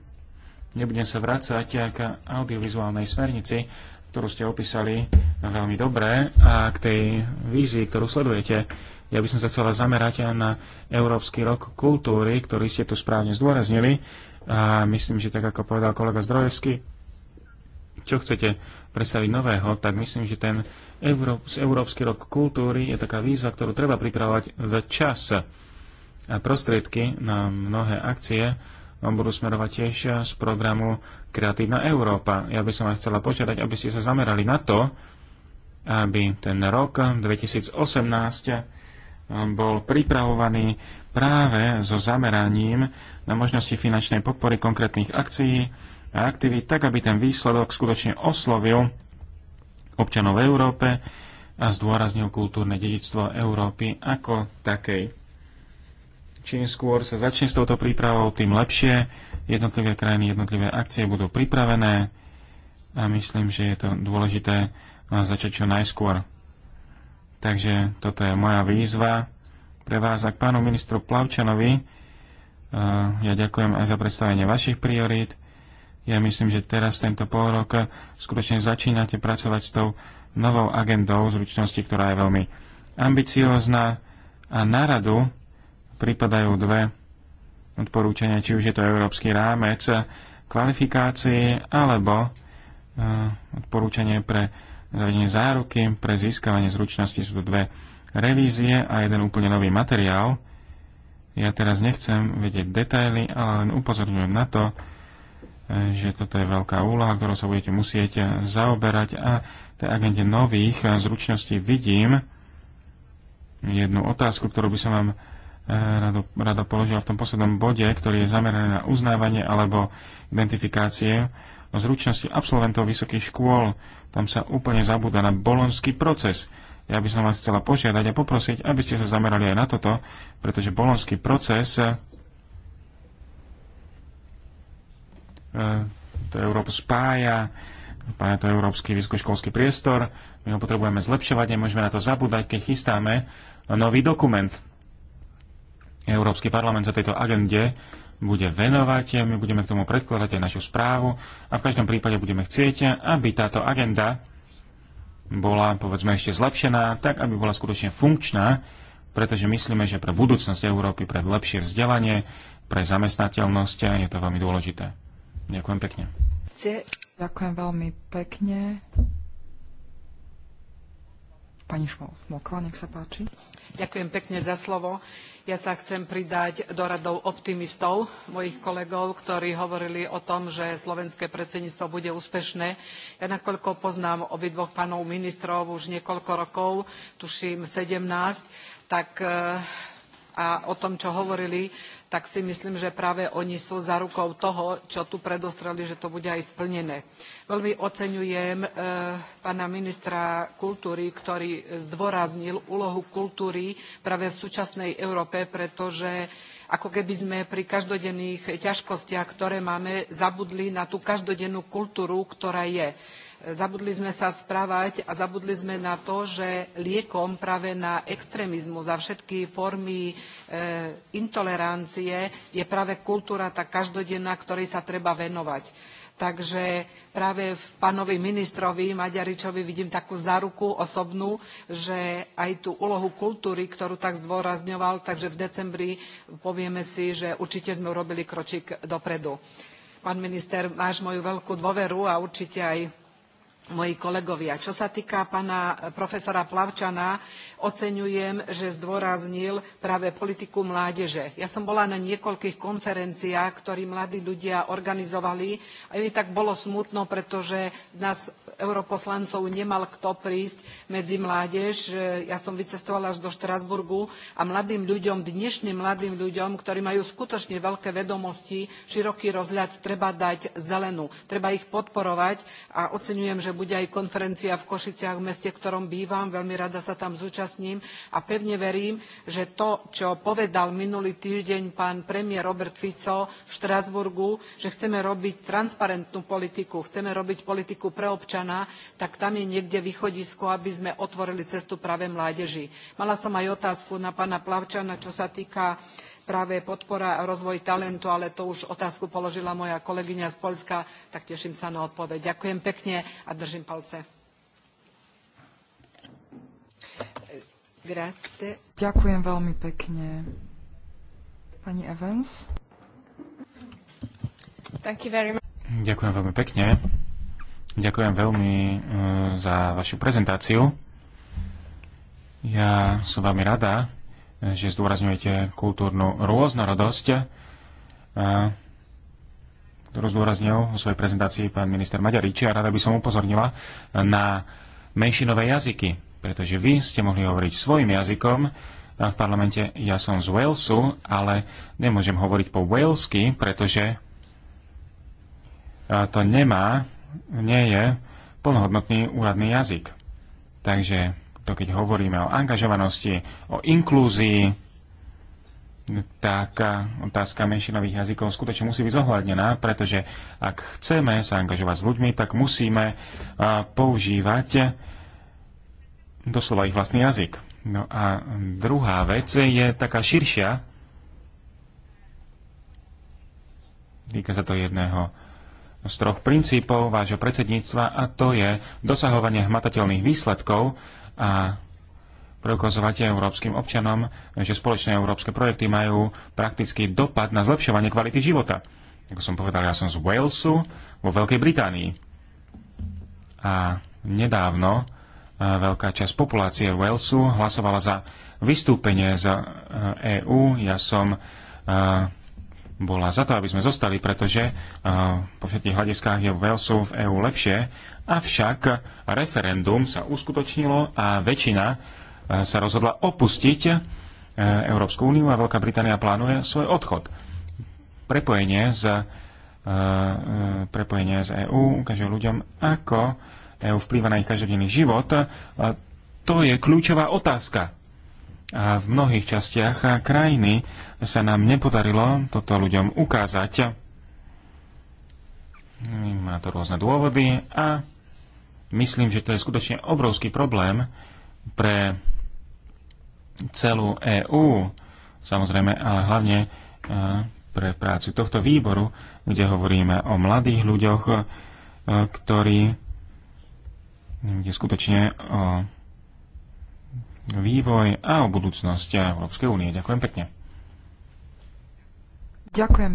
Nebudem sa vrácať k audiovizuálnej smernici, ktorú ste opísali veľmi dobre a k tej vízii, ktorú sledujete. Ja by som sa chcela zamerať aj na Európsky rok kultúry, ktorý ste tu správne zdôraznili. A myslím, že tak ako povedal kolega Zdrojevský, čo chcete predstaviť nového, tak myslím, že ten Európs, Európsky rok kultúry je taká výzva, ktorú treba pripravovať v čas a prostriedky na mnohé akcie budú smerovať tiež z programu Kreatívna Európa. Ja by som vás chcela požiadať, aby ste sa zamerali na to, aby ten rok 2018 bol pripravovaný práve so zameraním na možnosti finančnej podpory konkrétnych akcií a aktivít, tak aby ten výsledok skutočne oslovil občanov v Európe a zdôraznil kultúrne dedičstvo Európy ako takej. Čím skôr sa začne s touto prípravou, tým lepšie. Jednotlivé krajiny, jednotlivé akcie budú pripravené a myslím, že je to dôležité no, začať čo najskôr. Takže toto je moja výzva pre vás a k pánu ministru Plavčanovi. E, ja ďakujem aj za predstavenie vašich priorít. Ja myslím, že teraz tento pol rok skutočne začínate pracovať s tou novou agendou zručnosti, ktorá je veľmi ambiciózna a na radu pripadajú dve odporúčania, či už je to európsky rámec kvalifikácií alebo e, odporúčanie pre zavedenie záruky pre získavanie zručnosti sú to dve revízie a jeden úplne nový materiál. Ja teraz nechcem vedieť detaily, ale len upozorňujem na to, e, že toto je veľká úloha, ktorou sa budete musieť zaoberať a tej agende nových zručností vidím jednu otázku, ktorú by som vám Eh, rado, rado položila v tom poslednom bode, ktorý je zameraný na uznávanie alebo identifikácie zručnosti absolventov vysokých škôl. Tam sa úplne zabúda na bolonský proces. Ja by som vás chcela požiadať a poprosiť, aby ste sa zamerali aj na toto, pretože bolonský proces eh, to Európu spája, spája to európsky vysokoškolský priestor, my ho potrebujeme zlepšovať, nemôžeme na to zabúdať, keď chystáme nový dokument Európsky parlament sa tejto agende bude venovať. My budeme k tomu predkladať aj našu správu a v každom prípade budeme chcieť, aby táto agenda bola, povedzme, ešte zlepšená, tak aby bola skutočne funkčná, pretože myslíme, že pre budúcnosť Európy, pre lepšie vzdelanie, pre zamestnateľnosť je to veľmi dôležité. Ďakujem pekne. Ďakujem veľmi pekne. Pani Šmol, nech sa páči. Ďakujem pekne za slovo. Ja sa chcem pridať do radov optimistov, mojich kolegov, ktorí hovorili o tom, že slovenské predsedníctvo bude úspešné. Ja nakoľko poznám obidvoch pánov ministrov už niekoľko rokov, tuším sedemnásť, tak eh, a o tom, čo hovorili, tak si myslím, že práve oni sú rukou toho, čo tu predostreli, že to bude aj splnené. Veľmi oceňujem e, pána ministra kultúry, ktorý zdôraznil úlohu kultúry práve v súčasnej Európe, pretože ako keby sme pri každodenných ťažkostiach, ktoré máme, zabudli na tú každodennú kultúru, ktorá je zabudli sme sa správať a zabudli sme na to, že liekom práve na extrémizmus a všetky formy e, intolerancie je práve kultúra tá každodenná, ktorej sa treba venovať. Takže práve v pánovi ministrovi Maďaričovi vidím takú záruku osobnú, že aj tú úlohu kultúry, ktorú tak zdôrazňoval, takže v decembri povieme si, že určite sme urobili kročík dopredu. Pán minister, máš moju veľkú dôveru a určite aj moji kolegovia. Čo sa týka pána eh, profesora Plavčana, oceňujem, že zdôraznil práve politiku mládeže. Ja som bola na niekoľkých konferenciách, ktoré mladí ľudia organizovali a mi tak bolo smutno, pretože nás europoslancov nemal kto prísť medzi mládež. Ja som vycestovala až do Štrasburgu a mladým ľuďom, dnešným mladým ľuďom, ktorí majú skutočne veľké vedomosti, široký rozhľad, treba dať zelenú. Treba ich podporovať a oceňujem, že bude aj konferencia v Košiciach, v meste, v ktorom bývam. Veľmi rada sa tam zúčastním a pevne verím, že to, čo povedal minulý týždeň pán premiér Robert Fico v Štrasburgu, že chceme robiť transparentnú politiku, chceme robiť politiku pre občana, tak tam je niekde východisko, aby sme otvorili cestu práve mládeži. Mala som aj otázku na pána Plavčana, čo sa týka práve podpora a rozvoj talentu, ale to už otázku položila moja kolegyňa z Poľska, tak teším sa na odpoveď. Ďakujem pekne a držím palce. Ďakujem veľmi pekne. Pani Evans. Ďakujem veľmi pekne. Ďakujem veľmi e, za vašu prezentáciu. Ja som veľmi rada, že zdôrazňujete kultúrnu rôznorodosť, ktorú zdôraznil vo svojej prezentácii pán minister Maďaríči a rada by som upozornila na menšinové jazyky, pretože vy ste mohli hovoriť svojim jazykom v parlamente. Ja som z Walesu, ale nemôžem hovoriť po walesky, pretože to nemá, nie je plnohodnotný úradný jazyk. Takže to keď hovoríme o angažovanosti, o inklúzii, tak otázka menšinových jazykov skutočne musí byť zohľadnená, pretože ak chceme sa angažovať s ľuďmi, tak musíme používať doslova ich vlastný jazyk. No a druhá vec je taká širšia. Týka sa to jedného z troch princípov vášho predsedníctva a to je dosahovanie hmatateľných výsledkov a preukazovať európskym občanom, že spoločné európske projekty majú praktický dopad na zlepšovanie kvality života. Ako som povedal, ja som z Walesu vo Veľkej Británii. A nedávno e, veľká časť populácie Walesu hlasovala za vystúpenie z EÚ. E ja som e, bola za to, aby sme zostali, pretože po všetkých hľadiskách je Walesu v EÚ lepšie Avšak referendum sa uskutočnilo a väčšina e, sa rozhodla opustiť e, Európsku úniu a Veľká Británia plánuje svoj odchod. Prepojenie z, e, prepojenie z EÚ ukáže ľuďom, ako EÚ vplýva na ich každodenný život. To je kľúčová otázka. A v mnohých častiach krajiny sa nám nepodarilo toto ľuďom ukázať. Má to rôzne dôvody a myslím, že to je skutočne obrovský problém pre celú EÚ, samozrejme, ale hlavne e, pre prácu tohto výboru, kde hovoríme o mladých ľuďoch, e, ktorí je skutočne o vývoj a o budúcnosť Európskej únie. Ďakujem pekne. Ďakujem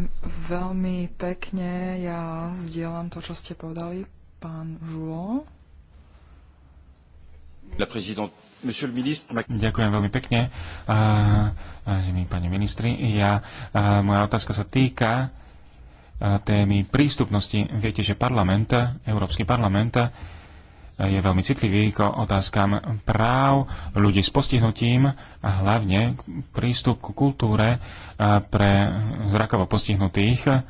veľmi pekne. Ja zdieľam to, čo ste povedali, pán Žulo. Ministre... Ďakujem veľmi pekne. Vážení pani ministri, ja, a, moja otázka sa týka témy prístupnosti. Viete, že parlament, Európsky parlament, je veľmi citlivý k otázkam práv ľudí s postihnutím a hlavne prístup k kultúre pre zrakovo postihnutých.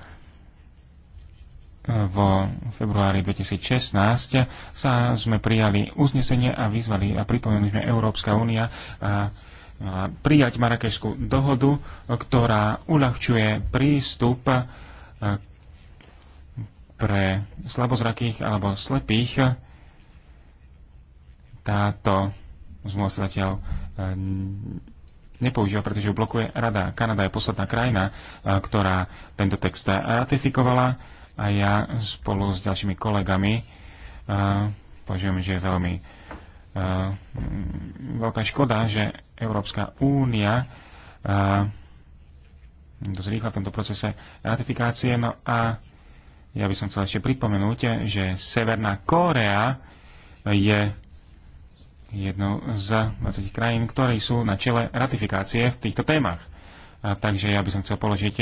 Vo februári 2016 sa sme prijali uznesenie a vyzvali a pripomenuli sme Európska únia prijať Marakešskú dohodu, ktorá uľahčuje prístup pre slabozrakých alebo slepých táto zmluva sa zatiaľ e, nepoužíva, pretože ju blokuje Rada. Kanada je posledná krajina, e, ktorá tento text ratifikovala a ja spolu s ďalšími kolegami e, požujem, že je veľmi veľká škoda, že Európska únia dosť rýchla v tomto procese ratifikácie. No a ja by som chcel ešte pripomenúť, že Severná Kórea je Jednou z 20 krajín, ktoré sú na čele ratifikácie v týchto témach. A takže ja by som chcel položiť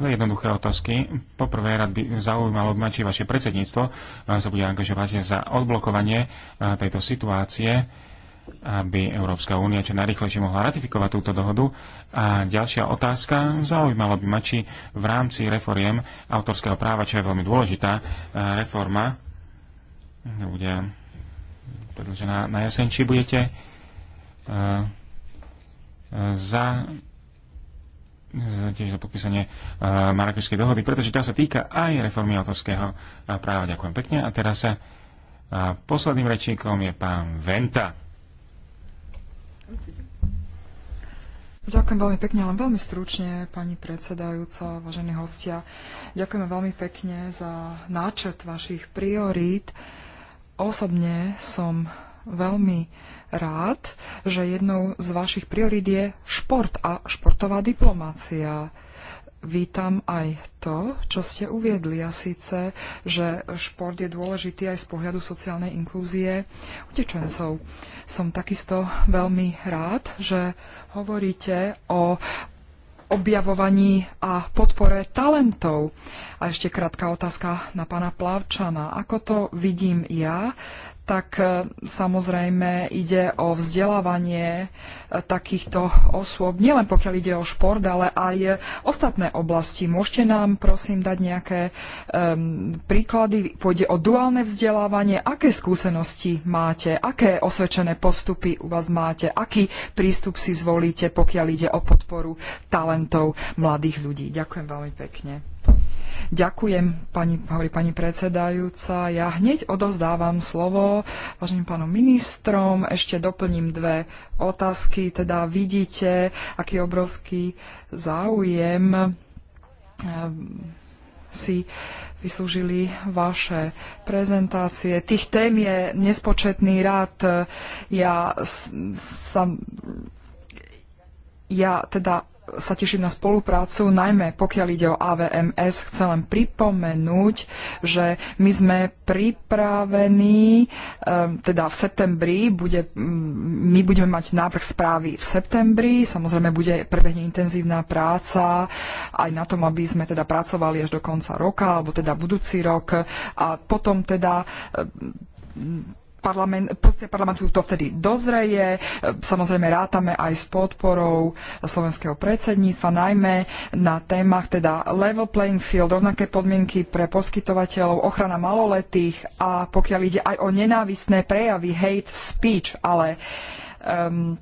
dve jednoduché otázky. Poprvé, rád by zaujímalo ma, či vaše predsedníctvo sa bude angažovať za odblokovanie tejto situácie, aby Európska únia čo najrychlejšie mohla ratifikovať túto dohodu. A ďalšia otázka, zaujímalo by ma, či v rámci reforiem autorského práva, čo je veľmi dôležitá reforma, bude pretože na na či budete uh, za, za tiež za podpísanie uh, e, Marakešskej dohody, pretože tá sa týka aj reformy autorského práva. Ďakujem pekne. A teraz sa uh, posledným rečníkom je pán Venta. Ďakujem veľmi pekne, len veľmi stručne, pani predsedajúca, vážení hostia. Ďakujeme veľmi pekne za náčrt vašich priorít. Uh, Osobne som veľmi rád, že jednou z vašich priorít je šport a športová diplomácia. Vítam aj to, čo ste uviedli, a síce, že šport je dôležitý aj z pohľadu sociálnej inklúzie utečencov. Som takisto veľmi rád, že hovoríte o objavovaní a podpore talentov. A ešte krátka otázka na pána Plavčana. Ako to vidím ja, tak e, samozrejme ide o vzdelávanie e, takýchto osôb, nielen pokiaľ ide o šport, ale aj e, ostatné oblasti. Môžete nám prosím dať nejaké um, príklady, pôjde o duálne vzdelávanie, aké skúsenosti máte, aké osvedčené postupy u vás máte, aký prístup si zvolíte, pokiaľ ide o podporu talentov mladých ľudí. Ďakujem veľmi pekne. Ďakujem, pani, hovorí pani predsedajúca. Ja hneď odozdávam slovo váženým pánom ministrom. Ešte doplním dve otázky. Teda vidíte, aký obrovský záujem ehm, si vyslúžili vaše prezentácie. Tých tém je nespočetný rád. Ja sa ja teda sa teším na spoluprácu, najmä pokiaľ ide o AVMS. Chcem len pripomenúť, že my sme pripravení, ehm, teda v septembri, bude, mm, my budeme mať návrh správy v septembri, samozrejme bude prebehne intenzívna práca aj na tom, aby sme teda pracovali až do konca roka, alebo teda budúci rok a potom teda ehm, parlament, pozícia parlamentu to vtedy dozreje. Samozrejme rátame aj s podporou slovenského predsedníctva, najmä na témach teda level playing field, rovnaké podmienky pre poskytovateľov, ochrana maloletých a pokiaľ ide aj o nenávisné prejavy, hate speech, ale um,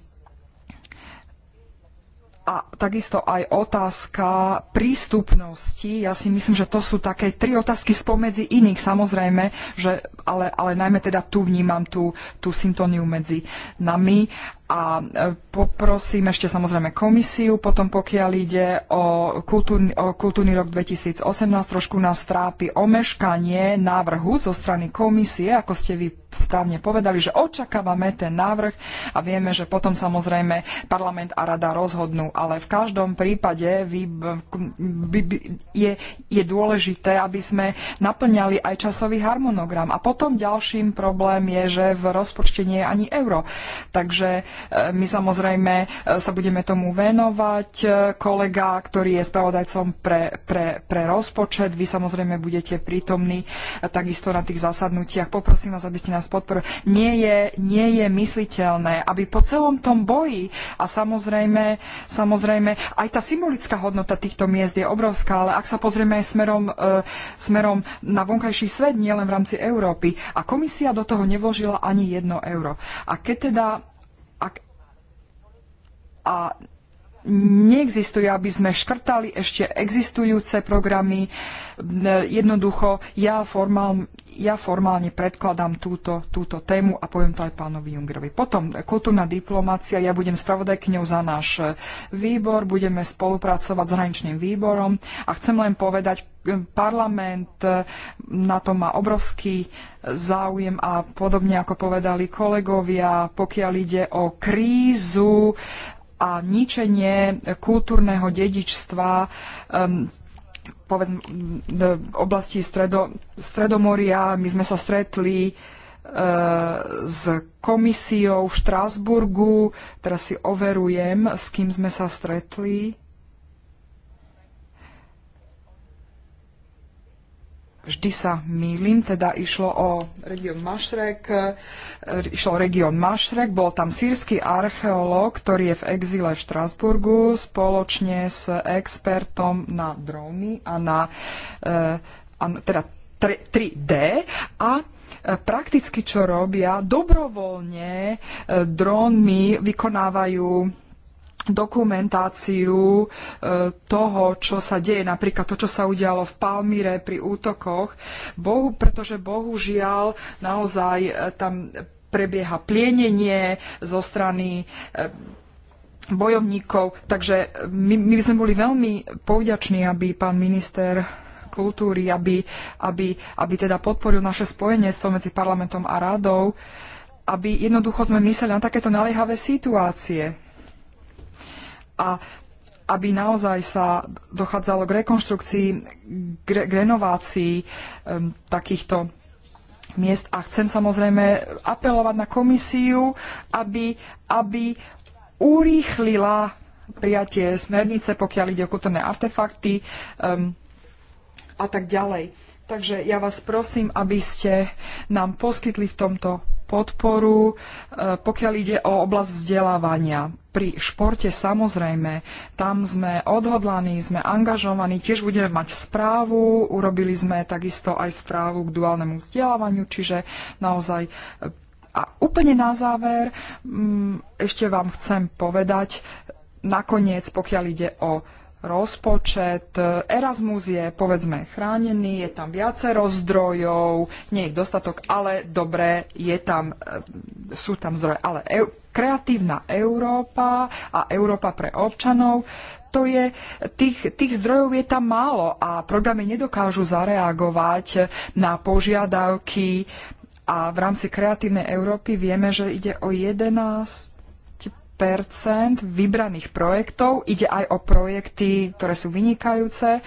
a takisto aj otázka prístupnosti. Ja si myslím, že to sú také tri otázky spomedzi iných, samozrejme, že, ale, ale najmä teda tu vnímam tú, tú syntoniu medzi nami a e, poprosím ešte samozrejme komisiu, potom pokiaľ ide o kultúrny, o kultúrny rok 2018, trošku nás trápi omeškanie návrhu zo strany komisie, ako ste vy správne povedali, že očakávame ten návrh a vieme, že potom samozrejme parlament a rada rozhodnú, ale v každom prípade vy, by, by, je, je dôležité, aby sme naplňali aj časový harmonogram. A potom ďalším problém je, že v rozpočte nie je ani euro. Takže my samozrejme e, sa budeme tomu venovať. E, Kolega, ktorý je spravodajcom pre, pre, pre rozpočet, vy samozrejme budete prítomní e, takisto na tých zasadnutiach. Poprosím vás, aby ste nás podporili. Nie je, nie je mysliteľné, aby po celom tom boji a samozrejme, samozrejme aj tá symbolická hodnota týchto miest je obrovská, ale ak sa pozrieme aj smerom, e, smerom na vonkajší svet, nielen v rámci Európy, a komisia do toho nevložila ani jedno euro. A keď teda a neexistuje, aby sme škrtali ešte existujúce programy. Jednoducho, ja, formál, ja formálne predkladám túto, túto tému a poviem to aj pánovi Jungerovi. Potom kultúrna diplomácia, ja budem spravodajkňou za náš výbor, budeme spolupracovať s hraničným výborom a chcem len povedať, parlament na to má obrovský záujem a podobne ako povedali kolegovia, pokiaľ ide o krízu, a ničenie kultúrneho dedičstva um, povedz, v oblasti stredo, Stredomoria. My sme sa stretli e, s komisiou v Štrásburgu. Teraz si overujem, s kým sme sa stretli. vždy sa mýlim, teda išlo o región Mašrek, e, išlo o región Mašrek, bol tam sírsky archeológ, ktorý je v exíle v Štrasburgu spoločne s expertom na dróny a na e, a teda 3D a e, prakticky čo robia, dobrovoľne drónmi vykonávajú dokumentáciu e, toho, čo sa deje, napríklad to, čo sa udialo v Palmyre pri útokoch, bohu, pretože bohužiaľ naozaj e, tam prebieha plienenie zo strany e, bojovníkov. Takže my, my by sme boli veľmi povďační, aby pán minister kultúry, aby, aby, aby teda podporil naše spojenectvo medzi parlamentom a radou, aby jednoducho sme mysleli na takéto naliehavé situácie a aby naozaj sa dochádzalo k rekonštrukcii, k, re, k renovácii um, takýchto miest. A chcem samozrejme apelovať na komisiu, aby, aby urýchlila prijatie smernice, pokiaľ ide o kultúrne artefakty um, a tak ďalej. Takže ja vás prosím, aby ste nám poskytli v tomto podporu, e, pokiaľ ide o oblasť vzdelávania. Pri športe samozrejme, tam sme odhodlaní, sme angažovaní, tiež budeme mať správu, urobili sme takisto aj správu k duálnemu vzdelávaniu, čiže naozaj e, a úplne na záver mm, ešte vám chcem povedať, nakoniec, pokiaľ ide o rozpočet. Erasmus je, povedzme, chránený, je tam viacero zdrojov, nie je dostatok, ale dobre, je tam, e, sú tam zdroje. Ale e- kreatívna Európa a Európa pre občanov, to je, tých, tých zdrojov je tam málo a programy nedokážu zareagovať na požiadavky a v rámci kreatívnej Európy vieme, že ide o 11 vybraných projektov. Ide aj o projekty, ktoré sú vynikajúce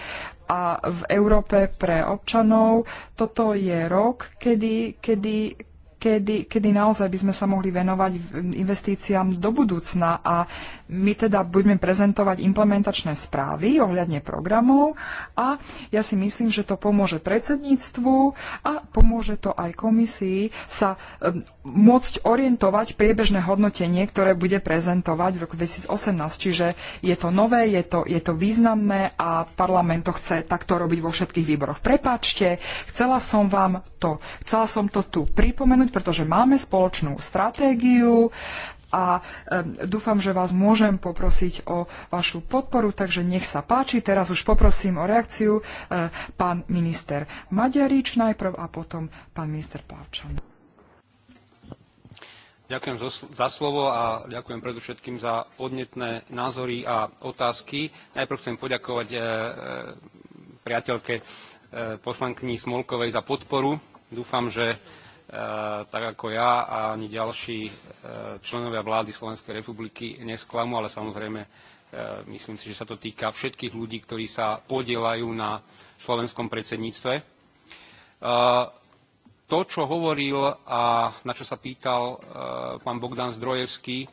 a v Európe pre občanov. Toto je rok, kedy, kedy, kedy, kedy naozaj by sme sa mohli venovať investíciám do budúcna a my teda budeme prezentovať implementačné správy ohľadne programov a ja si myslím, že to pomôže predsedníctvu a pomôže to aj komisii sa môcť orientovať priebežné hodnotenie, ktoré bude prezentovať v roku 2018. Čiže je to nové, je to, je to významné a parlament to chce takto robiť vo všetkých výboroch. Prepáčte, chcela som vám to, chcela som to tu pripomenúť, pretože máme spoločnú stratégiu a dúfam, že vás môžem poprosiť o vašu podporu, takže nech sa páči. Teraz už poprosím o reakciu eh, pán minister Maďarič najprv a potom pán minister Plavčan. Ďakujem za slovo a ďakujem predovšetkým za podnetné názory a otázky. Najprv chcem poďakovať eh, eh, priateľke poslankyni Smolkovej za podporu. Dúfam, že Eh, tak ako ja a ani ďalší eh, členovia vlády Slovenskej republiky nesklamú, ale samozrejme eh, myslím si, že sa to týka všetkých ľudí, ktorí sa podielajú na slovenskom predsedníctve. To, čo hovoril a na čo sa pýtal pán Bogdan Zdrojevský,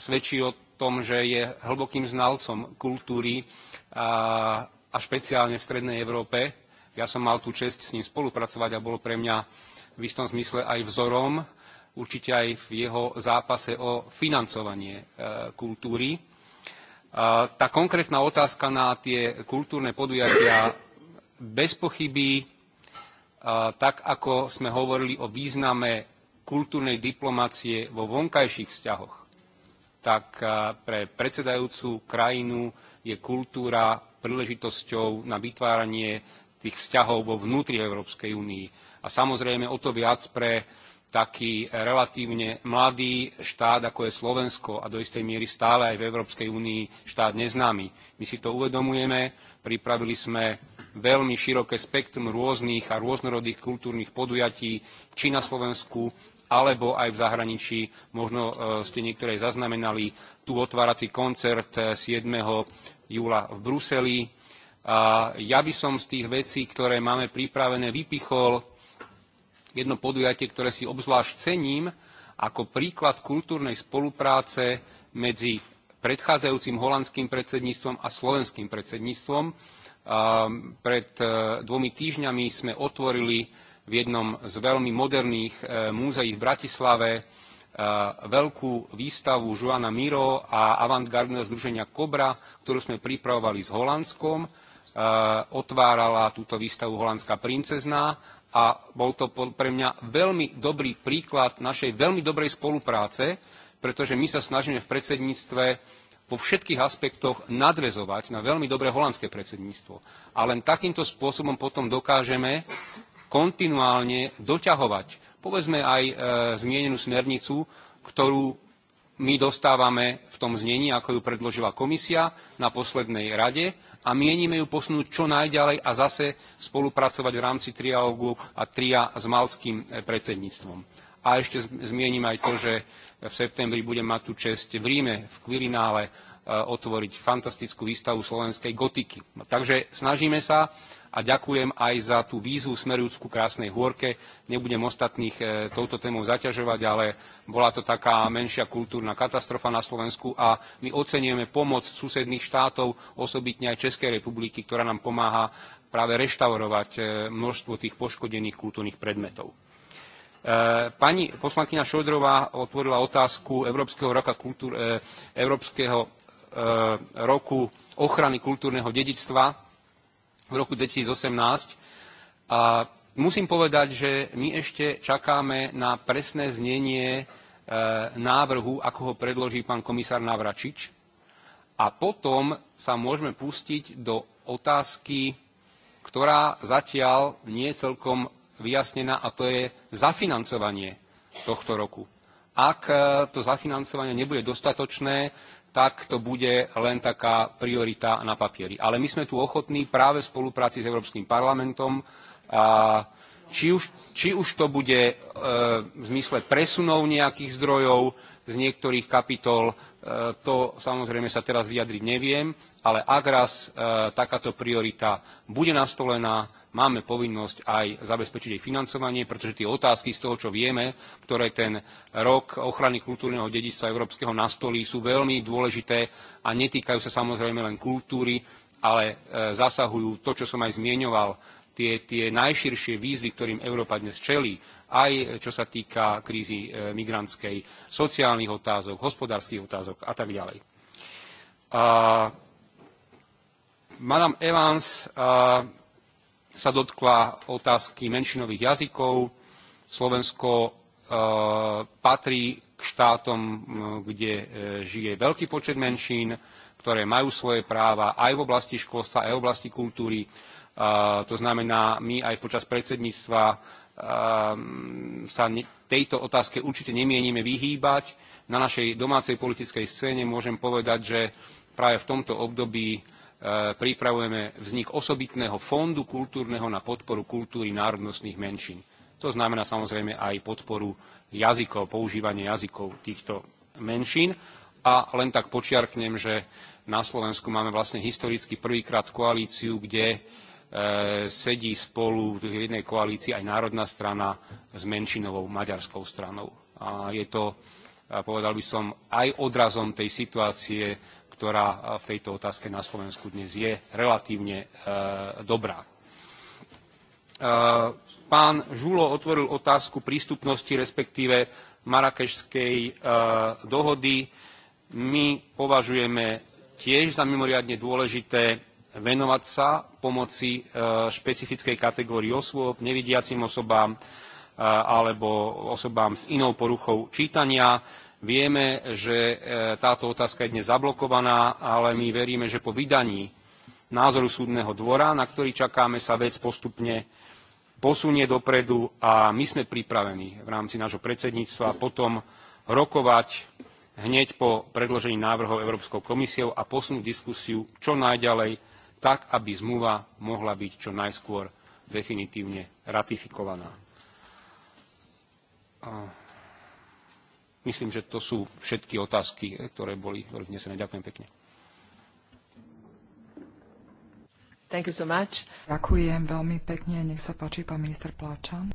svedčí o tom, že je hlbokým znalcom kultúry a špeciálne v Strednej Európe. Ja som mal tú čest s ním spolupracovať a bolo pre mňa v istom zmysle aj vzorom, určite aj v jeho zápase o financovanie e, kultúry. E, tá konkrétna otázka na tie kultúrne podujatia bez pochyby, e, tak ako sme hovorili o význame kultúrnej diplomácie vo vonkajších vzťahoch, tak pre predsedajúcu krajinu je kultúra príležitosťou na vytváranie tých vzťahov vo vnútri Európskej únii a samozrejme o to viac pre taký relatívne mladý štát, ako je Slovensko a do istej miery stále aj v Európskej únii štát neznámy. My si to uvedomujeme, pripravili sme veľmi široké spektrum rôznych a rôznorodých kultúrnych podujatí, či na Slovensku, alebo aj v zahraničí. Možno e, ste niektoré zaznamenali tu otvárací koncert 7. E, júla v Bruseli. A ja by som z tých vecí, ktoré máme pripravené, vypichol jedno podujatie, ktoré si obzvlášť cením ako príklad kultúrnej spolupráce medzi predchádzajúcim holandským predsedníctvom a slovenským predsedníctvom. Pred e, dvomi týždňami sme otvorili v jednom z veľmi moderných e, múzeí v Bratislave e, veľkú výstavu Joana Miro a avantgardného združenia Kobra, ktorú sme pripravovali s Holandskom. Otvárala túto výstavu holandská princezná a bol to pre mňa veľmi dobrý príklad našej veľmi dobrej spolupráce, pretože my sa snažíme v predsedníctve vo všetkých aspektoch nadvezovať na veľmi dobré holandské predsedníctvo. A len takýmto spôsobom potom dokážeme kontinuálne doťahovať, povedzme aj e, zmienenú smernicu, ktorú my dostávame v tom znení, ako ju predložila komisia na poslednej rade a mienime ju posunúť čo najďalej a zase spolupracovať v rámci trialógu a tria s malským e, predsedníctvom. A ešte zmienim aj to, že v septembri budem mať tú čest v Ríme, v Quirinále, e, otvoriť fantastickú výstavu slovenskej gotiky. Takže snažíme sa a ďakujem aj za tú výzvu smerujúcu ku Krásnej hôrke. Nebudem ostatných e, touto témou zaťažovať, ale bola to taká menšia kultúrna katastrofa na Slovensku a my oceňujeme pomoc susedných štátov, osobitne aj Českej republiky, ktorá nám pomáha práve reštaurovať e, množstvo tých poškodených kultúrnych predmetov. E, pani poslankyňa Šodrová otvorila otázku Európskeho roka, kultúr, e, Európskeho roku ochrany kultúrneho dedičstva v roku 2018. A musím povedať, že my ešte čakáme na presné znenie e, návrhu, ako ho predloží pán komisár Navračič. A potom sa môžeme pustiť do otázky, ktorá zatiaľ nie je celkom vyjasnená, a to je zafinancovanie tohto roku. Ak e, to zafinancovanie nebude dostatočné, tak to bude len taká priorita na papieri. Ale my sme tu ochotní práve v spolupráci s Európskym parlamentom a či už, či už to bude e, v zmysle presunov nejakých zdrojov z niektorých kapitol, e, to samozrejme sa teraz vyjadriť neviem, ale ak raz e, takáto priorita bude nastolená, máme povinnosť aj zabezpečiť jej financovanie, pretože tie otázky z toho, čo vieme, ktoré ten rok ochrany kultúrneho dedičstva európskeho nastolí, sú veľmi dôležité a netýkajú sa samozrejme len kultúry, ale e, zasahujú to, čo som aj zmieňoval, tie, tie najširšie výzvy, ktorým Európa dnes čelí, aj čo sa týka krízy e, migrantskej, sociálnych otázok, hospodárskych otázok a tak ďalej. A Madame Evans sa dotkla otázky menšinových jazykov. Slovensko patrí k štátom, kde e, žije veľký počet menšín, ktoré majú svoje práva aj v oblasti školstva, aj v oblasti kultúry. to znamená, my aj počas predsedníctva sa tejto otázke určite nemienime vyhýbať. Na našej domácej politickej scéne môžem povedať, že práve v tomto období E, pripravujeme vznik osobitného fondu kultúrneho na podporu kultúry národnostných menšín. To znamená samozrejme aj podporu jazykov, používanie jazykov týchto menšín. A len tak počiarknem, že na Slovensku máme vlastne historicky prvýkrát koalíciu, kde e, sedí spolu v jednej koalícii aj národná strana s menšinovou maďarskou stranou. A je to, povedal by som, aj odrazom tej situácie ktorá e, v tejto otázke na Slovensku dnes je relatívne e, dobrá. E, pán Žulo otvoril otázku prístupnosti, respektíve Marakešskej dohody. My považujeme tiež za mimoriadne dôležité venovať sa pomoci špecifickej kategórii osôb, nevidiacim osobám alebo osobám s inou poruchou čítania Vieme, že e, táto otázka je dnes zablokovaná, ale my veríme, že po vydaní názoru súdneho dvora, na ktorý čakáme, sa vec postupne posunie dopredu a my sme pripravení v rámci nášho predsedníctva potom rokovať hneď po predložení návrhov Európskou komisiou a posunúť diskusiu čo najďalej, tak aby zmluva mohla byť čo najskôr definitívne ratifikovaná. Myslím, že to sú všetky otázky, ktoré boli vnesené. Ďakujem pekne. Thank you so much. Ďakujem veľmi pekne. Nech sa páči, pán minister Pláčan.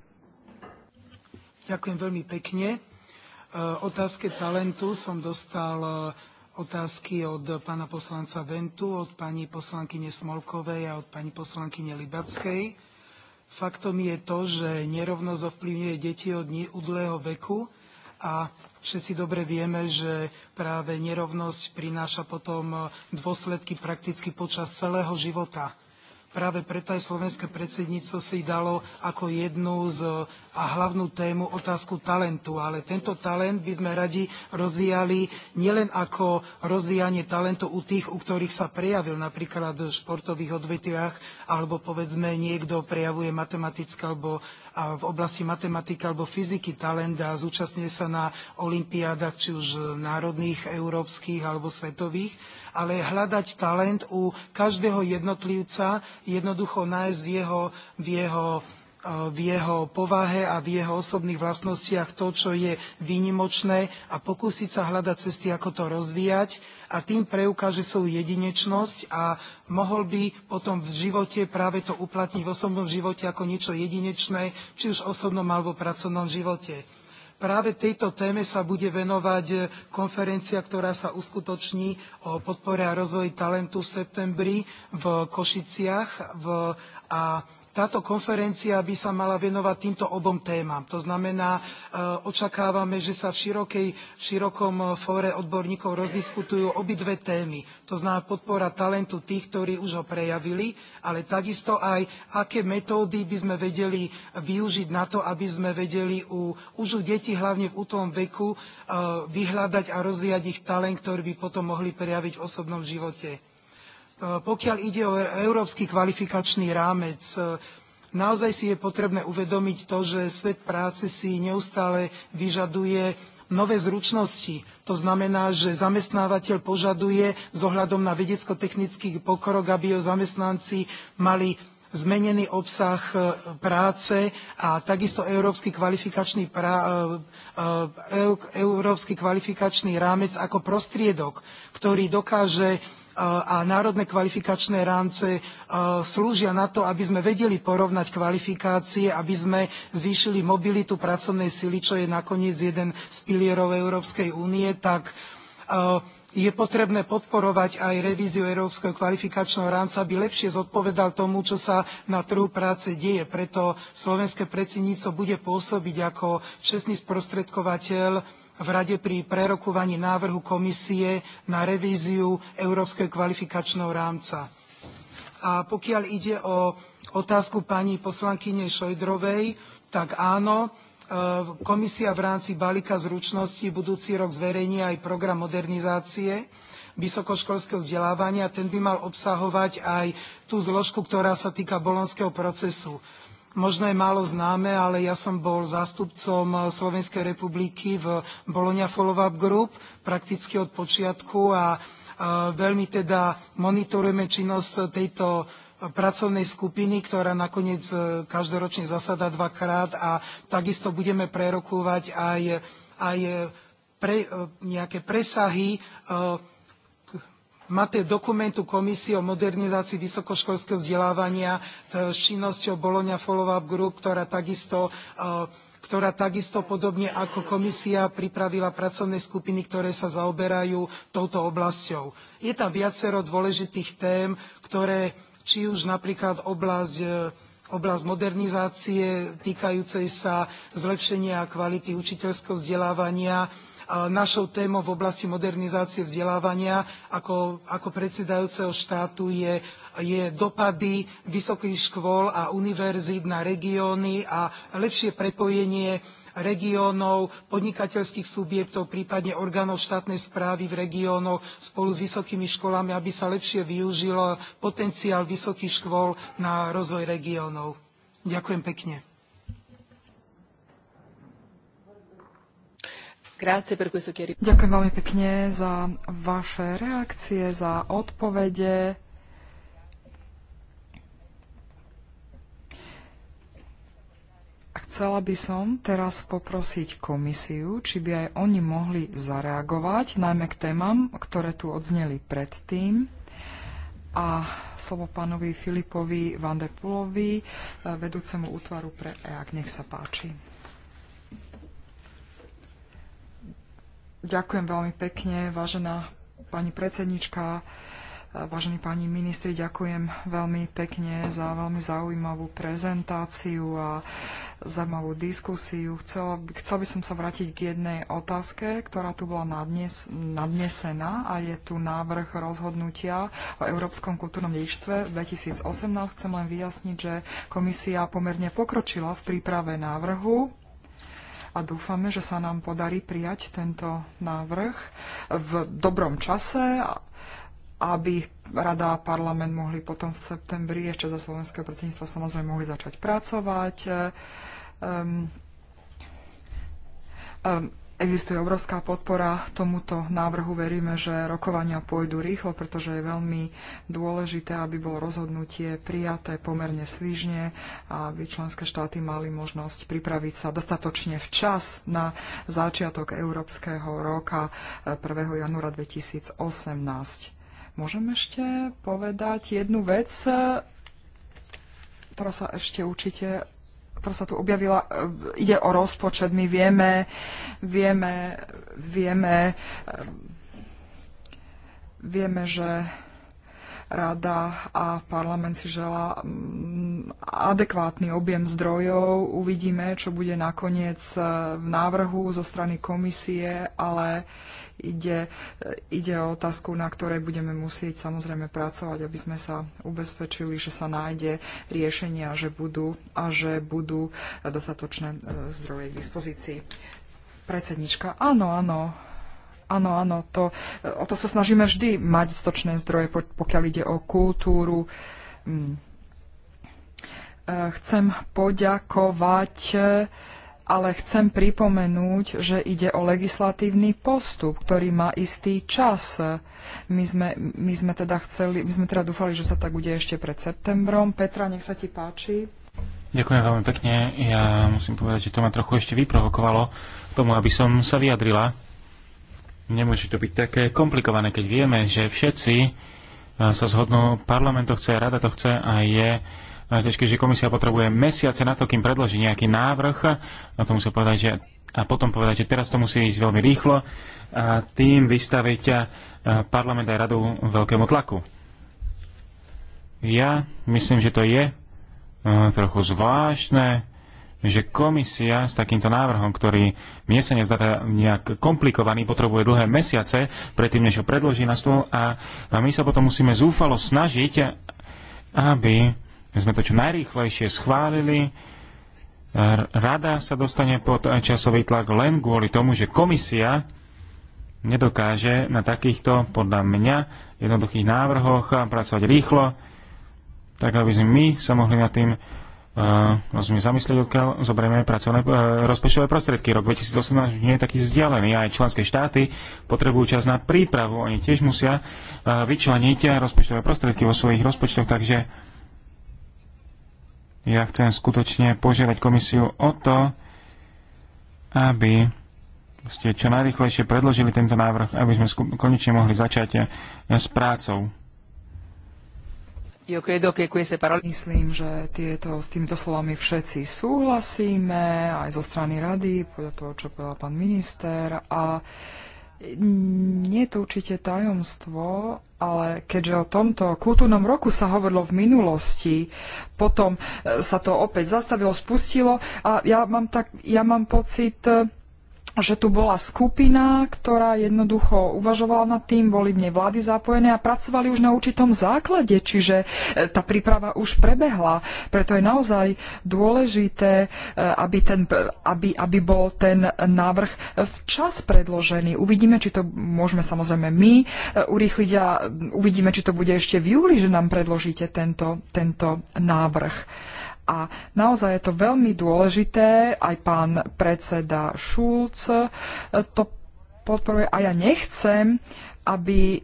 Ďakujem veľmi pekne. E, otázke talentu som dostal e, otázky od pána poslanca Ventu, od pani poslankyne Smolkovej a od pani poslankyne Libackej. Faktom je to, že nerovnosť ovplyvňuje deti od neudlého veku a Všetci dobre vieme, že práve nerovnosť prináša potom e, dôsledky prakticky počas celého života. Práve preto aj slovenské predsedníctvo si dalo ako jednu z, e, a hlavnú tému otázku talentu. Ale tento talent by sme radi rozvíjali nielen ako rozvíjanie talentu u tých, u ktorých sa prejavil napríklad v športových odvetiach, alebo povedzme niekto prejavuje matematické alebo v oblasti matematiky alebo fyziky talent a zúčastňuje sa na olympiádach, či už národných, európskych alebo svetových ale hľadať talent u každého jednotlivca, jednoducho nájsť v jeho, v jeho v jeho povahe a v jeho osobných vlastnostiach to, čo je výnimočné a pokúsiť sa hľadať cesty, ako to rozvíjať a tým preukáže svoju jedinečnosť a mohol by potom v živote práve to uplatniť v osobnom živote ako niečo jedinečné, či už v osobnom alebo pracovnom živote. Práve tejto téme sa bude venovať konferencia, ktorá sa uskutoční o podpore a rozvoji talentu v septembri v Košiciach v, a táto konferencia by sa mala venovať týmto obom témam. To znamená, e, očakávame, že sa v, širokej, v širokom e, fóre odborníkov rozdiskutujú obidve témy. To znamená podpora talentu tých, ktorí už ho prejavili, ale takisto aj, aké metódy by sme vedeli využiť na to, aby sme vedeli u, už u detí, hlavne v útlom veku, e, vyhľadať a rozvíjať ich talent, ktorý by potom mohli prejaviť v osobnom živote. E, pokiaľ ide o európsky kvalifikačný rámec, e, naozaj si je potrebné uvedomiť to, že svet práce si neustále vyžaduje nové zručnosti. To znamená, že zamestnávateľ požaduje s ohľadom na vedecko-technický pokrok, aby jeho zamestnanci mali zmenený obsah e, práce a takisto Európsky kvalifikačný, pra, Európsky kvalifikačný rámec ako prostriedok, ktorý dokáže a národné kvalifikačné rámce slúžia na to, aby sme vedeli porovnať kvalifikácie, aby sme zvýšili mobilitu pracovnej sily, čo je nakoniec jeden z pilierov Európskej únie, tak je potrebné podporovať aj revíziu Európskeho kvalifikačného rámca, aby lepšie zodpovedal tomu, čo sa na trhu práce deje. Preto slovenské predsedníctvo bude pôsobiť ako čestný sprostredkovateľ v Rade pri prerokovaní návrhu komisie na revíziu Európskeho kvalifikačného rámca. A pokiaľ ide o otázku pani poslankyne Šojdrovej, tak áno, e, komisia v rámci balíka zručnosti budúci rok zverejní aj program modernizácie vysokoškolského vzdelávania. Ten by mal obsahovať aj tú zložku, ktorá sa týka bolonského procesu možno je málo známe, ale ja som bol zástupcom eh, Slovenskej republiky v Bologna Follow-up Group prakticky od počiatku a eh, veľmi teda monitorujeme činnosť tejto eh, pracovnej skupiny, ktorá nakoniec každoročne zasada dvakrát a takisto budeme prerokúvať aj, aj pre, nejaké presahy mate dokumentu komisie o modernizácii vysokoškolského vzdelávania s činnosťou Bologna Follow-up Group, ktorá takisto eh, ktorá takisto podobne ako komisia pripravila pracovné skupiny, ktoré sa zaoberajú touto oblasťou. Je tam viacero dôležitých tém, ktoré či už napríklad oblasť eh, oblasť modernizácie týkajúcej sa zlepšenia kvality učiteľského vzdelávania Našou témou v oblasti modernizácie vzdelávania ako, ako predsedajúceho štátu je je dopady vysokých škôl a univerzít na regióny a lepšie prepojenie regiónov, podnikateľských subjektov, prípadne orgánov štátnej správy v regiónoch spolu s vysokými školami, aby sa lepšie využil potenciál vysokých škôl na rozvoj regiónov. Ďakujem pekne. Ďakujem veľmi pekne za vaše reakcie, za odpovede. Chcela by som teraz poprosiť komisiu, či by aj oni mohli zareagovať, najmä k témam, ktoré tu odzneli predtým. A slovo pánovi Filipovi Vandepulovi, eh, vedúcemu útvaru pre EAK. Nech sa páči. Ďakujem veľmi pekne, vážená pani predsednička, vážení pani ministri, ďakujem veľmi pekne za veľmi zaujímavú prezentáciu a zaujímavú diskusiu. Chcela, chcel by som sa vrátiť k jednej otázke, ktorá tu bola nadnes, nadnesená a je tu návrh rozhodnutia o Európskom kultúrnom dedičstve 2018. Chcem len vyjasniť, že komisia pomerne pokročila v príprave návrhu a dúfame, že sa nám podarí prijať tento návrh v dobrom čase, aby Rada a parlament mohli potom v septembri ešte za slovenského predsedníctva samozrejme mohli začať pracovať. Um, um, Existuje obrovská podpora tomuto návrhu. Veríme, že rokovania pôjdu rýchlo, pretože je veľmi dôležité, aby bolo rozhodnutie prijaté pomerne svižne a aby členské štáty mali možnosť pripraviť sa dostatočne včas na začiatok Európskeho roka 1. Eh, januára 2018. Môžem ešte povedať jednu vec, eh, ktorá sa ešte určite ktorá sa tu objavila, e, ide o rozpočet. My vieme, vieme, vieme, e, vieme, že rada a parlament si želá adekvátny objem zdrojov. Uvidíme, čo bude nakoniec e, v návrhu zo strany komisie, ale ide, e, ide o otázku, na ktorej budeme musieť samozrejme pracovať, aby sme sa ubezpečili, že sa nájde riešenia, že budú a že budú e, dostatočné zdroje k dispozícii. Predsednička, áno, áno, Áno, áno, to, o to sa snažíme vždy mať stočné zdroje, pokiaľ ide o kultúru. Mm chcem poďakovať, ale chcem pripomenúť, že ide o legislatívny postup, ktorý má istý čas. My sme, my sme, teda, chceli, my sme teda dúfali, že sa tak bude ešte pred septembrom. Petra, nech sa ti páči. Ďakujem veľmi pekne. Ja musím povedať, že to ma trochu ešte vyprovokovalo tomu, aby som sa vyjadrila. Nemôže to byť také komplikované, keď vieme, že všetci eh, sa zhodnú, parlament to chce, rada to chce a je Težké, že komisia potrebuje mesiace na to, kým predloží nejaký návrh. Na to musí povedať, že a potom povedať, že teraz to musí ísť veľmi rýchlo a tým vystaviť parlament aj radu veľkému tlaku. Ja myslím, že to je trochu zvláštne, že komisia s takýmto návrhom, ktorý mne sa nezdá nejak komplikovaný, potrebuje dlhé mesiace predtým, než ho predloží na stôl a my sa potom musíme zúfalo snažiť, aby my sme to čo najrýchlejšie schválili. Rada sa dostane pod časový tlak len kvôli tomu, že komisia nedokáže na takýchto, podľa mňa, jednoduchých návrhoch pracovať rýchlo, tak aby sme my sa mohli nad tým uh, zamyslieť, odkiaľ zoberieme pracovné uh, rozpočtové prostriedky. Rok 2018 nie je taký vzdialený, aj členské štáty potrebujú čas na prípravu, oni tiež musia uh, vyčleniť rozpočtové prostriedky vo svojich rozpočtoch, takže ja chcem skutočne požiadať komisiu o to, aby ste čo najrychlejšie predložili tento návrh, aby sme konečne mohli začať eh, s prácou. Myslím, že tieto, s týmito slovami všetci súhlasíme, aj zo strany rady, podľa toho, čo povedal pán minister. A nie je to určite tajomstvo, ale keďže o tomto kultúrnom roku sa hovorilo v minulosti, potom e, sa to opäť zastavilo, spustilo a ja mám, tak, ja mám pocit, e, že tu bola skupina, ktorá jednoducho uvažovala nad tým, boli v nej vlády zapojené a pracovali už na určitom základe, čiže e, tá príprava už prebehla. Preto je naozaj dôležité, e, aby, ten, aby, aby bol ten návrh včas predložený. Uvidíme, či to môžeme samozrejme my e, urýchliť a uvidíme, či to bude ešte v júli, že nám predložíte tento, tento návrh. A naozaj je to veľmi dôležité, aj pán predseda Šulc to podporuje a ja nechcem, aby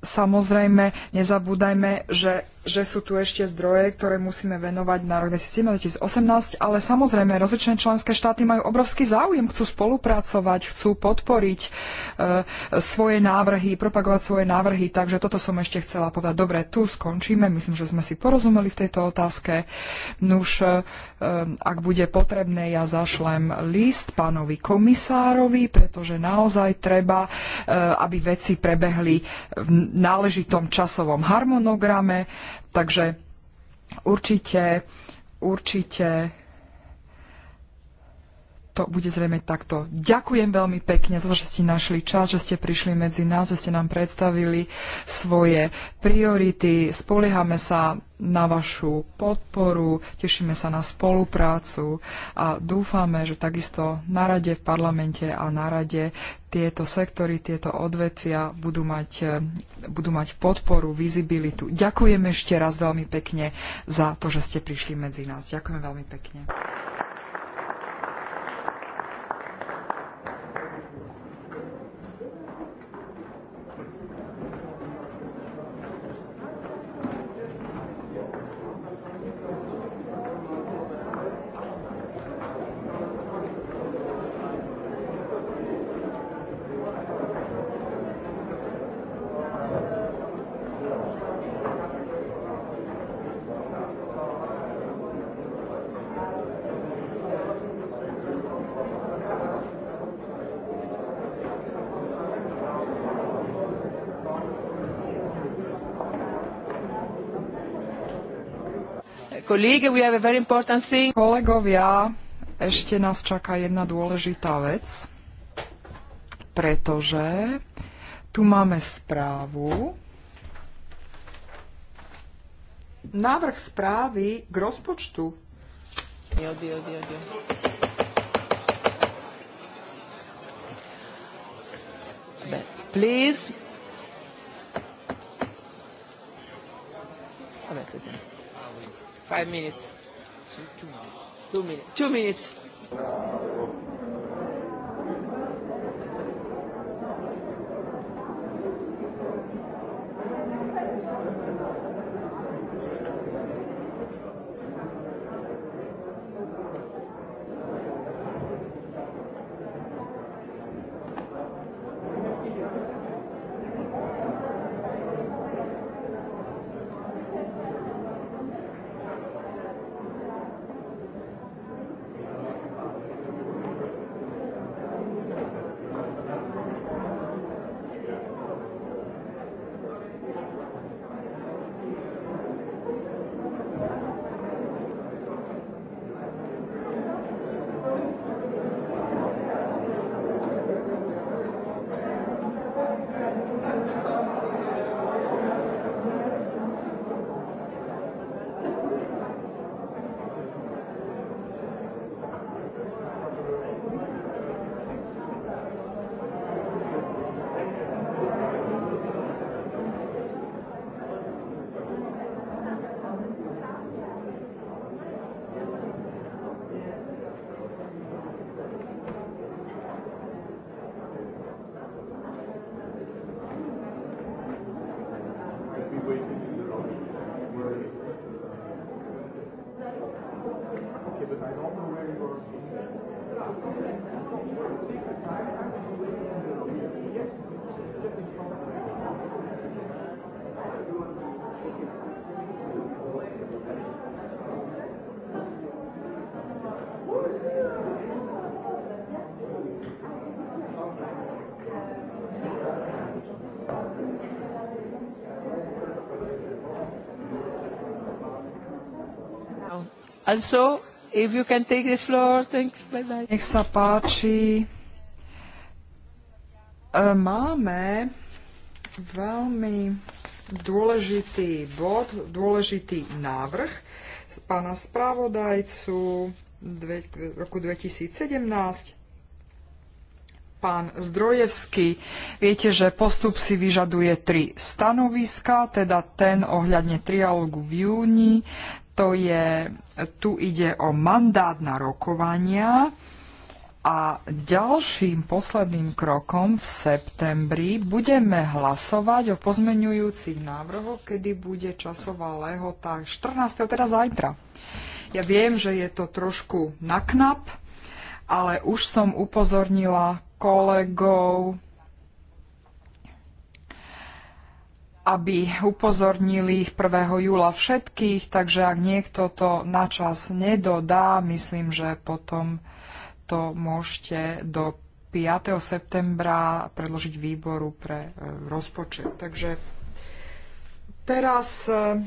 samozrejme nezabúdajme, že že sú tu ešte zdroje, ktoré musíme venovať na rok 2018 ale samozrejme rozličné členské štáty majú obrovský záujem, chcú spolupracovať, chcú podporiť e, svoje návrhy, propagovať svoje návrhy, takže toto som ešte chcela povedať. Dobre, tu skončíme, myslím, že sme si porozumeli v tejto otázke. Nuž, e, ak bude potrebné, ja zašlem list pánovi komisárovi, pretože naozaj treba, e, aby veci prebehli v náležitom časovom harmonograme Takže určite, určite to bude zrejme takto. Ďakujem veľmi pekne za to, že ste našli čas, že ste prišli medzi nás, že ste nám predstavili svoje priority. Spoliehame sa na vašu podporu, tešíme sa na spoluprácu a dúfame, že takisto na rade v parlamente a na rade tieto sektory, tieto odvetvia budú mať, budú mať podporu, vizibilitu. Ďakujem ešte raz veľmi pekne za to, že ste prišli medzi nás. Ďakujem veľmi pekne. Kolegovia, ešte nás čaká jedna dôležitá vec, pretože tu máme správu. Návrh správy k rozpočtu. Jody, jody, jody. Please. A five minutes. Two minutes. Two minutes. Two minutes. Also, if you can take the floor, thank you. Bye bye. Nech sa páči. E, máme veľmi dôležitý bod, dôležitý návrh pána spravodajcu dve, roku 2017 pán Zdrojevský. Viete, že postup si vyžaduje tri stanoviska, teda ten ohľadne trialógu v júni, to je, tu ide o mandát na rokovania a ďalším posledným krokom v septembri budeme hlasovať o pozmenujúcich návrhoch, kedy bude časová lehota 14. teda zajtra. Ja viem, že je to trošku naknap, ale už som upozornila kolegov, aby upozornili ich 1. júla všetkých, takže ak niekto to načas nedodá, myslím, že potom to môžete do 5. septembra predložiť výboru pre e, rozpočet. Takže teraz e,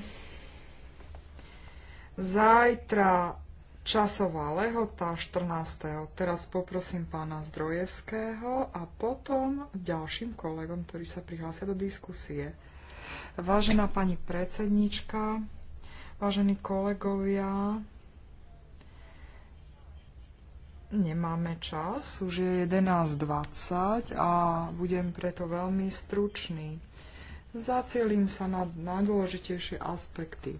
zajtra časová lehota 14. Teraz poprosím pána Zdrojevského a potom ďalším kolegom, ktorí sa prihlásia do diskusie. Vážená pani predsednička, vážení kolegovia, nemáme čas, už je 11.20 a budem preto veľmi stručný. Zacielím sa na najdôležitejšie aspekty.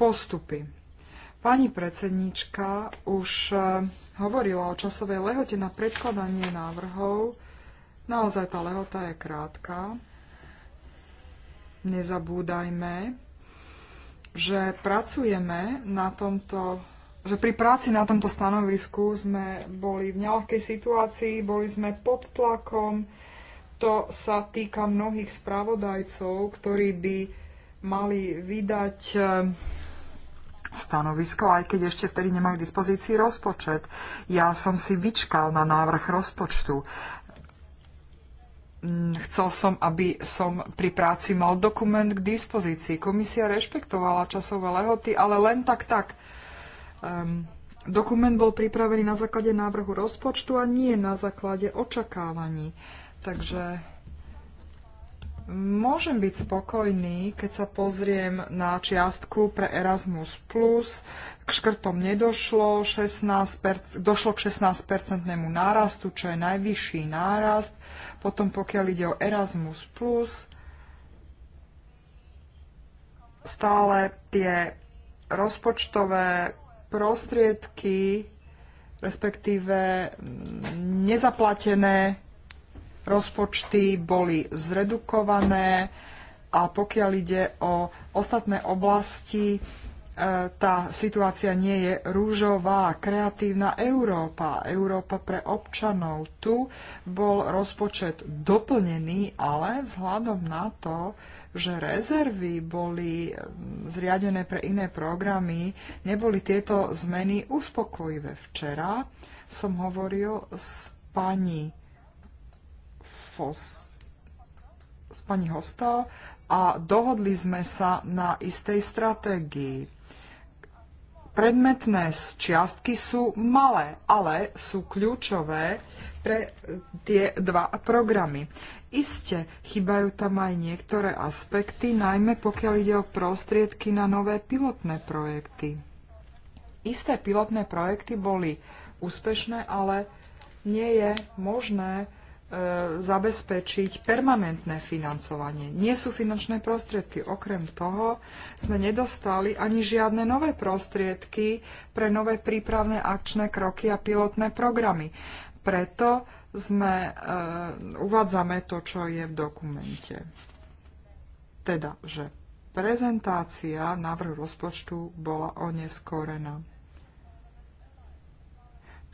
Postupy. Pani predsednička už eh, hovorila o časovej lehote na predkladanie návrhov. Naozaj tá lehota je krátka nezabúdajme, že pracujeme na tomto že pri práci na tomto stanovisku sme boli v nejakej situácii, boli sme pod tlakom. To sa týka mnohých spravodajcov, ktorí by mali vydať eh, stanovisko, aj keď ešte vtedy nemajú k dispozícii rozpočet. Ja som si vyčkal na návrh rozpočtu Mm, chcel som, aby som pri práci mal dokument k dispozícii. Komisia rešpektovala časové lehoty, ale len tak tak. Um, dokument bol pripravený na základe návrhu rozpočtu a nie na základe očakávaní. Takže môžem byť spokojný, keď sa pozriem na čiastku pre Erasmus+, k škrtom nedošlo, 16%, došlo k 16-percentnému nárastu, čo je najvyšší nárast. Potom pokiaľ ide o Erasmus+, plus. stále tie rozpočtové prostriedky, respektíve mm, nezaplatené rozpočty boli zredukované a pokiaľ ide o ostatné oblasti, tá situácia nie je rúžová. Kreatívna Európa, Európa pre občanov. Tu bol rozpočet doplnený, ale vzhľadom na to, že rezervy boli mm, zriadené pre iné programy, neboli tieto zmeny uspokojivé. Včera som hovoril s pani Fos, s pani Hostel a dohodli sme sa na istej stratégii Predmetné čiastky sú malé, ale sú kľúčové pre e, tie dva programy. Iste chýbajú tam aj niektoré aspekty, najmä pokiaľ ide o prostriedky na nové pilotné projekty. Isté pilotné projekty boli úspešné, ale nie je možné E, zabezpečiť permanentné financovanie. Nie sú finančné prostriedky. Okrem toho sme nedostali ani žiadne nové prostriedky pre nové prípravné akčné kroky a pilotné programy. Preto sme, e, uvádzame to, čo je v dokumente. Teda, že prezentácia návrhu rozpočtu bola oneskorená.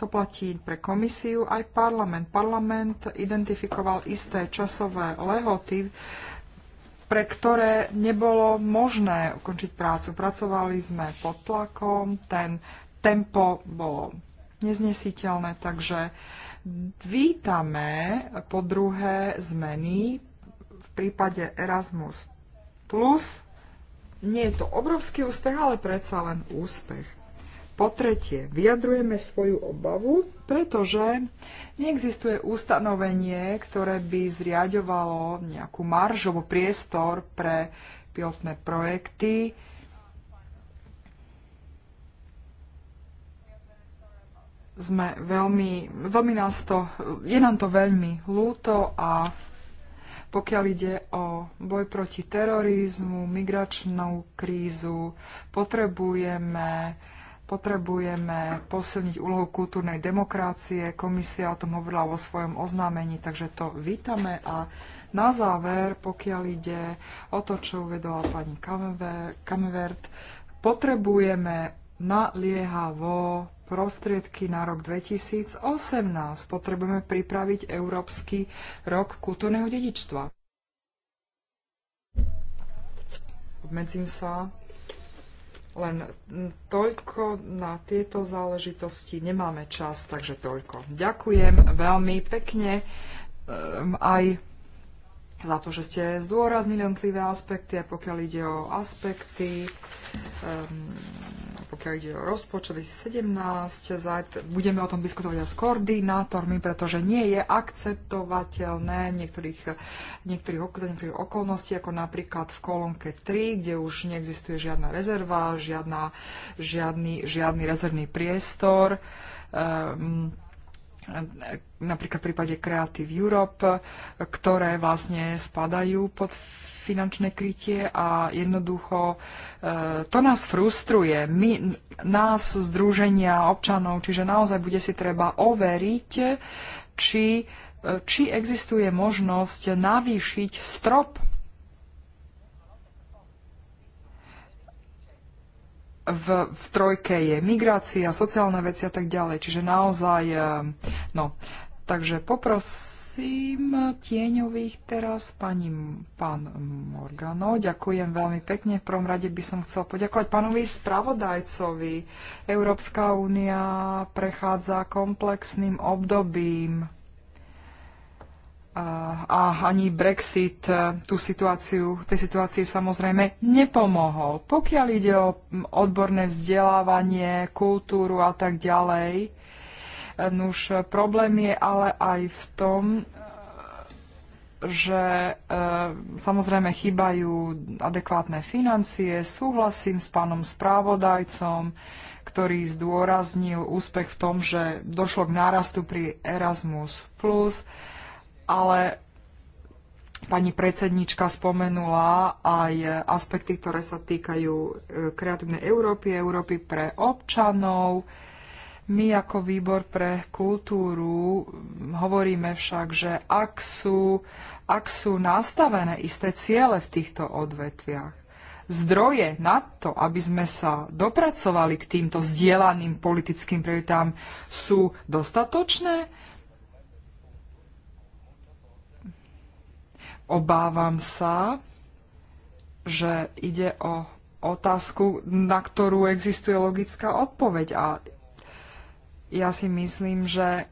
To platí pre komisiu aj parlament. Parlament identifikoval isté časové lehoty, pre ktoré nebolo možné ukončiť prácu. Pracovali sme pod tlakom, ten tempo bolo neznesiteľné, takže vítame po druhé zmeny v prípade Erasmus+. Plus, nie je to obrovský úspech, ale predsa len úspech. Po tretie, vyjadrujeme svoju obavu, pretože neexistuje ustanovenie, ktoré by zriadovalo nejakú maržovú priestor pre pilotné projekty. Sme veľmi, veľmi nás to, je nám to veľmi ľúto a pokiaľ ide o boj proti terorizmu, migračnú krízu, potrebujeme potrebujeme posilniť úlohu kultúrnej demokracie. Komisia o tom hovorila vo svojom oznámení, takže to vítame. A na záver, pokiaľ ide o to, čo uvedola pani Kamvert, potrebujeme naliehavo prostriedky na rok 2018. Potrebujeme pripraviť Európsky rok kultúrneho dedičstva. Obmedzím sa len toľko na tieto záležitosti. Nemáme čas, takže toľko. Ďakujem veľmi pekne um, aj za to, že ste zdôraznili jednotlivé aspekty a pokiaľ ide o aspekty um, pokiaľ ide o rozpočet 2017. budeme o tom diskutovať aj s koordinátormi, pretože nie je akceptovateľné v niektorých, niektorých, niektorých okolností, ako napríklad v kolónke 3, kde už neexistuje žiadna rezerva, žiadna, žiadny, žiadny rezervný priestor. Um, napríklad v prípade Creative Europe, ktoré vlastne spadajú pod finančné krytie a jednoducho e, to nás frustruje. My, nás, združenia občanov, čiže naozaj bude si treba overiť, či, e, či existuje možnosť navýšiť strop v, v trojke je migrácia, sociálne veci a tak ďalej. Čiže naozaj, e, no, takže popros, Prosím tieňových teraz pani pán Morgano. Ďakujem veľmi pekne. V prvom rade by som chcel poďakovať pánovi spravodajcovi. Európska únia prechádza komplexným obdobím a ani Brexit tú situáciu, tej situácii samozrejme nepomohol. Pokiaľ ide o odborné vzdelávanie, kultúru a tak ďalej, Nuž problém je ale aj v tom, že e, samozrejme chýbajú adekvátne financie. Súhlasím s pánom správodajcom, ktorý zdôraznil úspech v tom, že došlo k nárastu pri Erasmus+, ale pani predsednička spomenula aj aspekty, ktoré sa týkajú e, kreatívnej Európy, Európy pre občanov, my ako výbor pre kultúru hovoríme však, že ak sú, ak sú nastavené isté ciele v týchto odvetviach, zdroje na to, aby sme sa dopracovali k týmto zdieľaným politickým prioritám, sú dostatočné? Obávam sa, že ide o otázku, na ktorú existuje logická odpoveď a ja si myslím, že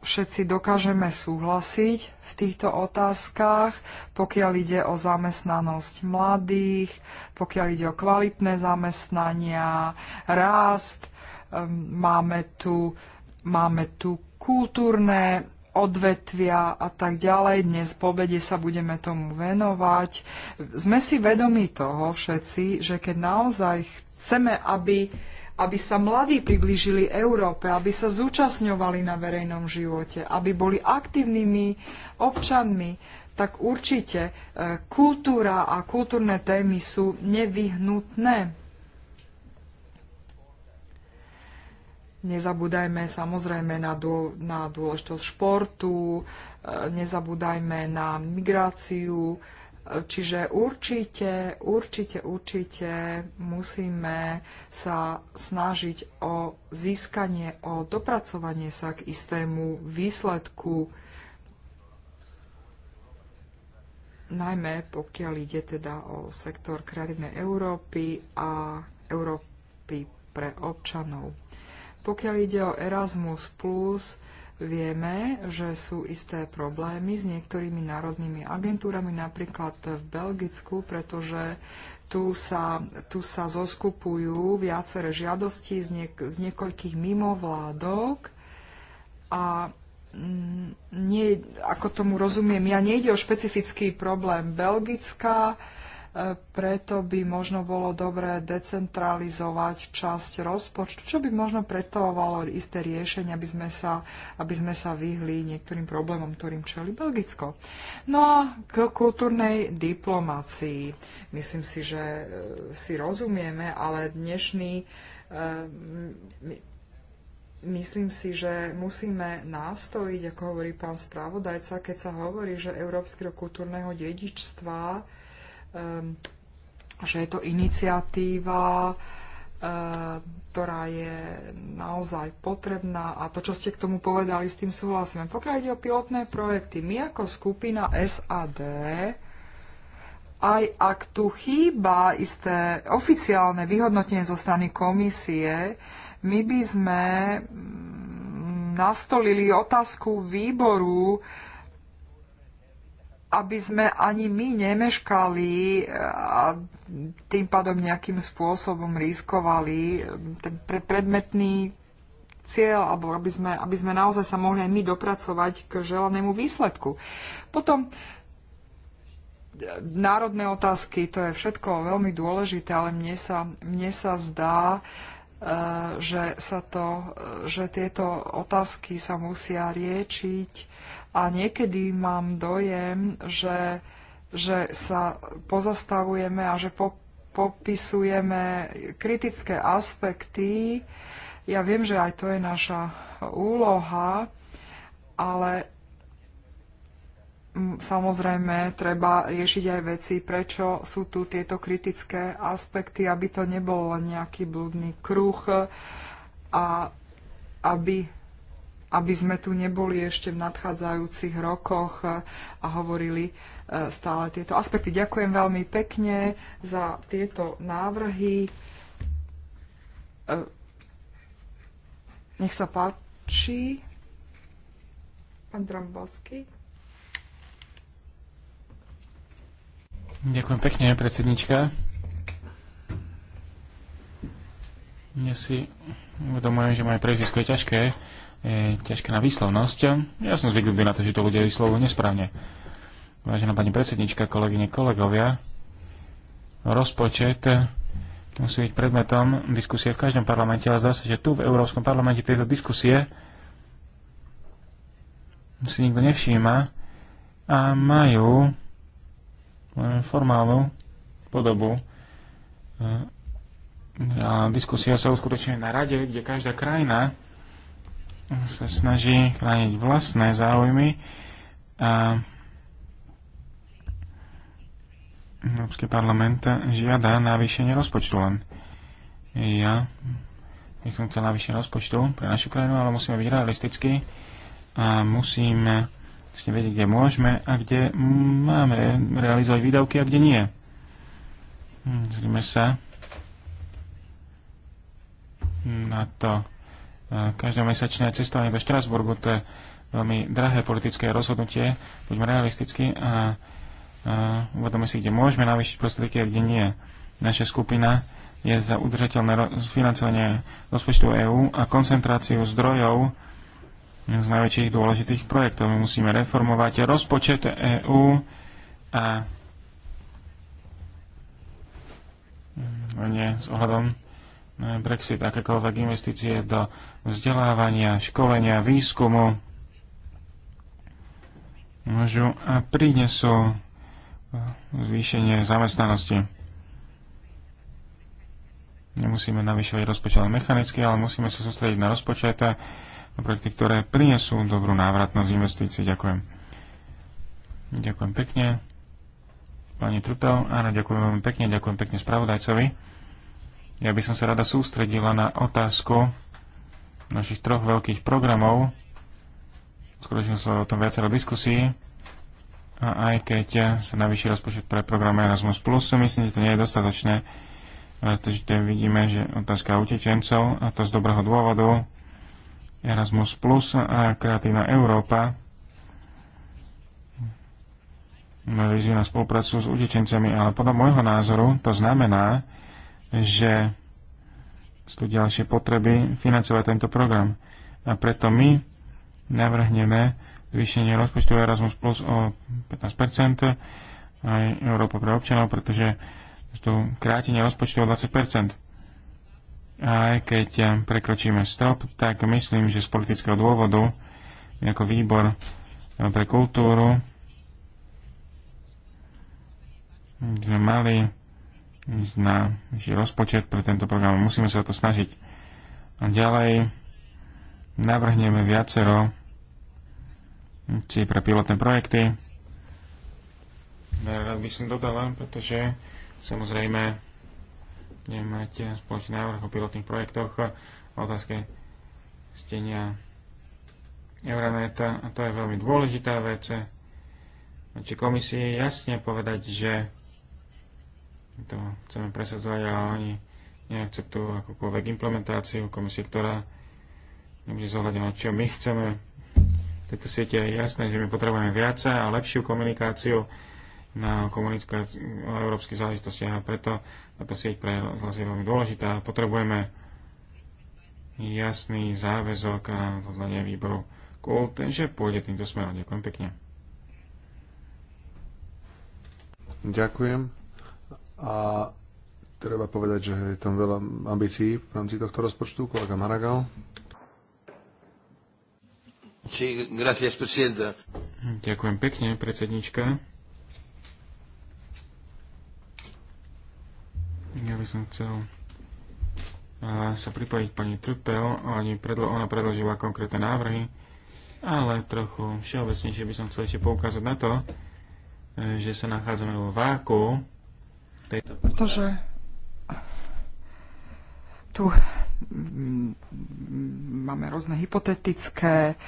všetci dokážeme súhlasiť v týchto otázkach, pokiaľ ide o zamestnanosť mladých, pokiaľ ide o kvalitné zamestnania, rást. Ehm, máme tu, máme tu kultúrne odvetvia a tak ďalej. Dnes po obede sa budeme tomu venovať. Sme si vedomi toho všetci, že keď naozaj chceme, aby aby sa mladí priblížili Európe, aby sa zúčastňovali na verejnom živote, aby boli aktívnymi občanmi, tak určite e, kultúra a kultúrne témy sú nevyhnutné. Nezabúdajme samozrejme na, dô, na dôležitosť športu, e, nezabúdajme na migráciu, Čiže určite, určite, určite musíme sa snažiť o získanie, o dopracovanie sa k istému výsledku, najmä pokiaľ ide teda o sektor kreatívnej Európy a Európy pre občanov. Pokiaľ ide o Erasmus+, Vieme, že sú isté problémy s niektorými národnými agentúrami, napríklad v Belgicku, pretože tu sa, tu sa zoskupujú viaceré žiadosti z, niek- z niekoľkých mimovládok a mm, nie, ako tomu rozumiem, ja nejde o špecifický problém Belgická, preto by možno bolo dobré decentralizovať časť rozpočtu, čo by možno predstavovalo isté riešenie, aby sme sa, aby sme sa vyhli niektorým problémom, ktorým čeli Belgicko. No a k kultúrnej diplomácii. Myslím si, že e, si rozumieme, ale dnešný e, Myslím si, že musíme nástojiť, ako hovorí pán spravodajca, keď sa hovorí, že Európsky rok kultúrneho dedičstva že je to iniciatíva, ktorá je naozaj potrebná a to, čo ste k tomu povedali, s tým súhlasíme. Pokiaľ ide o pilotné projekty, my ako skupina SAD, aj ak tu chýba isté oficiálne vyhodnotenie zo strany komisie, my by sme mm, nastolili otázku výboru, aby sme ani my nemeškali e, a tým pádom nejakým spôsobom riskovali e, ten pre predmetný cieľ, alebo aby sme, aby sme naozaj sa mohli aj my dopracovať k želanému výsledku. Potom e, národné otázky, to je všetko veľmi dôležité, ale mne sa, mne sa zdá, že, sa to, že tieto otázky sa musia riečiť a niekedy mám dojem, že, že sa pozastavujeme a že po, popisujeme kritické aspekty. Ja viem, že aj to je naša úloha, ale samozrejme treba riešiť aj veci, prečo sú tu tieto kritické aspekty, aby to nebol len nejaký blúdny kruh a aby aby sme tu neboli ešte v nadchádzajúcich rokoch e, a hovorili e, stále tieto aspekty. Ďakujem veľmi pekne za tieto návrhy. E, nech sa páči. Pán Drambalský. Ďakujem pekne, predsednička. Dnes si uvedomujem, že moje prezisko je ťažké, je ťažké na výslovnosť. Ja som zvyknutý na to, že to ľudia vyslovujú nesprávne. Vážená pani predsednička, kolegyne, kolegovia, rozpočet musí byť predmetom diskusie v každom parlamente, ale zase, že tu v Európskom parlamente tejto diskusie si nikto nevšíma a majú formálnu podobu. A diskusia sa uskutočňuje na rade, kde každá krajina sa snaží chrániť vlastné záujmy a Európsky parlament žiada navýšenie rozpočtu len. Ja by som chcel navýšenie rozpočtu pre našu krajinu, ale musíme byť realistickí a musíme vlastne vedieť, kde môžeme a kde máme realizovať výdavky a kde nie. Hm, zrime sa na to každomesačné cestovanie do Štrasburgu, to je veľmi drahé politické rozhodnutie, buďme realisticky a, a uvedome si, kde môžeme navýšiť prostriedky a kde nie. Naša skupina je za udržateľné financovanie rozpočtu EÚ a koncentráciu zdrojov z najväčších dôležitých projektov. My musíme reformovať rozpočet EÚ a nie s ohľadom Brexit, akékoľvek investície do vzdelávania, školenia, výskumu môžu a prinesú zvýšenie zamestnanosti. Nemusíme navyšovať rozpočet mechanicky, ale musíme sa sústrediť na rozpočet a projekty, ktoré prinesú dobrú návratnosť investícií. Ďakujem. Ďakujem pekne. Pani Trupel, áno, ďakujem veľmi pekne, ďakujem pekne spravodajcovi. Ja by som sa rada sústredila na otázku našich troch veľkých programov. Skutočne sa o tom viacero diskusí. A aj keď sa navýši rozpočet pre program Erasmus+, Plus. myslím, že to nie je dostatočné, pretože vidíme, že otázka utečencov, a to z dobrého dôvodu, Erasmus Plus a Kreatívna Európa výzvy na spoluprácu s utečencami, ale podľa môjho názoru to znamená, že sú ďalšie potreby financovať tento program. A preto my navrhneme zvýšenie rozpočtu Erasmus Plus o 15% aj Európa pre občanov, pretože tu krátenie rozpočtu o 20%. A aj keď prekročíme strop, tak myslím, že z politického dôvodu ako výbor pre kultúru sme mali na rozpočet pre tento program. Musíme sa o to snažiť. A ďalej navrhneme viacero akcií pre pilotné projekty. Rád by som dodal, pretože samozrejme budeme mať spoločný návrh o pilotných projektoch a otázke stenia Euroneta a to je veľmi dôležitá vec. Či komisii jasne povedať, že to chceme presadzovať, ale oni neakceptujú akúkoľvek implementáciu komisie, ktorá nebude zohľadňovať, čo my chceme. V tejto siete je jasné, že my potrebujeme viac a lepšiu komunikáciu na a európske záležitostiach a preto táto sieť pre nás je veľmi dôležitá. Potrebujeme jasný záväzok a podľa výboru KULT, že pôjde týmto smerom. Ďakujem pekne. Ďakujem. A treba povedať, že je tam veľa ambícií v rámci tohto rozpočtu. Kolega Maragal. Sí, gracias, presidenta. Ďakujem pekne, predsednička. Ja by som chcel sa pripojiť pani Trpel. ani predlo, ona predložila konkrétne návrhy, ale trochu všeobecnejšie by som chcel ešte poukázať na to, e, že sa nachádzame vo váku tejto... Pretože tu mm, mm, máme rôzne hypotetické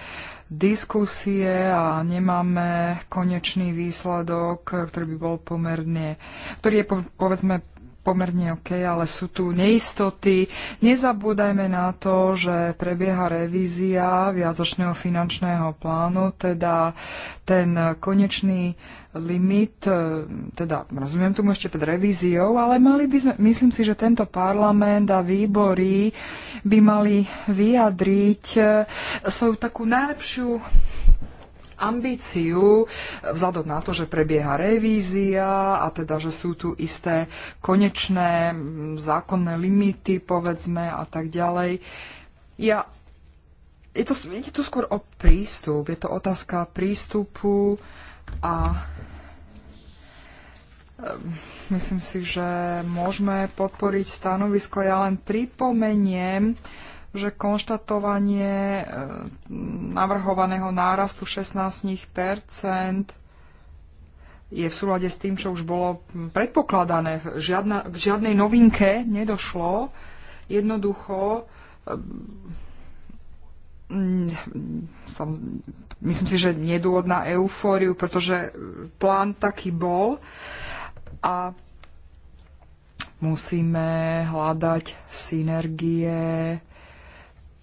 diskusie a nemáme konečný výsledok, ktorý by bol pomerne, ktorý je povedzme pomerne OK, ale sú tu neistoty. Nezabúdajme na to, že prebieha revízia viacočného finančného plánu, teda ten konečný limit, e, teda rozumiem tomu ešte pred revíziou, ale mali by sme, myslím si, že tento parlament a výbory by mali vyjadriť e, svoju takú najlepšiu ambíciu, vzhľadom na to, že prebieha revízia a teda, že sú tu isté konečné zákonné limity, povedzme, a tak ďalej. Ja, je, to, je to skôr o prístup, je to otázka prístupu a myslím si, že môžeme podporiť stanovisko. Ja len pripomeniem, že konštatovanie navrhovaného nárastu 16 je v súlade s tým, čo už bolo predpokladané. Žiadna, k žiadnej novinke nedošlo. Jednoducho som, myslím si, že nedôvod na eufóriu, pretože plán taký bol a musíme hľadať synergie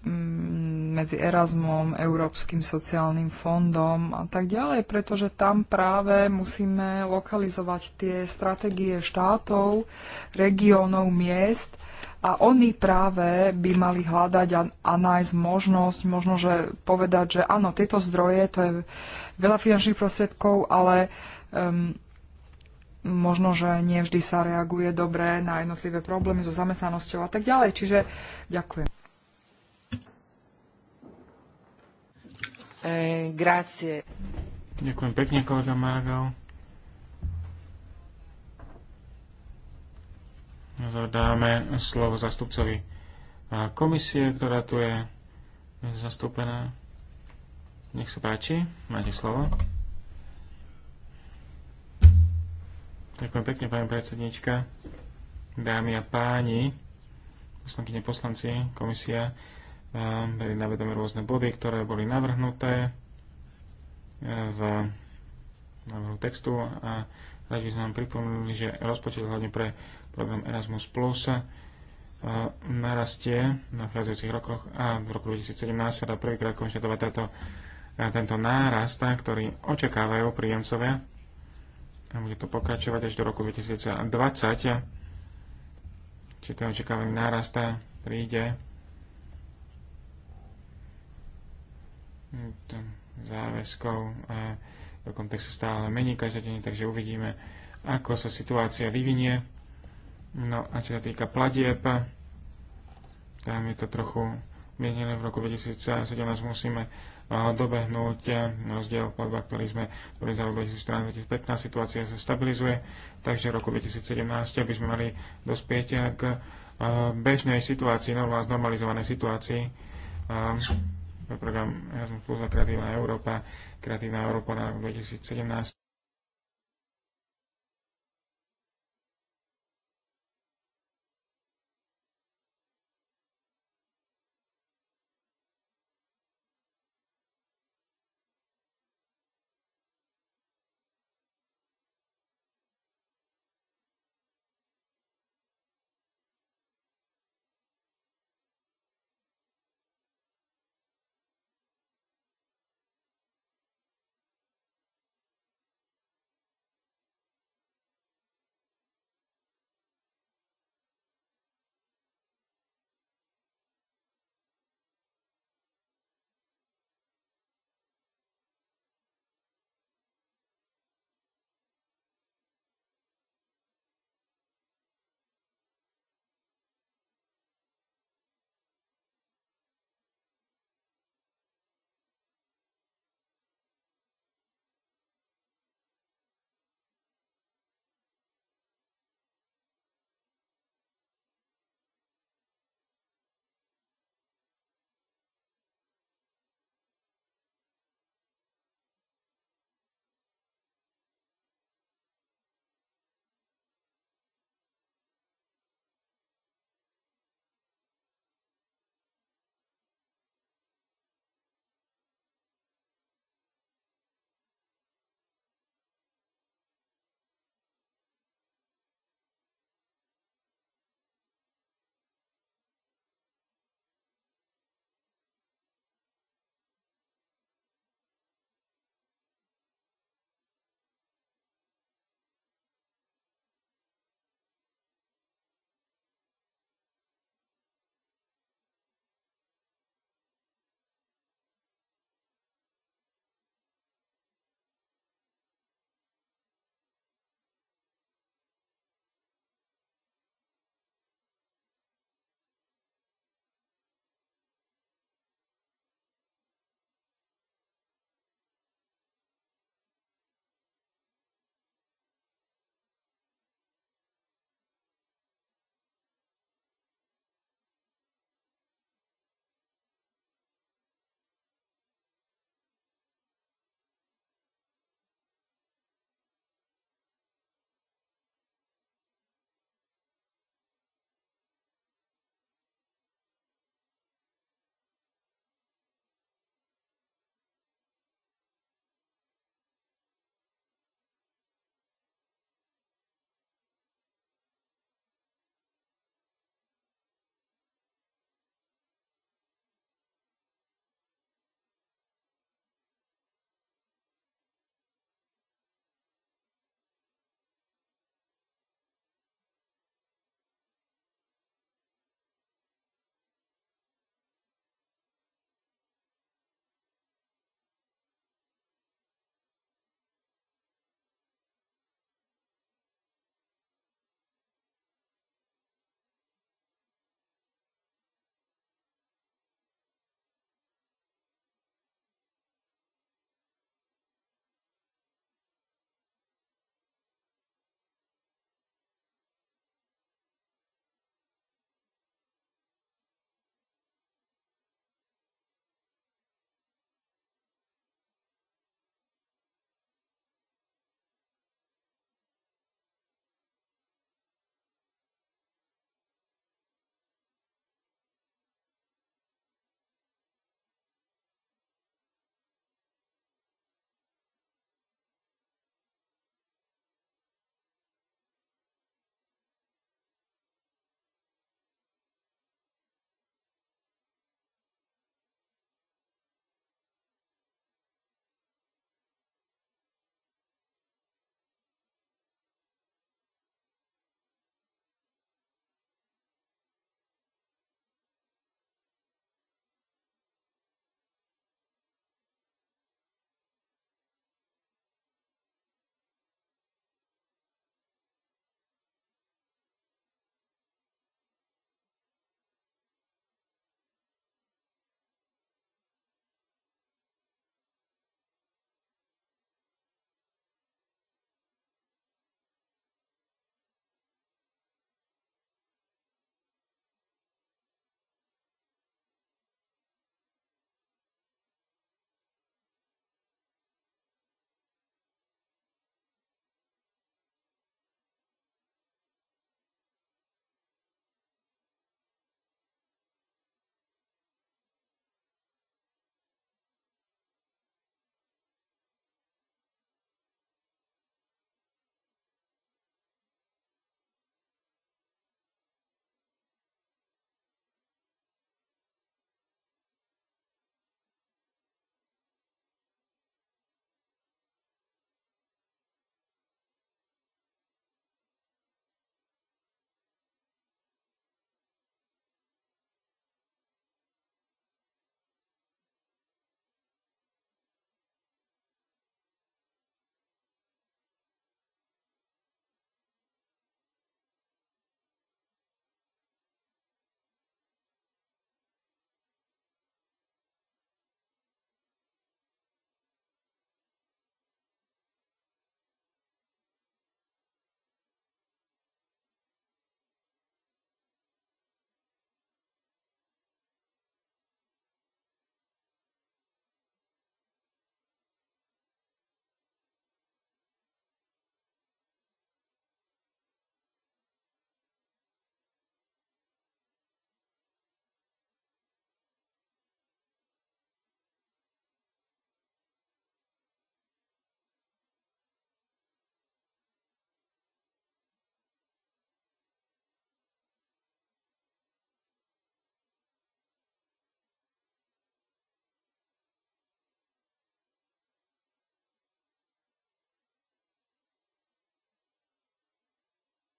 mm, medzi Erasmom, Európskym sociálnym fondom a tak ďalej, pretože tam práve musíme lokalizovať tie stratégie štátov, regiónov, miest, a oni práve by mali hľadať a, a nájsť možnosť, možno, že povedať, že áno, tieto zdroje, to je veľa finančných prostriedkov, ale um, možno, že nie vždy sa reaguje dobre na jednotlivé problémy so zamestnanosťou a tak ďalej. Čiže ďakujem. Eh, grazie. Ďakujem pekne, kolega Maragal. Dáme slovo zastupcovi komisie, ktorá tu je zastúpená. Nech sa páči, máte slovo. Ďakujem pekne, pani predsednička, dámy a páni, poslankyne, poslanci, komisia, boli na vedomie rôzne body, ktoré boli navrhnuté v návrhu textu a radi sme vám pripomenuli, že rozpočet hlavne pre program Erasmus Plus eh, narastie v nachádzajúcich rokoch a v roku 2017 sa dá prvýkrát konštatovať táto, eh, tento nárast, eh, ktorý očakávajú príjemcovia. A bude to pokračovať až do roku 2020. Či ten očakávaný nárast príde záväzkov a v kontexte stále mení každodenne, takže uvidíme, ako sa situácia vyvinie No a čo sa týka platieb, tam je to trochu mienené v roku 2017 musíme dobehnúť rozdiel v platbách, ktorý sme boli za rok 2014-2015. Situácia sa stabilizuje, takže v roku 2017 by sme mali dospieť k bežnej situácii, no, normalizovanej situácii program Erasmus Plus a Kreatívna Európa, Kreatívna Európa na rok 2017.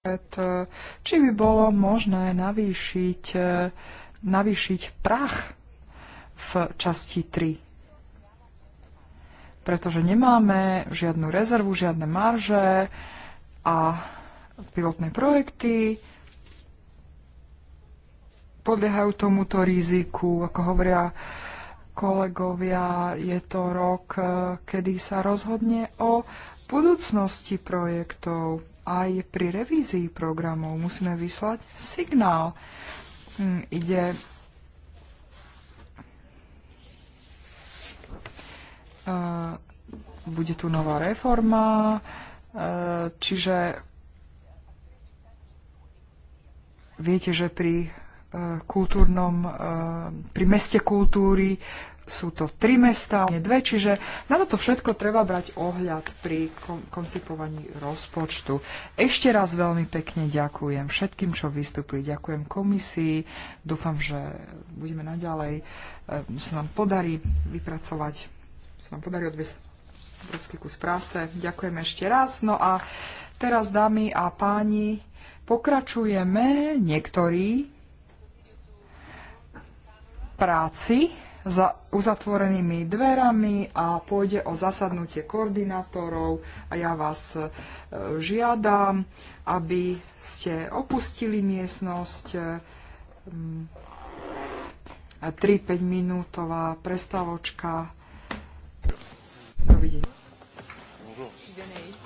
E, či by bolo možné navýšiť, e, navýšiť prach v časti 3 pretože nemáme žiadnu rezervu, žiadne marže a pilotné projekty podliehajú tomuto riziku. Ako hovoria kolegovia, je to rok, e, kedy sa rozhodne o budúcnosti projektov aj pri revízii programov musíme vyslať signál. Hm, ide hm, e, bude tu nová reforma, e, čiže viete, že pri e, kultúrnom, pri meste kultúry sú to tri mesta, nie dve, čiže na toto všetko treba brať ohľad pri koncipovaní rozpočtu. Ešte raz veľmi pekne ďakujem všetkým, čo vystúpili. Ďakujem komisii. Dúfam, že budeme naďalej ehm, sa nám podarí vypracovať, sa nám podarí odviesť obrovský kus práce. Ďakujem ešte raz. No a teraz, dámy a páni, pokračujeme niektorí práci za uzatvorenými dverami a pôjde o zasadnutie koordinátorov a ja vás e, žiadam, aby ste opustili miestnosť. 3-5 e, mm, minútová prestavočka. Dovidenia. Bonjour.